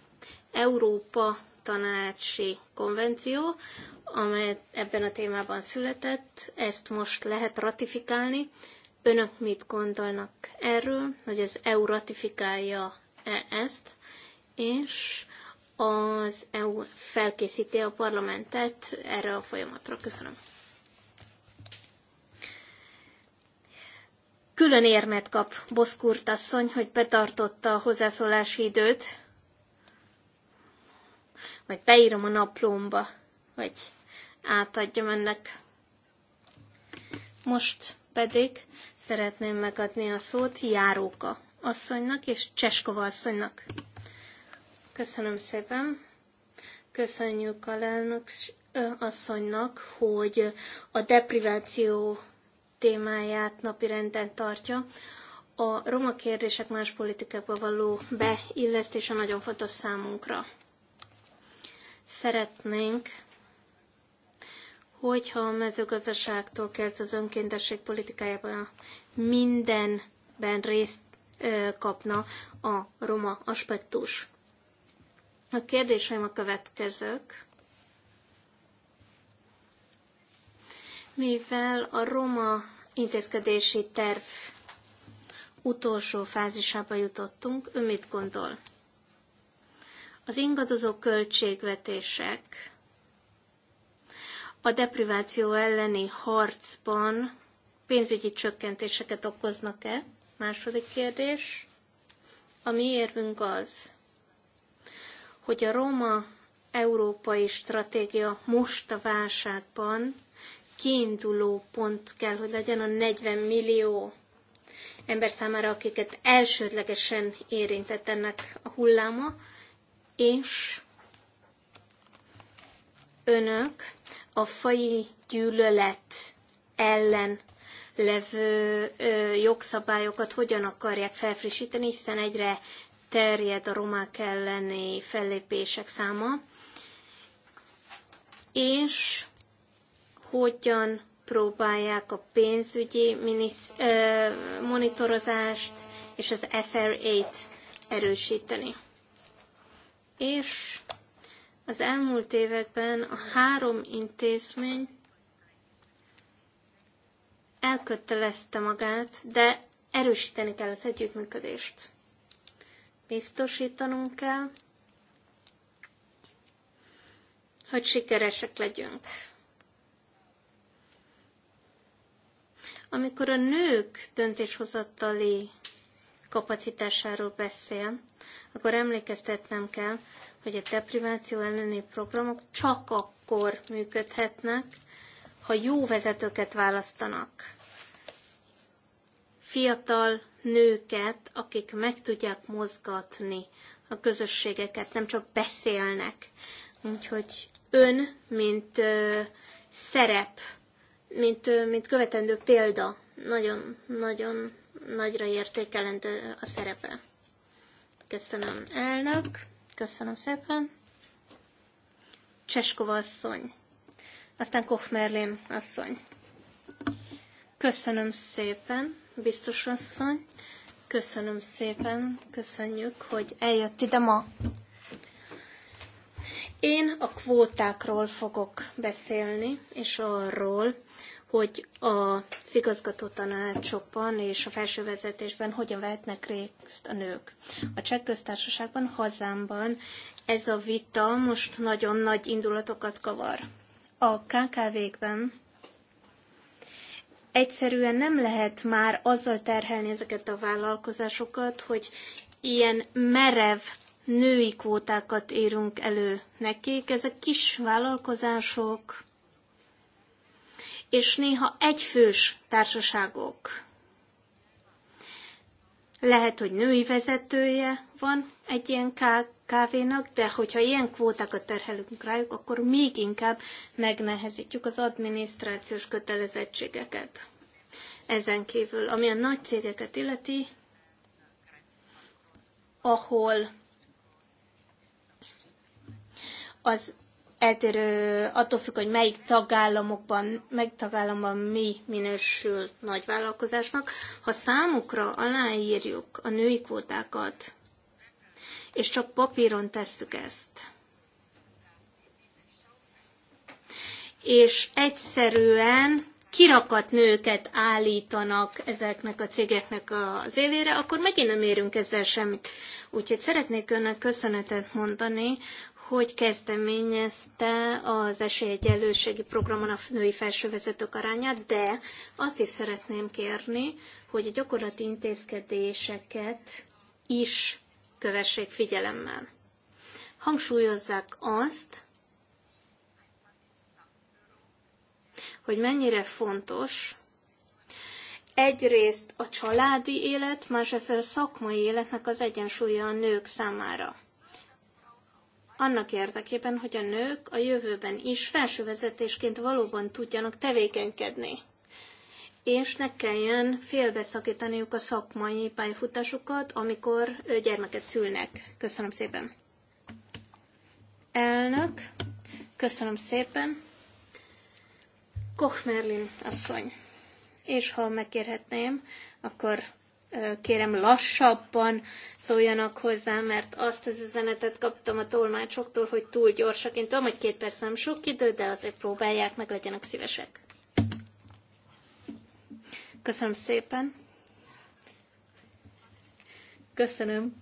Európa tanácsi konvenció, amely ebben a témában született, ezt most lehet ratifikálni. Önök mit gondolnak erről, hogy az EU ratifikálja -e ezt, és az EU felkészíti a parlamentet erre a folyamatra. Köszönöm. Külön érmet kap Boszkurt asszony, hogy betartotta a hozzászólási időt. Vagy beírom a naplómba, vagy átadjam ennek. Most pedig szeretném megadni a szót Járóka asszonynak és Cseskova asszonynak. Köszönöm szépen. Köszönjük a lelnök asszonynak, hogy a depriváció témáját napirenden tartja. A roma kérdések más politikába való beillesztése nagyon fontos számunkra. Szeretnénk, hogyha a mezőgazdaságtól kezd az önkéntesség politikájában mindenben részt kapna a roma aspektus. A kérdéseim a következők. mivel a roma intézkedési terv utolsó fázisába jutottunk, ő mit gondol? Az ingadozó költségvetések a depriváció elleni harcban pénzügyi csökkentéseket okoznak-e? Második kérdés. A mi érvünk az, hogy a Róma európai stratégia most a válságban kiinduló pont kell, hogy legyen a 40 millió ember számára, akiket elsődlegesen érintett ennek a hulláma, és önök a fai gyűlölet ellen levő ö, jogszabályokat hogyan akarják felfrissíteni, hiszen egyre terjed a romák elleni fellépések száma, és hogyan próbálják a pénzügyi minisz, ö, monitorozást és az SRA-t erősíteni. És az elmúlt években a három intézmény elkötelezte magát, de erősíteni kell az együttműködést. Biztosítanunk kell, hogy sikeresek legyünk. Amikor a nők döntéshozatali kapacitásáról beszél, akkor emlékeztetnem kell, hogy a depriváció elleni programok csak akkor működhetnek, ha jó vezetőket választanak. Fiatal nőket, akik meg tudják mozgatni a közösségeket, nem csak beszélnek. Úgyhogy ön, mint ö, szerep mint, mint követendő példa. Nagyon, nagyon nagyra értékelendő a szerepe. Köszönöm, elnök. Köszönöm szépen. Cseskova asszony. Aztán Merlin asszony. Köszönöm szépen, biztos asszony. Köszönöm szépen, köszönjük, hogy eljött ide ma. Én a kvótákról fogok beszélni, és arról, hogy az igazgató tanácsokban és a felső vezetésben hogyan vehetnek részt a nők. A cseh köztársaságban, hazámban ez a vita most nagyon nagy indulatokat kavar. A KKV-kben egyszerűen nem lehet már azzal terhelni ezeket a vállalkozásokat, hogy ilyen merev női kvótákat érünk elő nekik. Ezek kis vállalkozások, és néha egyfős társaságok. Lehet, hogy női vezetője van egy ilyen kávénak, de hogyha ilyen kvótákat terhelünk rájuk, akkor még inkább megnehezítjük az adminisztrációs kötelezettségeket. Ezen kívül, ami a nagy cégeket illeti, ahol az eltérő attól függ, hogy melyik tagállamokban, melyik tagállamban mi minősül nagyvállalkozásnak. Ha számukra aláírjuk a női kvótákat, és csak papíron tesszük ezt, és egyszerűen kirakat nőket állítanak ezeknek a cégeknek az évére, akkor megint nem érünk ezzel semmit. Úgyhogy szeretnék önnek köszönetet mondani, hogy kezdeményezte az esélyegyenlőségi programon a női felsővezetők arányát, de azt is szeretném kérni, hogy a gyakorlati intézkedéseket is kövessék figyelemmel. Hangsúlyozzák azt, hogy mennyire fontos egyrészt a családi élet, másrészt a szakmai életnek az egyensúlya a nők számára annak érdekében, hogy a nők a jövőben is felsővezetésként valóban tudjanak tevékenykedni és ne kelljen félbeszakítaniuk a szakmai pályafutásukat, amikor gyermeket szülnek. Köszönöm szépen. Elnök, köszönöm szépen. Koch Merlin asszony. És ha megkérhetném, akkor kérem lassabban szóljanak hozzá, mert azt az üzenetet kaptam a tolmácsoktól, hogy túl gyorsak. Én tudom, hogy két perc nem sok idő, de azért próbálják, meg legyenek szívesek. Köszönöm szépen. Köszönöm.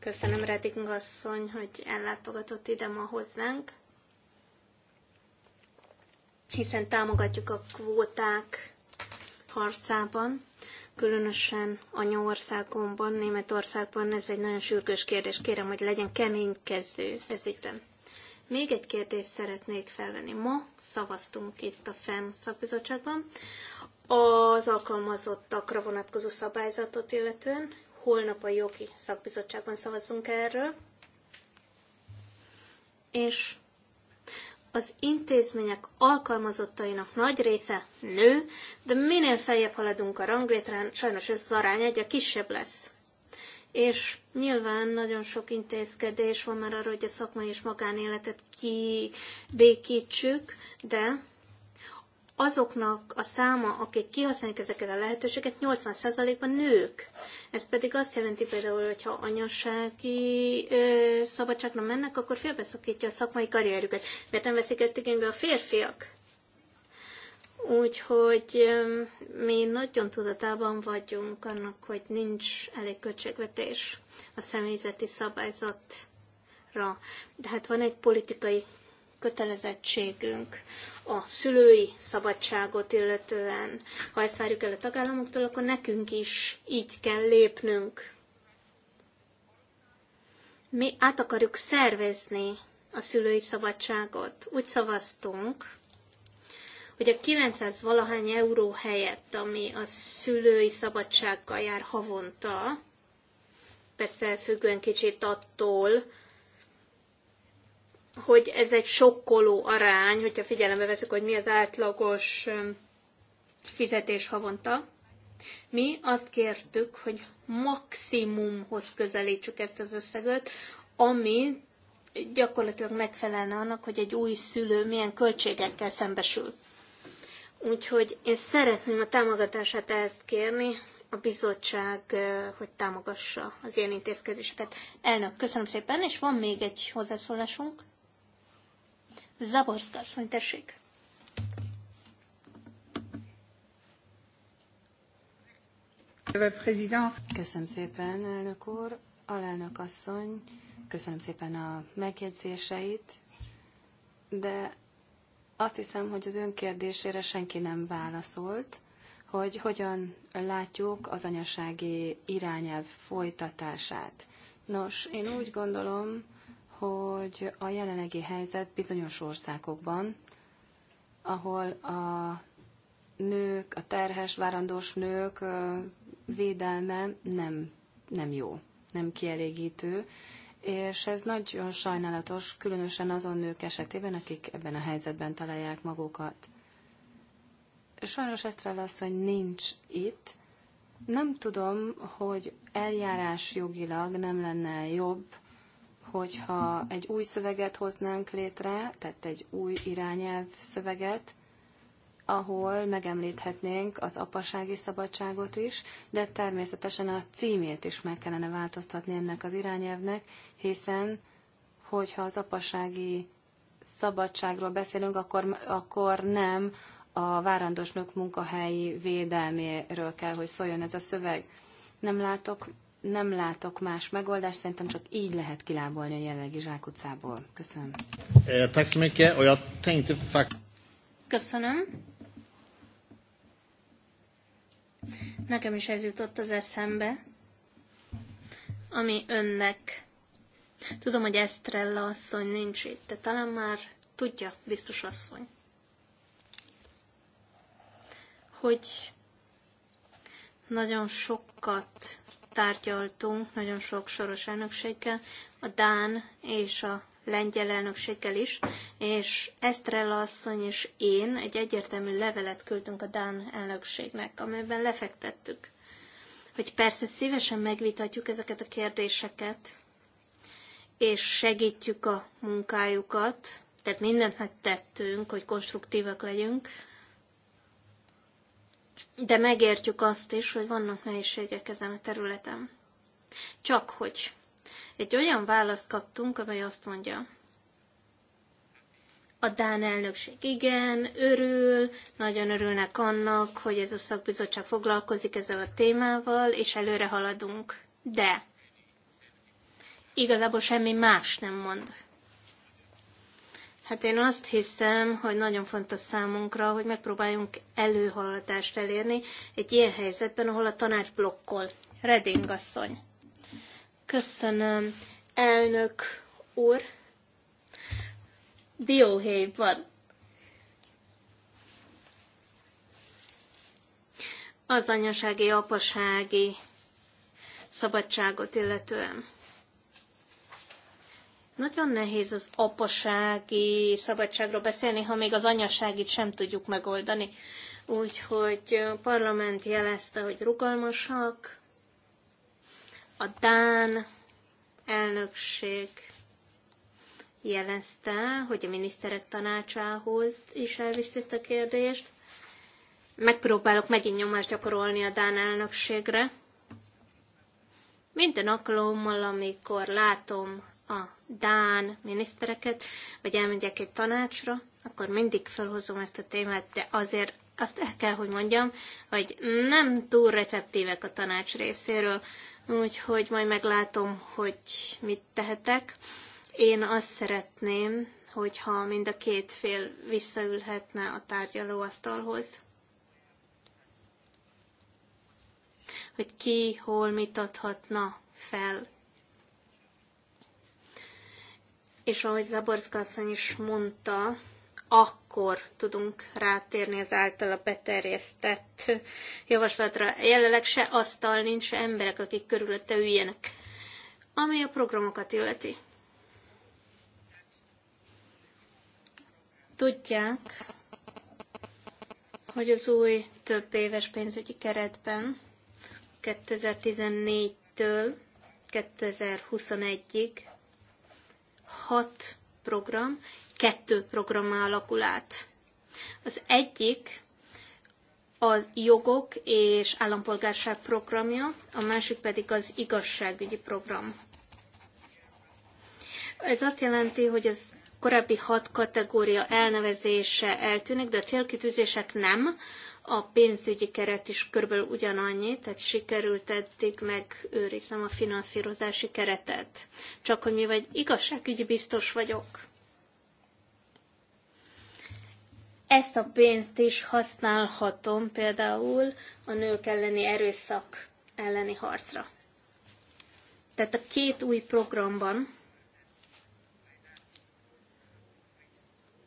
Köszönöm Redding asszony, hogy ellátogatott ide ma hozzánk, hiszen támogatjuk a kvóták harcában Különösen anyaországomban, Németországban ez egy nagyon sürgős kérdés. Kérem, hogy legyen keménykező ez ügyben. Még egy kérdést szeretnék felvenni. Ma szavaztunk itt a FEM szakbizottságban az alkalmazottakra vonatkozó szabályzatot illetően. Holnap a jogi szakbizottságban szavazunk erről. És az intézmények alkalmazottainak nagy része nő, de minél feljebb haladunk a ranglétrán, sajnos ez az arány egyre kisebb lesz. És nyilván nagyon sok intézkedés van már arra, hogy a szakmai és magánéletet kibékítsük, de azoknak a száma, akik kihasználják ezeket a lehetőséget, 80%-ban nők. Ez pedig azt jelenti például, hogyha anyasági ö, szabadságra mennek, akkor félbeszakítja a szakmai karrierüket, mert nem veszik ezt igénybe a férfiak. Úgyhogy mi nagyon tudatában vagyunk annak, hogy nincs elég költségvetés a személyzeti szabályzatra. De hát van egy politikai kötelezettségünk a szülői szabadságot illetően. Ha ezt várjuk el a tagállamoktól, akkor nekünk is így kell lépnünk. Mi át akarjuk szervezni a szülői szabadságot. Úgy szavaztunk, hogy a 900 valahány euró helyett, ami a szülői szabadsággal jár havonta, persze függően kicsit attól, hogy ez egy sokkoló arány, hogyha figyelembe veszük, hogy mi az átlagos fizetés havonta. Mi azt kértük, hogy maximumhoz közelítsük ezt az összeget, ami gyakorlatilag megfelelne annak, hogy egy új szülő milyen költségekkel szembesül. Úgyhogy én szeretném a támogatását ezt kérni, a bizottság, hogy támogassa az ilyen intézkedéseket. Elnök, köszönöm szépen, és van még egy hozzászólásunk. Zaborszka asszony, tessék! Köszönöm szépen, elnök úr, alelnök asszony, köszönöm szépen a megjegyzéseit, de azt hiszem, hogy az ön kérdésére senki nem válaszolt, hogy hogyan látjuk az anyasági irányelv folytatását. Nos, én úgy gondolom, hogy a jelenlegi helyzet bizonyos országokban, ahol a nők, a terhes, várandós nők védelme nem, nem jó, nem kielégítő, és ez nagyon sajnálatos, különösen azon nők esetében, akik ebben a helyzetben találják magukat. Sajnos Esztrel asszony nincs itt. Nem tudom, hogy eljárás jogilag nem lenne jobb, hogyha egy új szöveget hoznánk létre, tehát egy új irányelv szöveget, ahol megemlíthetnénk az apasági szabadságot is, de természetesen a címét is meg kellene változtatni ennek az irányelvnek, hiszen hogyha az apasági szabadságról beszélünk, akkor, akkor nem a várandós nők munkahelyi védelméről kell, hogy szóljon ez a szöveg. Nem látok nem látok más megoldást, szerintem csak így lehet kilábolni a jelenlegi zsákutcából. Köszönöm. Eh, Köszönöm. Nekem is ez jutott az eszembe, ami önnek. Tudom, hogy Estrella asszony nincs itt, de talán már tudja, biztos asszony, hogy nagyon sokat tárgyaltunk nagyon sok soros elnökséggel, a Dán és a lengyel elnökséggel is, és Esztrella asszony és én egy egyértelmű levelet küldtünk a Dán elnökségnek, amelyben lefektettük, hogy persze szívesen megvitatjuk ezeket a kérdéseket, és segítjük a munkájukat, tehát mindent megtettünk, hogy konstruktívak legyünk, de megértjük azt is, hogy vannak nehézségek ezen a területen. Csak hogy egy olyan választ kaptunk, amely azt mondja, a Dán elnökség igen, örül, nagyon örülnek annak, hogy ez a szakbizottság foglalkozik ezzel a témával, és előre haladunk. De igazából semmi más nem mond. Hát én azt hiszem, hogy nagyon fontos számunkra, hogy megpróbáljunk előhaladást elérni egy ilyen helyzetben, ahol a tanács blokkol. Reding asszony. Köszönöm, elnök úr. Dióhéj van. Az anyasági, apasági szabadságot illetően. Nagyon nehéz az apasági szabadságról beszélni, ha még az anyaságit sem tudjuk megoldani. Úgyhogy a parlament jelezte, hogy rugalmasak. A Dán elnökség jelezte, hogy a miniszterek tanácsához is elviszi ezt a kérdést. Megpróbálok megint nyomást gyakorolni a Dán elnökségre. Minden alkalommal, amikor látom a Dán minisztereket, vagy elmegyek egy tanácsra, akkor mindig felhozom ezt a témát, de azért azt el kell, hogy mondjam, hogy nem túl receptívek a tanács részéről, úgyhogy majd meglátom, hogy mit tehetek. Én azt szeretném, hogyha mind a két fél visszaülhetne a tárgyalóasztalhoz. Hogy ki hol mit adhatna fel és ahogy Zaborszka asszony is mondta, akkor tudunk rátérni az általa beterjesztett javaslatra. Jelenleg se asztal nincs, se emberek, akik körülötte üljenek. Ami a programokat illeti. Tudják, hogy az új több éves pénzügyi keretben 2014-től 2021-ig hat program kettő program alakul át. Az egyik a jogok és állampolgárság programja, a másik pedig az igazságügyi program. Ez azt jelenti, hogy az korábbi hat kategória elnevezése eltűnik, de a célkitűzések nem, a pénzügyi keret is körülbelül ugyanannyi, tehát sikerült eddig megőriznem a finanszírozási keretet. Csak hogy mivel vagy igazságügyi biztos vagyok, ezt a pénzt is használhatom például a nők elleni erőszak elleni harcra. Tehát a két új programban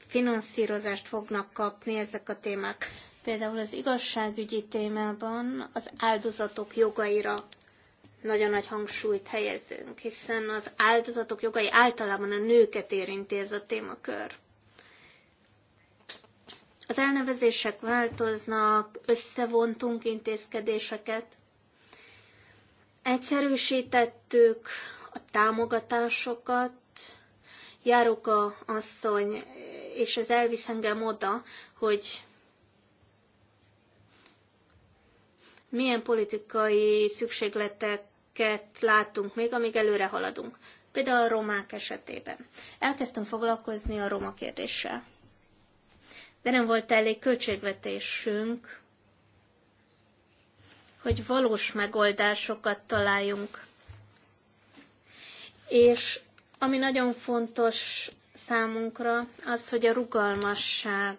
finanszírozást fognak kapni ezek a témák. Például az igazságügyi témában az áldozatok jogaira nagyon nagy hangsúlyt helyezünk, hiszen az áldozatok jogai általában a nőket érinti ez a témakör. Az elnevezések változnak, összevontunk intézkedéseket, egyszerűsítettük a támogatásokat, a asszony, és ez elvisz engem oda, hogy milyen politikai szükségleteket látunk még, amíg előre haladunk. Például a romák esetében. Elkezdtem foglalkozni a roma kérdéssel. De nem volt elég költségvetésünk, hogy valós megoldásokat találjunk. És ami nagyon fontos számunkra, az, hogy a rugalmasság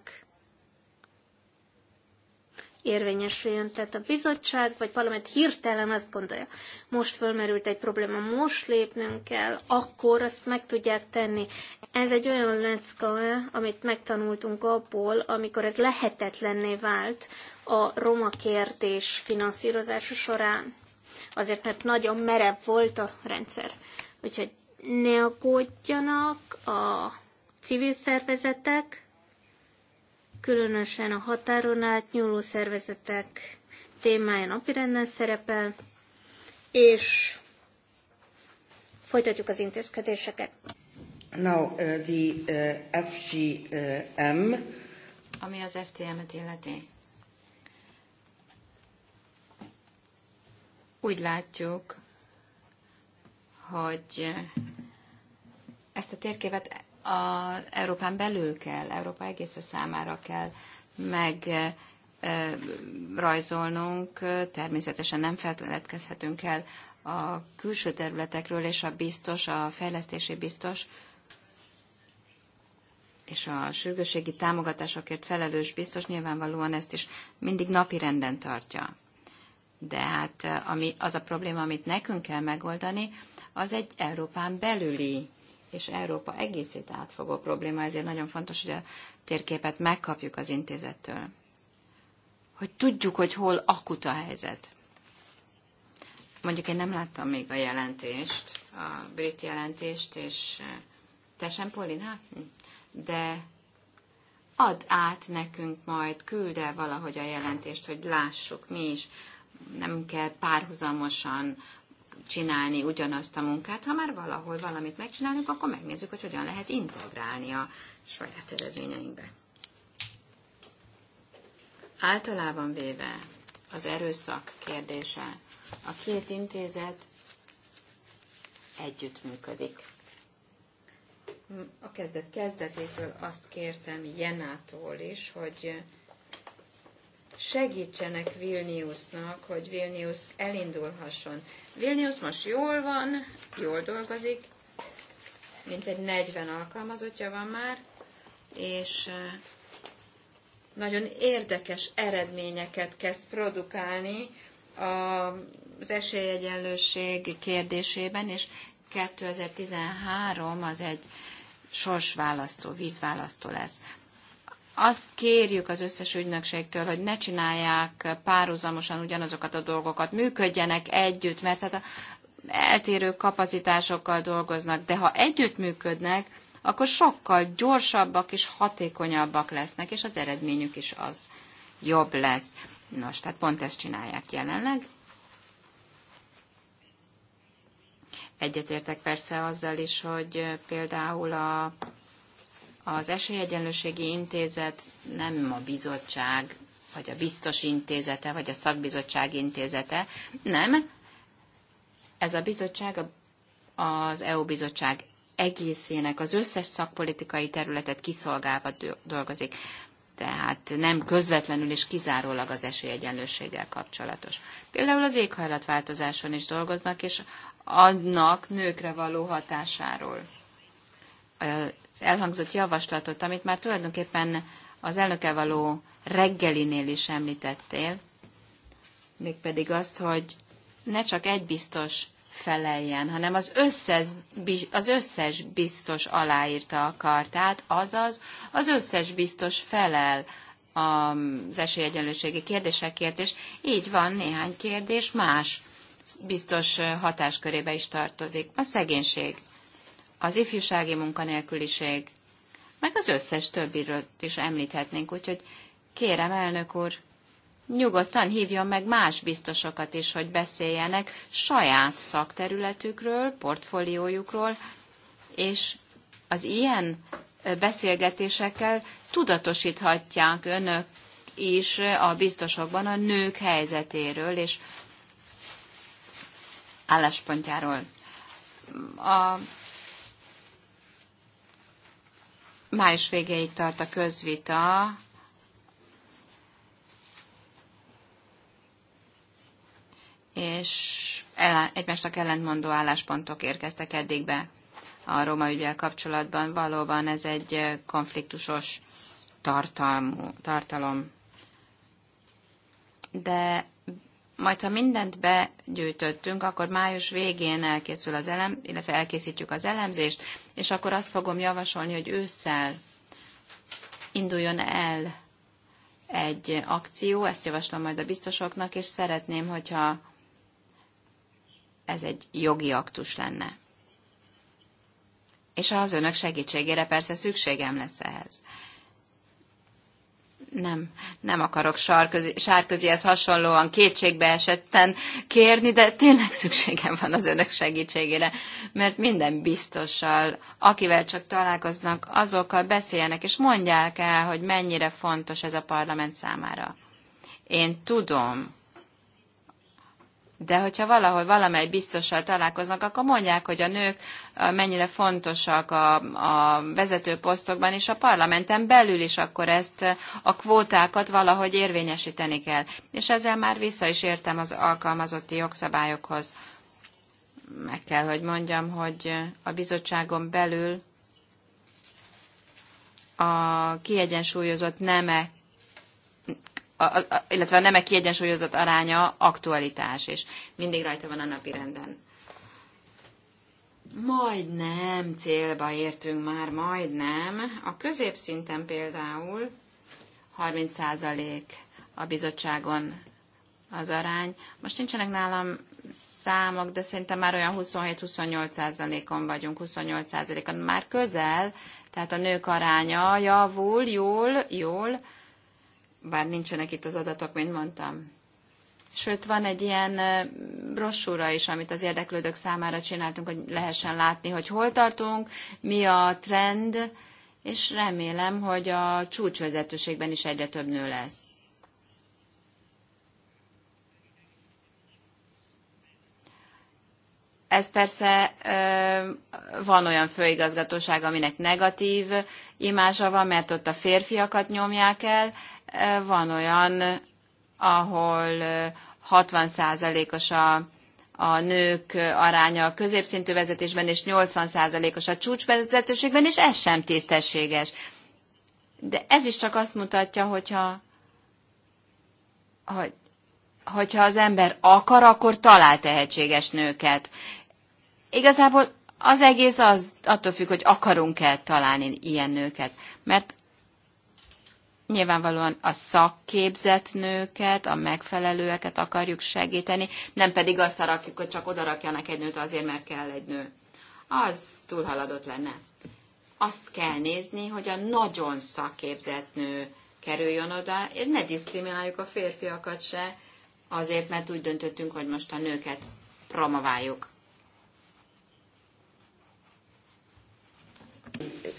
érvényesüljön. Tehát a bizottság vagy parlament hirtelen azt gondolja, most fölmerült egy probléma, most lépnünk kell, akkor azt meg tudják tenni. Ez egy olyan lecka, amit megtanultunk abból, amikor ez lehetetlenné vált a roma kérdés finanszírozása során. Azért, mert nagyon merev volt a rendszer. Úgyhogy ne aggódjanak a civil szervezetek, különösen a határon átnyúló szervezetek témája napirenden szerepel, és folytatjuk az intézkedéseket. Now, uh, the uh, FGM. Ami az FTM-et illeti. Úgy látjuk, hogy ezt a térképet az Európán belül kell, Európa egészen számára kell meg rajzolnunk, természetesen nem feledkezhetünk el a külső területekről, és a biztos, a fejlesztési biztos, és a sürgősségi támogatásokért felelős biztos nyilvánvalóan ezt is mindig napi renden tartja. De hát ami, az a probléma, amit nekünk kell megoldani, az egy Európán belüli és Európa egészét átfogó probléma, ezért nagyon fontos, hogy a térképet megkapjuk az intézettől. Hogy tudjuk, hogy hol akut a helyzet. Mondjuk én nem láttam még a jelentést, a brit jelentést, és eh, te sem, Polina? De add át nekünk majd, küld el valahogy a jelentést, hogy lássuk mi is. Nem kell párhuzamosan csinálni ugyanazt a munkát. Ha már valahol valamit megcsinálunk, akkor megnézzük, hogy hogyan lehet integrálni a saját eredményeinkbe. Általában véve az erőszak kérdése a két intézet együttműködik. A kezdet kezdetétől azt kértem Jenától is, hogy segítsenek Vilniusnak, hogy Vilnius elindulhasson. Vilnius most jól van, jól dolgozik, mint egy 40 alkalmazottja van már, és nagyon érdekes eredményeket kezd produkálni az esélyegyenlőség kérdésében, és 2013 az egy sorsválasztó, vízválasztó lesz azt kérjük az összes ügynökségtől, hogy ne csinálják párhuzamosan ugyanazokat a dolgokat, működjenek együtt, mert hát eltérő kapacitásokkal dolgoznak, de ha együtt működnek, akkor sokkal gyorsabbak és hatékonyabbak lesznek, és az eredményük is az jobb lesz. Nos, tehát pont ezt csinálják jelenleg. Egyetértek persze azzal is, hogy például a az Esélyegyenlőségi Intézet nem a bizottság, vagy a biztos intézete, vagy a szakbizottság intézete. Nem. Ez a bizottság az EU bizottság egészének az összes szakpolitikai területet kiszolgálva dolgozik. Tehát nem közvetlenül és kizárólag az esélyegyenlőséggel kapcsolatos. Például az éghajlatváltozáson is dolgoznak, és annak nőkre való hatásáról elhangzott javaslatot, amit már tulajdonképpen az elnöke való reggelinél is említettél, mégpedig azt, hogy ne csak egy biztos feleljen, hanem az összes, az összes biztos aláírta a kartát, azaz az összes biztos felel az esélyegyenlőségi kérdésekért, és így van néhány kérdés más biztos hatáskörébe is tartozik. A szegénység az ifjúsági munkanélküliség, meg az összes többiről is említhetnénk, úgyhogy kérem, elnök úr, nyugodtan hívjon meg más biztosokat is, hogy beszéljenek saját szakterületükről, portfóliójukról, és az ilyen beszélgetésekkel tudatosíthatják önök is a biztosokban a nők helyzetéről és álláspontjáról. A Május végéig tart a közvita. és egymásnak ellentmondó álláspontok érkeztek eddig be a roma ügyel kapcsolatban. Valóban ez egy konfliktusos tartalmú, tartalom. De majd, ha mindent begyűjtöttünk, akkor május végén elkészül az elem, illetve elkészítjük az elemzést, és akkor azt fogom javasolni, hogy ősszel induljon el egy akció, ezt javaslom majd a biztosoknak, és szeretném, hogyha ez egy jogi aktus lenne. És az önök segítségére persze szükségem lesz ehhez nem, nem akarok sárközi, sárközihez hasonlóan kétségbe esetten kérni, de tényleg szükségem van az önök segítségére, mert minden biztossal, akivel csak találkoznak, azokkal beszéljenek, és mondják el, hogy mennyire fontos ez a parlament számára. Én tudom, de hogyha valahol valamely biztossal találkoznak, akkor mondják, hogy a nők mennyire fontosak a, a vezető posztokban, és a parlamenten belül is akkor ezt a kvótákat valahogy érvényesíteni kell. És ezzel már vissza is értem az alkalmazotti jogszabályokhoz. Meg kell, hogy mondjam, hogy a bizottságon belül a kiegyensúlyozott nemek a, a, illetve a nemek kiegyensúlyozott aránya aktualitás, és mindig rajta van a napi renden. Majdnem célba értünk már, majdnem. A középszinten például 30% a bizottságon az arány. Most nincsenek nálam számok, de szerintem már olyan 27-28%-on vagyunk, 28%-on már közel, tehát a nők aránya javul, jól, jól, bár nincsenek itt az adatok, mint mondtam. Sőt, van egy ilyen brossúra is, amit az érdeklődők számára csináltunk, hogy lehessen látni, hogy hol tartunk, mi a trend, és remélem, hogy a csúcsvezetőségben is egyre több nő lesz. Ez persze van olyan főigazgatóság, aminek negatív imázsa van, mert ott a férfiakat nyomják el, van olyan, ahol 60%-os a, a nők aránya a középszintű vezetésben, és 80%-os a csúcsvezetőségben, és ez sem tisztességes. De ez is csak azt mutatja, hogyha, hogy, hogyha az ember akar, akkor talál tehetséges nőket. Igazából az egész az attól függ, hogy akarunk-e találni ilyen nőket. Mert nyilvánvalóan a szakképzett nőket, a megfelelőeket akarjuk segíteni, nem pedig azt rakjuk, hogy csak oda rakjanak egy nőt azért, mert kell egy nő. Az túlhaladott lenne. Azt kell nézni, hogy a nagyon szakképzett nő kerüljön oda, és ne diszkrimináljuk a férfiakat se, azért, mert úgy döntöttünk, hogy most a nőket promováljuk.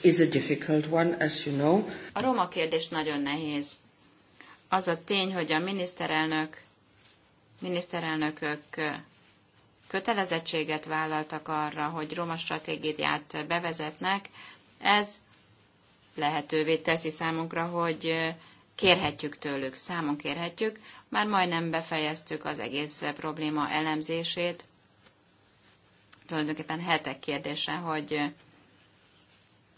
a A roma kérdés nagyon nehéz. Az a tény, hogy a miniszterelnök, miniszterelnökök kötelezettséget vállaltak arra, hogy roma stratégiát bevezetnek, ez lehetővé teszi számunkra, hogy kérhetjük tőlük, számon kérhetjük. Már majdnem befejeztük az egész probléma elemzését. Tulajdonképpen hetek kérdése, hogy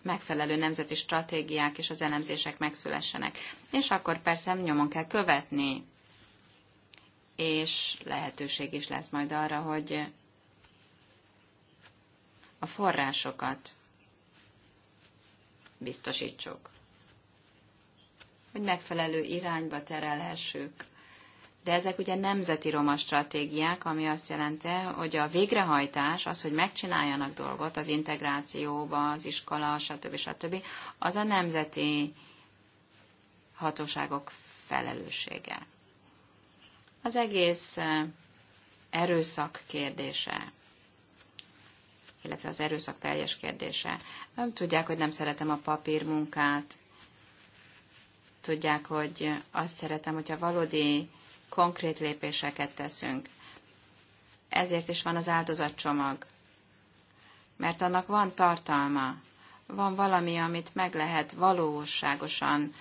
megfelelő nemzeti stratégiák és az elemzések megszülessenek. És akkor persze nyomon kell követni, és lehetőség is lesz majd arra, hogy a forrásokat biztosítsuk, hogy megfelelő irányba terelhessük de ezek ugye nemzeti roma stratégiák, ami azt jelenti, hogy a végrehajtás, az, hogy megcsináljanak dolgot az integrációba, az iskola, stb. stb., az a nemzeti hatóságok felelőssége. Az egész erőszak kérdése, illetve az erőszak teljes kérdése. Nem tudják, hogy nem szeretem a papírmunkát, tudják, hogy azt szeretem, hogyha valódi konkrét lépéseket teszünk. Ezért is van az áldozatcsomag. Mert annak van tartalma, van valami, amit meg lehet valóságosan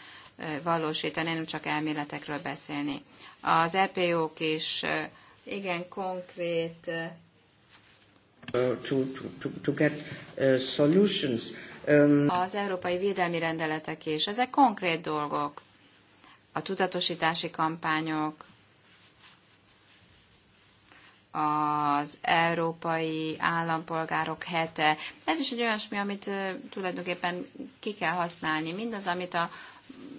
valósítani, nem csak elméletekről beszélni. Az EPO-k is igen konkrét uh, to, to, to get uh, solutions. Um, az európai védelmi rendeletek is, ezek konkrét dolgok. A tudatosítási kampányok, az Európai Állampolgárok hete. Ez is egy olyasmi, amit tulajdonképpen ki kell használni. Mindaz, amit a,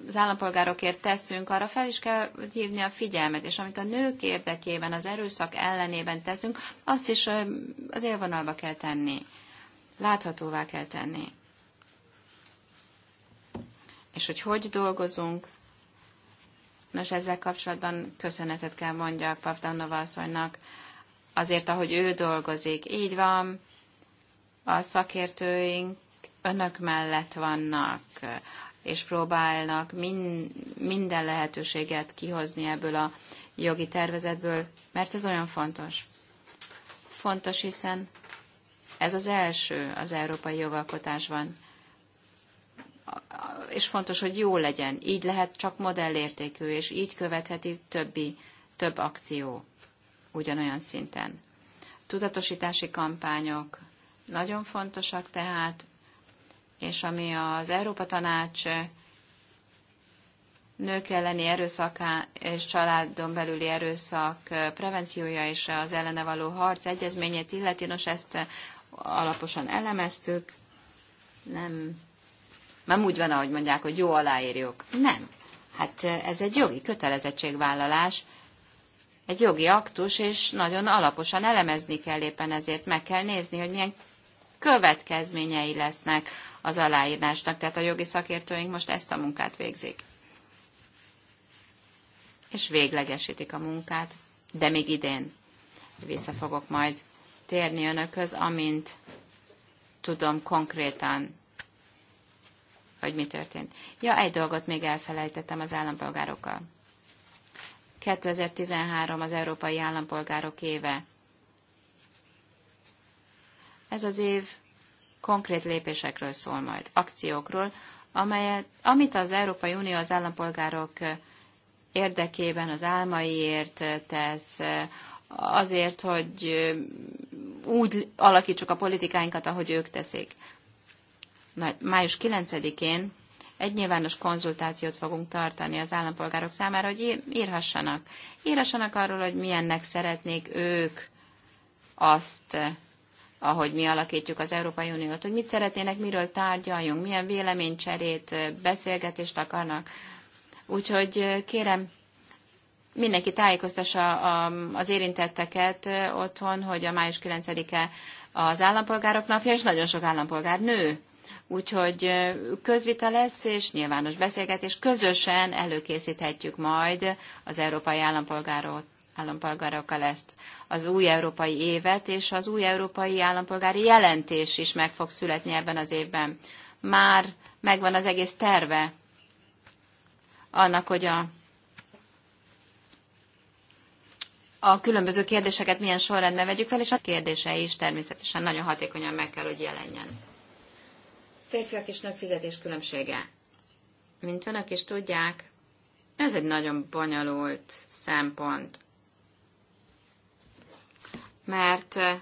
az állampolgárokért teszünk, arra fel is kell hívni a figyelmet, és amit a nők érdekében, az erőszak ellenében teszünk, azt is az élvonalba kell tenni. Láthatóvá kell tenni. És hogy hogy dolgozunk, Nos, ezzel kapcsolatban köszönetet kell mondjak Pavdanova asszonynak, azért, ahogy ő dolgozik. Így van, a szakértőink önök mellett vannak, és próbálnak min, minden lehetőséget kihozni ebből a jogi tervezetből, mert ez olyan fontos. Fontos, hiszen ez az első az európai jogalkotásban. És fontos, hogy jó legyen. Így lehet csak modellértékű, és így követheti többi, több akció ugyanolyan szinten. Tudatosítási kampányok nagyon fontosak tehát, és ami az Európa Tanács nők elleni erőszak és családon belüli erőszak prevenciója és az ellene való harc egyezményét illeti, nos ezt alaposan elemeztük, nem, nem úgy van, ahogy mondják, hogy jó aláírjuk. Nem. Hát ez egy jogi kötelezettségvállalás, egy jogi aktus, és nagyon alaposan elemezni kell éppen ezért, meg kell nézni, hogy milyen következményei lesznek az aláírásnak. Tehát a jogi szakértőink most ezt a munkát végzik. És véglegesítik a munkát, de még idén vissza fogok majd térni önökhöz, amint tudom konkrétan, hogy mi történt. Ja, egy dolgot még elfelejtettem az állampolgárokkal. 2013 az Európai Állampolgárok éve. Ez az év konkrét lépésekről szól majd, akciókról, amelyet, amit az Európai Unió az állampolgárok érdekében, az álmaiért tesz, azért, hogy úgy alakítsuk a politikáinkat, ahogy ők teszik. Május 9-én egy nyilvános konzultációt fogunk tartani az állampolgárok számára, hogy írhassanak. Írhassanak arról, hogy milyennek szeretnék ők azt, ahogy mi alakítjuk az Európai Uniót, hogy mit szeretnének, miről tárgyaljunk, milyen véleménycserét, beszélgetést akarnak. Úgyhogy kérem, mindenki tájékoztassa az érintetteket otthon, hogy a május 9-e az állampolgárok napja, és nagyon sok állampolgár nő Úgyhogy közvita lesz, és nyilvános beszélgetés. Közösen előkészíthetjük majd az európai állampolgárok, állampolgárokkal ezt az új európai évet, és az új európai állampolgári jelentés is meg fog születni ebben az évben. Már megvan az egész terve annak, hogy a, a különböző kérdéseket milyen sorrendben vegyük fel, és a kérdése is természetesen nagyon hatékonyan meg kell, hogy jelenjen férfiak és nők fizetés különbsége. Mint önök is tudják, ez egy nagyon bonyolult szempont. Mert eh,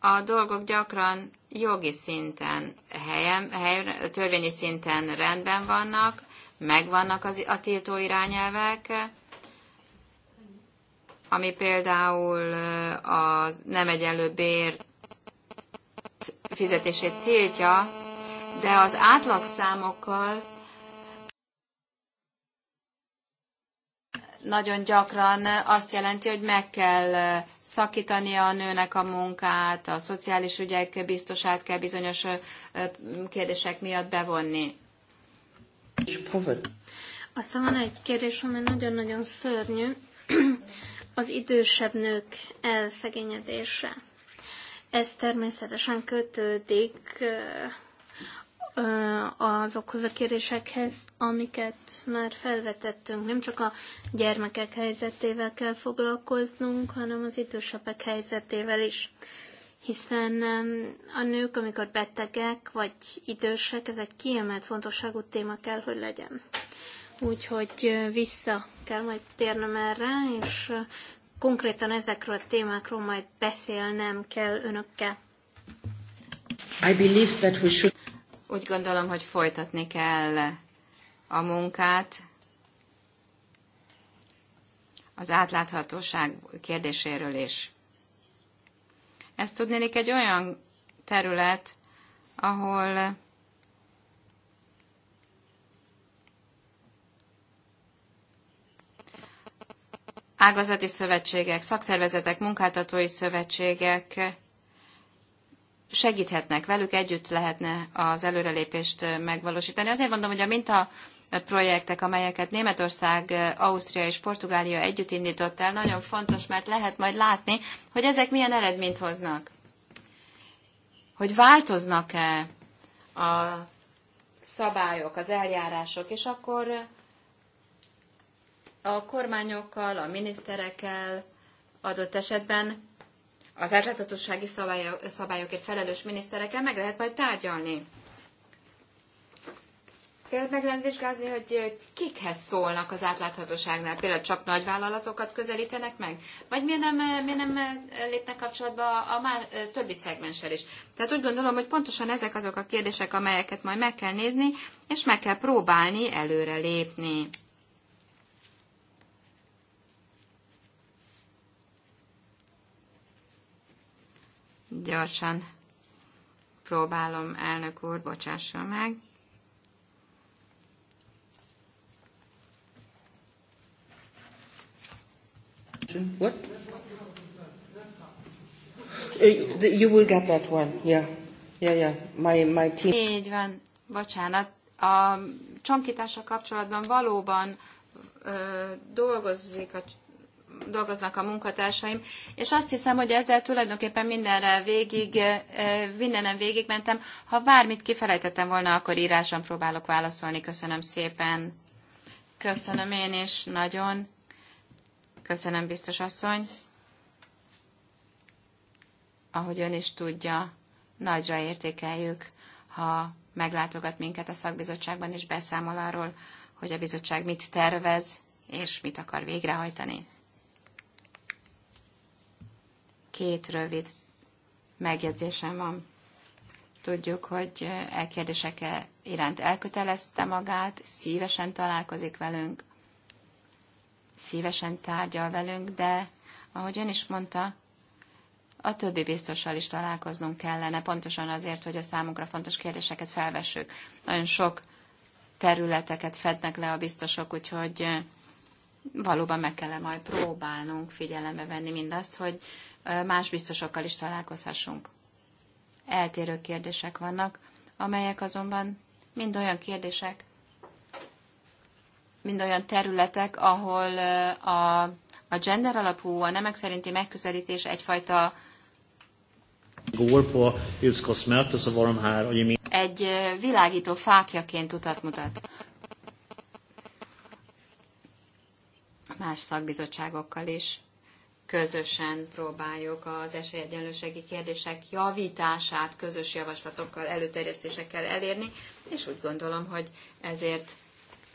a dolgok gyakran jogi szinten, helyem, hely, törvényi szinten rendben vannak, megvannak az, a tiltó irányelvek, ami például eh, a nem egyenlő bért fizetését tiltja, de az átlagszámokkal nagyon gyakran azt jelenti, hogy meg kell szakítania a nőnek a munkát, a szociális ügyek biztosát kell bizonyos kérdések miatt bevonni. Aztán van egy kérdés, ami nagyon-nagyon szörnyű, az idősebb nők elszegényedése. Ez természetesen kötődik azokhoz a kérésekhez, amiket már felvetettünk. Nem csak a gyermekek helyzetével kell foglalkoznunk, hanem az idősebbek helyzetével is. Hiszen a nők, amikor betegek vagy idősek, ez egy kiemelt fontosságú téma kell, hogy legyen. Úgyhogy vissza kell majd térnem erre, és konkrétan ezekről a témákról majd beszélnem kell önökkel. I believe that we should... Úgy gondolom, hogy folytatni kell a munkát. Az átláthatóság kérdéséről is. Ez tudnék egy olyan terület, ahol ágazati szövetségek, szakszervezetek, munkáltatói szövetségek segíthetnek velük, együtt lehetne az előrelépést megvalósítani. Azért mondom, hogy a minta projektek, amelyeket Németország, Ausztria és Portugália együtt indított el, nagyon fontos, mert lehet majd látni, hogy ezek milyen eredményt hoznak. Hogy változnak-e a szabályok, az eljárások, és akkor a kormányokkal, a miniszterekkel, adott esetben az átláthatósági szabályokért felelős miniszterekkel meg lehet majd tárgyalni. Kell meg lehet vizsgálni, hogy kikhez szólnak az átláthatóságnál, például csak nagyvállalatokat közelítenek meg, vagy miért nem, miért nem lépnek kapcsolatba a más, többi szegmenssel is. Tehát úgy gondolom, hogy pontosan ezek azok a kérdések, amelyeket majd meg kell nézni, és meg kell próbálni előre lépni. Gyorsan próbálom, elnök úr, bocsássa meg. What? Eh, you will get that one, yeah. Yeah, yeah. My, my team. Így van, bocsánat. A csonkítással kapcsolatban valóban ö, dolgozik a dolgoznak a munkatársaim, és azt hiszem, hogy ezzel tulajdonképpen mindenre végig, mindenen végigmentem. Ha bármit kifelejtettem volna, akkor írásban próbálok válaszolni. Köszönöm szépen. Köszönöm én is, nagyon. Köszönöm, biztos asszony. Ahogy ön is tudja, nagyra értékeljük, ha meglátogat minket a szakbizottságban, és beszámol arról, hogy a bizottság mit tervez, és mit akar végrehajtani. Két rövid megjegyzésem van. Tudjuk, hogy elkérdések e iránt elkötelezte magát, szívesen találkozik velünk, szívesen tárgyal velünk, de ahogy ön is mondta, a többi biztossal is találkoznunk kellene, pontosan azért, hogy a számunkra fontos kérdéseket felvessük. Nagyon sok területeket fednek le a biztosok, úgyhogy e, valóban meg kell -e majd próbálnunk figyelembe venni mindazt, hogy más biztosokkal is találkozhassunk. Eltérő kérdések vannak, amelyek azonban mind olyan kérdések, mind olyan területek, ahol a, a gender alapú, a nemek szerinti megközelítés egyfajta egy világító fákjaként utat mutat. Más szakbizottságokkal is közösen próbáljuk az esélyegyenlőségi kérdések javítását közös javaslatokkal, előterjesztésekkel elérni, és úgy gondolom, hogy ezért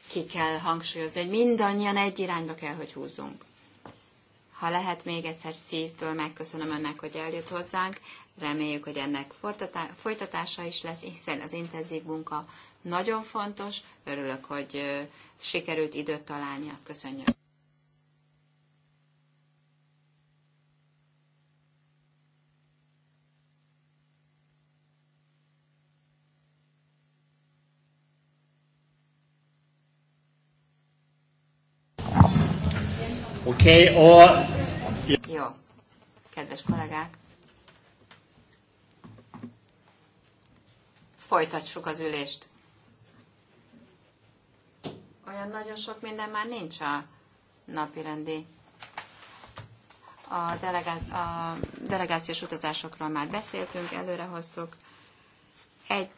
ki kell hangsúlyozni, hogy mindannyian egy irányba kell, hogy húzzunk. Ha lehet, még egyszer szívből megköszönöm önnek, hogy eljött hozzánk. Reméljük, hogy ennek folytatása is lesz, hiszen az intenzív munka nagyon fontos. Örülök, hogy sikerült időt találnia. Köszönjük. Oké, okay, or... Jó, kedves kollégák. Folytassuk az ülést. Olyan nagyon sok minden már nincs a napirendi. A, delegá- a delegációs utazásokról már beszéltünk, előrehoztuk. Egy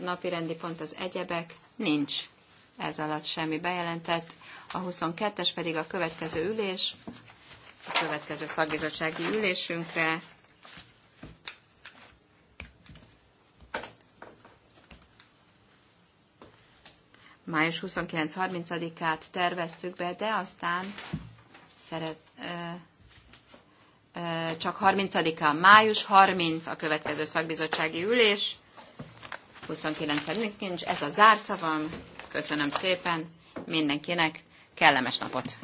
napirendi pont az egyebek, nincs ez alatt semmi bejelentett a 22-es pedig a következő ülés, a következő szakbizottsági ülésünkre. Május 29-30-át terveztük be, de aztán szeret, ö, ö, csak 30 a május 30 a következő szakbizottsági ülés. 29 en nincs, ez a zárszavam. Köszönöm szépen mindenkinek kellemes napot!